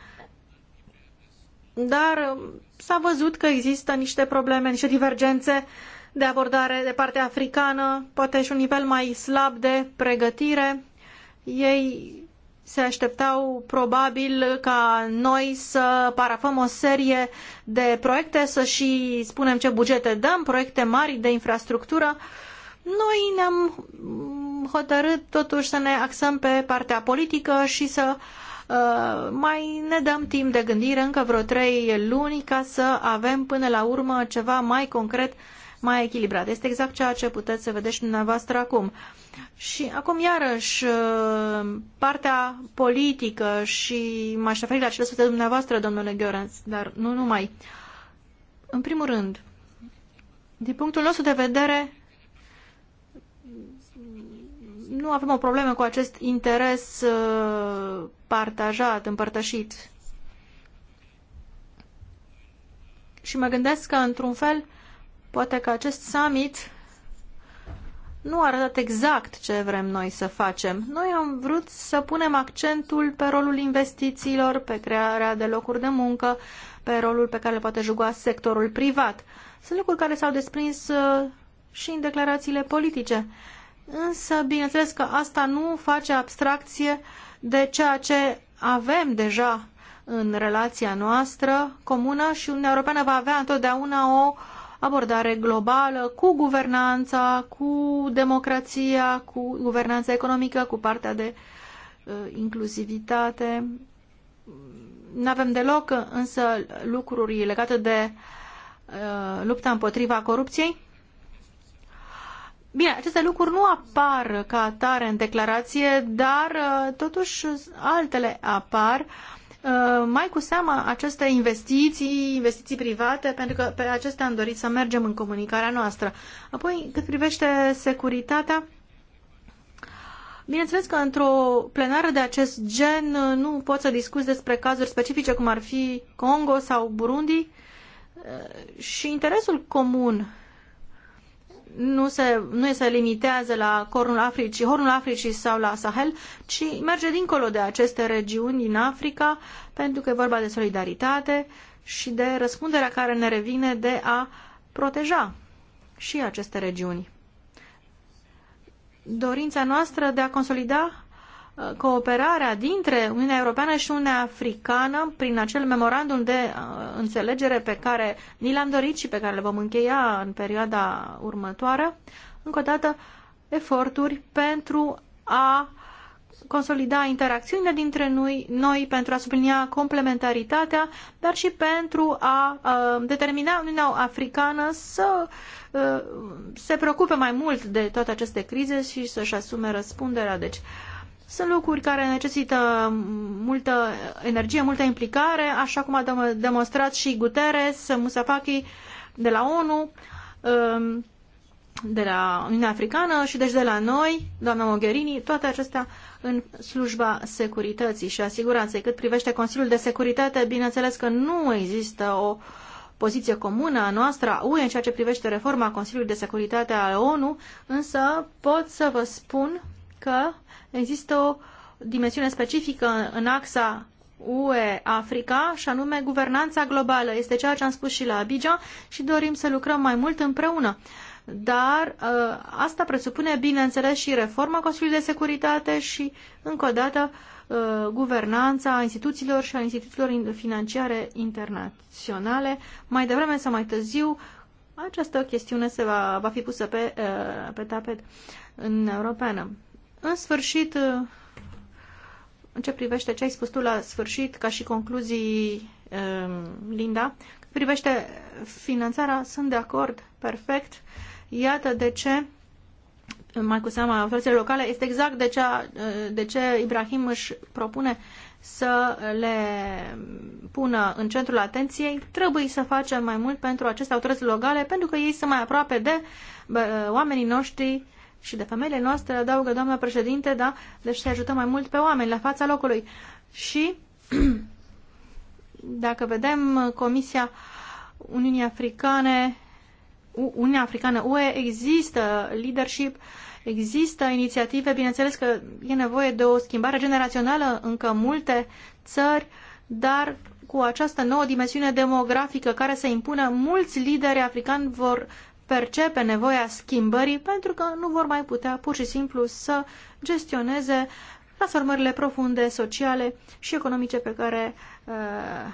dar s-a văzut că există niște probleme, niște divergențe de abordare de partea africană, poate și un nivel mai slab de pregătire. Ei se așteptau probabil ca noi să parafăm o serie de proiecte, să și spunem ce bugete dăm, proiecte mari de infrastructură. Uh, noi ne-am hotărât totuși să ne axăm pe partea politică și să uh, mai ne dăm timp de gândire încă vreo trei luni ca să avem până la urmă ceva mai concret, mai echilibrat. Este exact ceea ce puteți să vedeți dumneavoastră acum. Și acum iarăși uh, partea politică și m-aș referi la cele spuse dumneavoastră, domnule Gheorens, dar nu numai. În primul rând, din punctul nostru de vedere, nu avem o problemă cu acest interes uh, partajat, împărtășit. Și mă gândesc că, într-un fel, poate că acest summit nu a arătat exact ce vrem noi să facem. Noi am vrut să punem accentul pe rolul investițiilor, pe crearea de locuri de muncă, pe rolul pe care le poate juca sectorul privat. Sunt lucruri care s-au desprins uh, și în declarațiile politice însă bineînțeles că asta nu face abstracție de ceea ce avem deja în relația noastră comună și Uniunea Europeană va avea întotdeauna o abordare globală cu guvernanța, cu democrația, cu guvernanța economică, cu partea de uh, inclusivitate. Nu avem deloc însă lucruri legate de uh, lupta împotriva corupției Bine, aceste lucruri nu apar ca atare în declarație, dar uh, totuși altele apar. Uh, mai cu seamă aceste investiții, investiții private, pentru că pe acestea am dorit să mergem în comunicarea noastră. Apoi, cât privește securitatea, Bineînțeles că într-o plenară de acest gen uh, nu pot să discuți despre cazuri specifice cum ar fi Congo sau Burundi și interesul comun nu se, nu se limitează la Cornul Africii, Hornul Africii sau la Sahel, ci merge dincolo de aceste regiuni din Africa, pentru că e vorba de solidaritate și de răspunderea care ne revine de a proteja și aceste regiuni. Dorința noastră de a consolida Uh, cooperarea dintre Uniunea Europeană și Uniunea Africană prin acel memorandum de uh, înțelegere pe care ni l-am dorit și pe care le vom încheia în perioada următoare, încă o dată eforturi pentru a consolida interacțiunile dintre noi, noi pentru a sublinia complementaritatea, dar și pentru a, uh, determina Uniunea Africană să se preocupe mai mult de toate aceste crize și să-și asume răspunderea. Deci, uh, sunt lucruri care necesită multă energie, multă implicare, așa cum a demonstrat și Guterres, Musafaki de la ONU, um, de la Uniunea Africană și deci de la noi, doamna Mogherini, toate acestea în slujba securității și a siguranței. Cât privește Consiliul de Securitate, bineînțeles că nu există o poziție comună a noastră a UE în ceea ce privește reforma Consiliului de Securitate al ONU, însă pot să vă spun că există o dimensiune specifică în axa UE-Africa și anume guvernanța globală. Este ceea ce am spus și la Abidjan și dorim să lucrăm mai mult împreună. Dar ă, asta presupune, bineînțeles, și reforma Consiliului de Securitate și, încă o dată, uh, guvernanța instituțiilor și a instituțiilor financiare internaționale. Mai devreme sau mai târziu, această chestiune se va, va fi pusă pe, uh, pe tapet în Europeană. În sfârșit, uh, în ce privește ce ai spus tu la sfârșit, ca și concluzii, um, Linda, privește finanțarea, sunt de acord, perfect. Iată de ce mai cu seama autoritățile locale, este exact de ce, uh, de ce Ibrahim își propune să le pună în centrul atenției. Trebuie să facem mai mult pentru aceste autorități locale, pentru că ei sunt mai aproape de oamenii noștri și de femeile noastre, adaugă doamna președinte, da? Deci să ajutăm mai mult pe oameni la fața locului. Și dacă vedem Comisia Uniunii Africane, Uniunea Africană UE, există leadership, există inițiative, bineînțeles că e nevoie de o schimbare generațională încă multe țări, dar cu această nouă dimensiune demografică care se impune, mulți lideri africani vor percepe nevoia schimbării pentru că nu vor mai putea pur și simplu să gestioneze transformările profunde, sociale și economice pe care uh,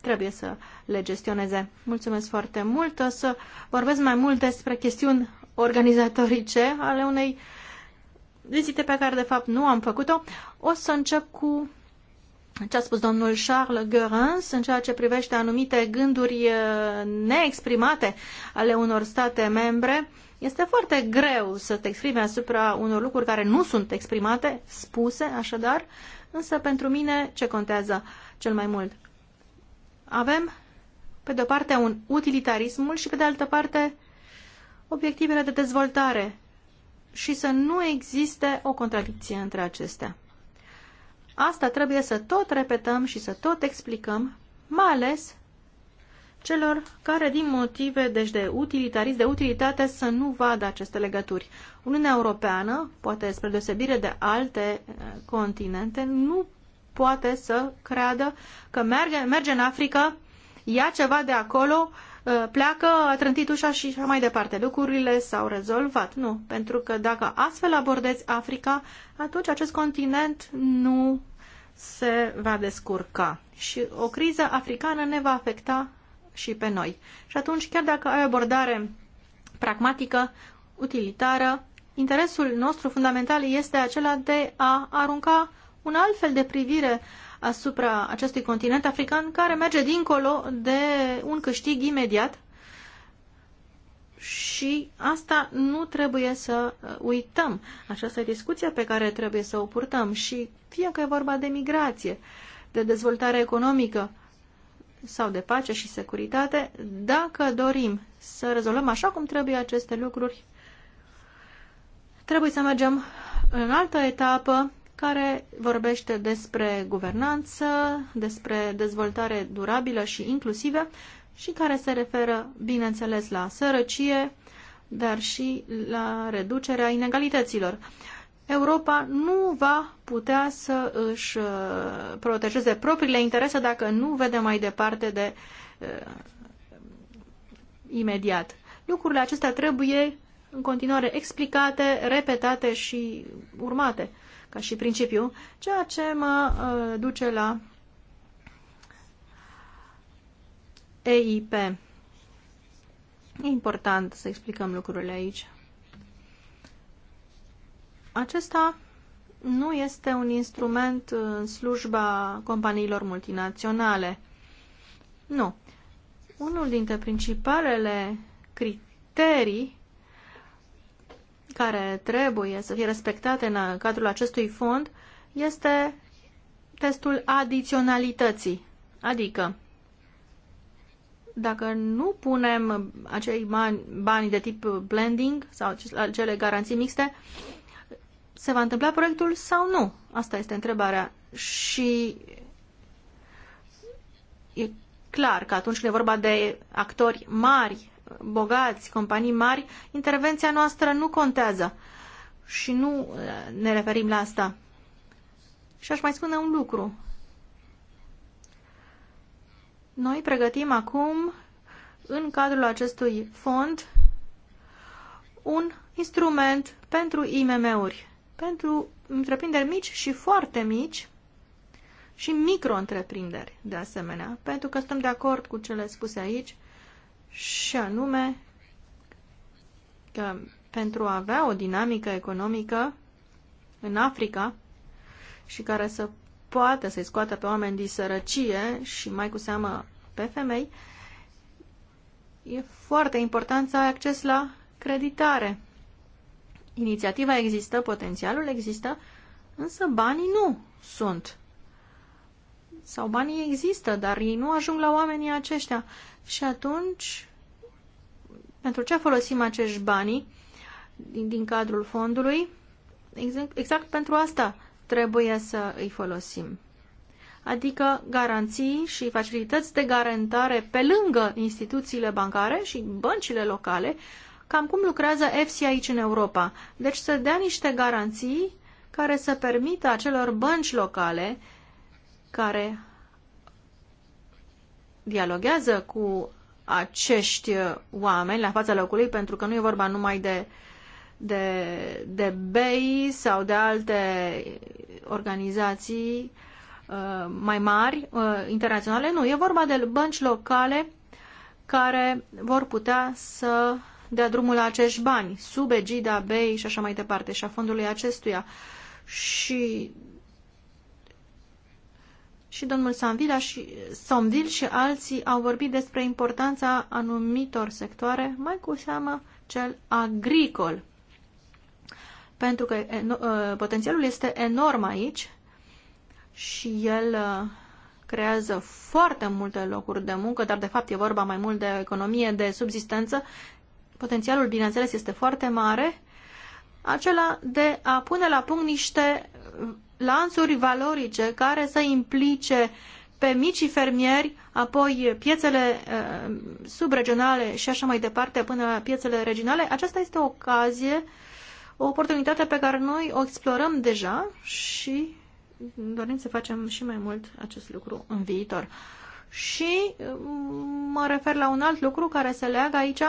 trebuie să le gestioneze. Mulțumesc foarte mult. O să vorbesc mai mult despre chestiuni organizatorice ale unei vizite pe care de fapt nu am făcut-o. O să încep cu ce a spus domnul Charles Görens în ceea ce privește anumite gânduri eh, neexprimate ale unor state membre. Este foarte greu să te exprime asupra unor lucruri care nu sunt exprimate, spuse așadar, însă pentru mine ce contează cel mai mult? Avem, pe de-o parte, un utilitarismul și, pe de altă parte, obiectivele de dezvoltare și să nu existe o contradicție între acestea. Asta trebuie să tot repetăm și să tot explicăm, mai ales celor care din motive deci de utilitarism, de utilitate, să nu vadă aceste legături. Uniunea Europeană, poate spre deosebire de alte eh, continente, nu poate să creadă că merge, merge în Africa, ia ceva de acolo, uh, Uh, pleacă, a trântit ușa și așa mai departe. Lucrurile s-au rezolvat. Nu, pentru că dacă astfel abordezi Africa, atunci acest continent nu se va descurca și o criză africană ne va afecta și pe noi. Și atunci, chiar dacă ai o abordare pragmatică, utilitară, interesul nostru fundamental este acela de a arunca un alt fel de privire asupra acestui continent african care merge dincolo de un câștig imediat și asta nu trebuie să uh, uităm. Aceasta e discuția pe care trebuie să o purtăm și fie că e vorba de migrație, de dezvoltare economică sau de pace și securitate, dacă dorim să rezolvăm așa cum trebuie aceste lucruri, trebuie să mergem în altă etapă care vorbește despre guvernanță, despre dezvoltare durabilă și inclusivă și care se referă, bineînțeles, la sărăcie, dar și la reducerea inegalităților. Europa nu va putea să își uh, protejeze propriile interese dacă nu vede mai departe de uh, imediat. Lucrurile acestea trebuie în continuare explicate, repetate și urmate ca și principiu, ceea ce mă uh, duce la EIP. E important să explicăm lucrurile aici. Acesta nu este un instrument în slujba companiilor multinaționale. Nu. Unul dintre principalele criterii care trebuie să fie respectate în cadrul acestui fond este testul adiționalității. Adică, dacă nu punem acei bani, bani de tip blending sau acele garanții mixte, se va întâmpla proiectul sau nu? Asta este întrebarea. Și e clar că atunci când e vorba de actori mari bogați, companii mari, intervenția noastră nu contează. Și nu eh, ne referim la asta. Și aș mai spune un lucru. Noi pregătim acum, în cadrul acestui fond, un instrument pentru IMM-uri, pentru întreprinderi mici și foarte mici și micro-întreprinderi, de asemenea, pentru că suntem de acord cu cele spuse aici, și anume că pentru a avea o dinamică economică în Africa și care să poată să-i scoată pe oameni din sărăcie și mai cu seamă pe femei, e foarte important să ai acces la creditare. Inițiativa există, potențialul există, însă banii nu sunt sau banii există, dar ei nu ajung la oamenii aceștia. Și atunci, pentru ce folosim acești bani din, din cadrul fondului? Exact, exact pentru asta trebuie să îi folosim. Adică garanții și facilități de garantare pe lângă instituțiile bancare și băncile locale, cam cum lucrează EFSI aici în Europa. Deci să dea niște garanții care să permită acelor bănci locale care dialoghează cu acești oameni la fața locului, pentru că nu e vorba numai de, de, de BEI sau de alte organizații uh, mai mari, uh, internaționale, nu, e vorba de bănci locale care vor putea să dea drumul la acești bani, sub egida BEI și așa mai departe, și a fondului acestuia. Și și domnul Samvila și, Somvil și alții au vorbit despre importanța anumitor sectoare, mai cu seamă cel agricol. Pentru că potențialul este enorm aici și el creează foarte multe locuri de muncă, dar de fapt e vorba mai mult de economie, de subsistență. Potențialul, bineînțeles, este foarte mare, acela de a pune la punct niște lanțuri valorice care să implice pe micii fermieri, apoi piețele eh, subregionale și așa mai departe până la piețele regionale. Aceasta este o ocazie, o oportunitate pe care noi o explorăm deja și dorim să facem și mai mult acest lucru în viitor. Și eh, mă refer la un alt lucru care se leagă aici,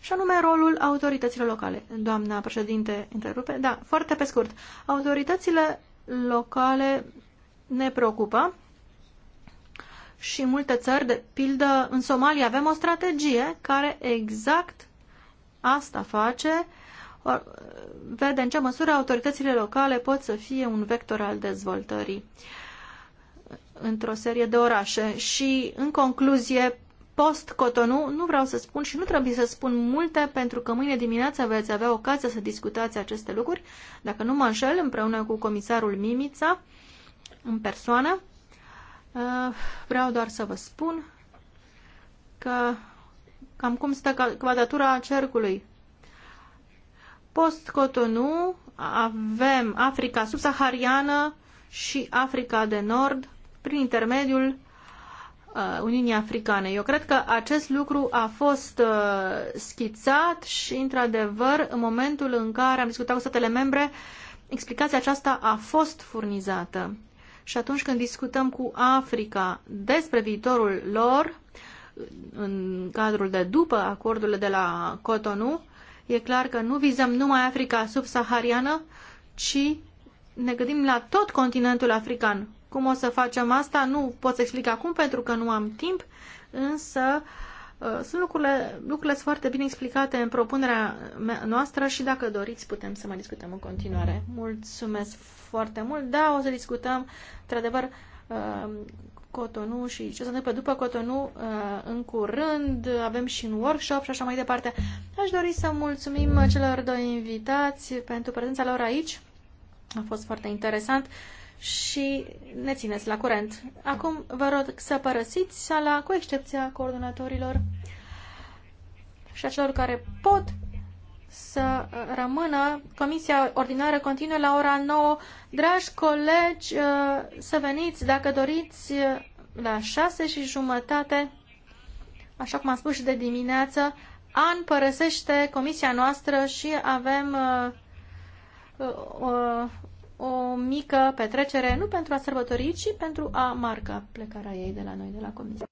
și anume rolul autorităților locale. Doamna președinte, întrerupe? Da, foarte pe scurt. Autoritățile locale ne preocupă și multe țări, de pildă în Somalia, avem o strategie care exact asta face, vede în ce măsură autoritățile locale pot să fie un vector al dezvoltării într-o serie de orașe. Și, în concluzie, post-Cotonou, nu vreau să spun și nu trebuie să spun multe, pentru că mâine dimineață veți avea ocazia să discutați aceste lucruri, dacă nu mă înșel, împreună cu comisarul Mimița, în persoană. Uh, vreau doar să vă spun că cam cum stă quadratura cercului. Post-Cotonou avem Africa subsahariană și Africa de Nord prin intermediul Uh, Uniunii Africane. Eu cred că acest lucru a fost uh, schițat și, într-adevăr, în momentul în care am discutat cu statele membre, explicația aceasta a fost furnizată. Și atunci când discutăm cu Africa despre viitorul lor, în cadrul de după acordurile de la Cotonou, e clar că nu vizăm numai Africa subsahariană, ci ne gândim la tot continentul african, cum o să facem asta? Nu pot să explic acum pentru că nu am timp, însă uh, sunt lucrurile, lucrurile sunt foarte bine explicate în propunerea noastră și dacă doriți putem să mai discutăm în continuare. Mulțumesc foarte mult. Da, o să discutăm, într-adevăr, uh, Cotonou și ce se întâmplă după Cotonou uh, în curând, avem și un workshop și așa mai departe. Aș dori să mulțumim celor doi invitați pentru prezența lor aici. A fost foarte interesant și ne țineți la curent. Acum vă rog să părăsiți sala, cu excepția coordonatorilor și acelor celor care pot să rămână. Comisia ordinară continuă la ora 9. Dragi colegi, uh, să veniți dacă doriți uh, la 6 și jumătate, așa cum am spus și de dimineață, An părăsește comisia noastră și avem uh, uh, o mică petrecere, nu pentru a sărbători, ci pentru a marca plecarea ei de la noi, de la comisie.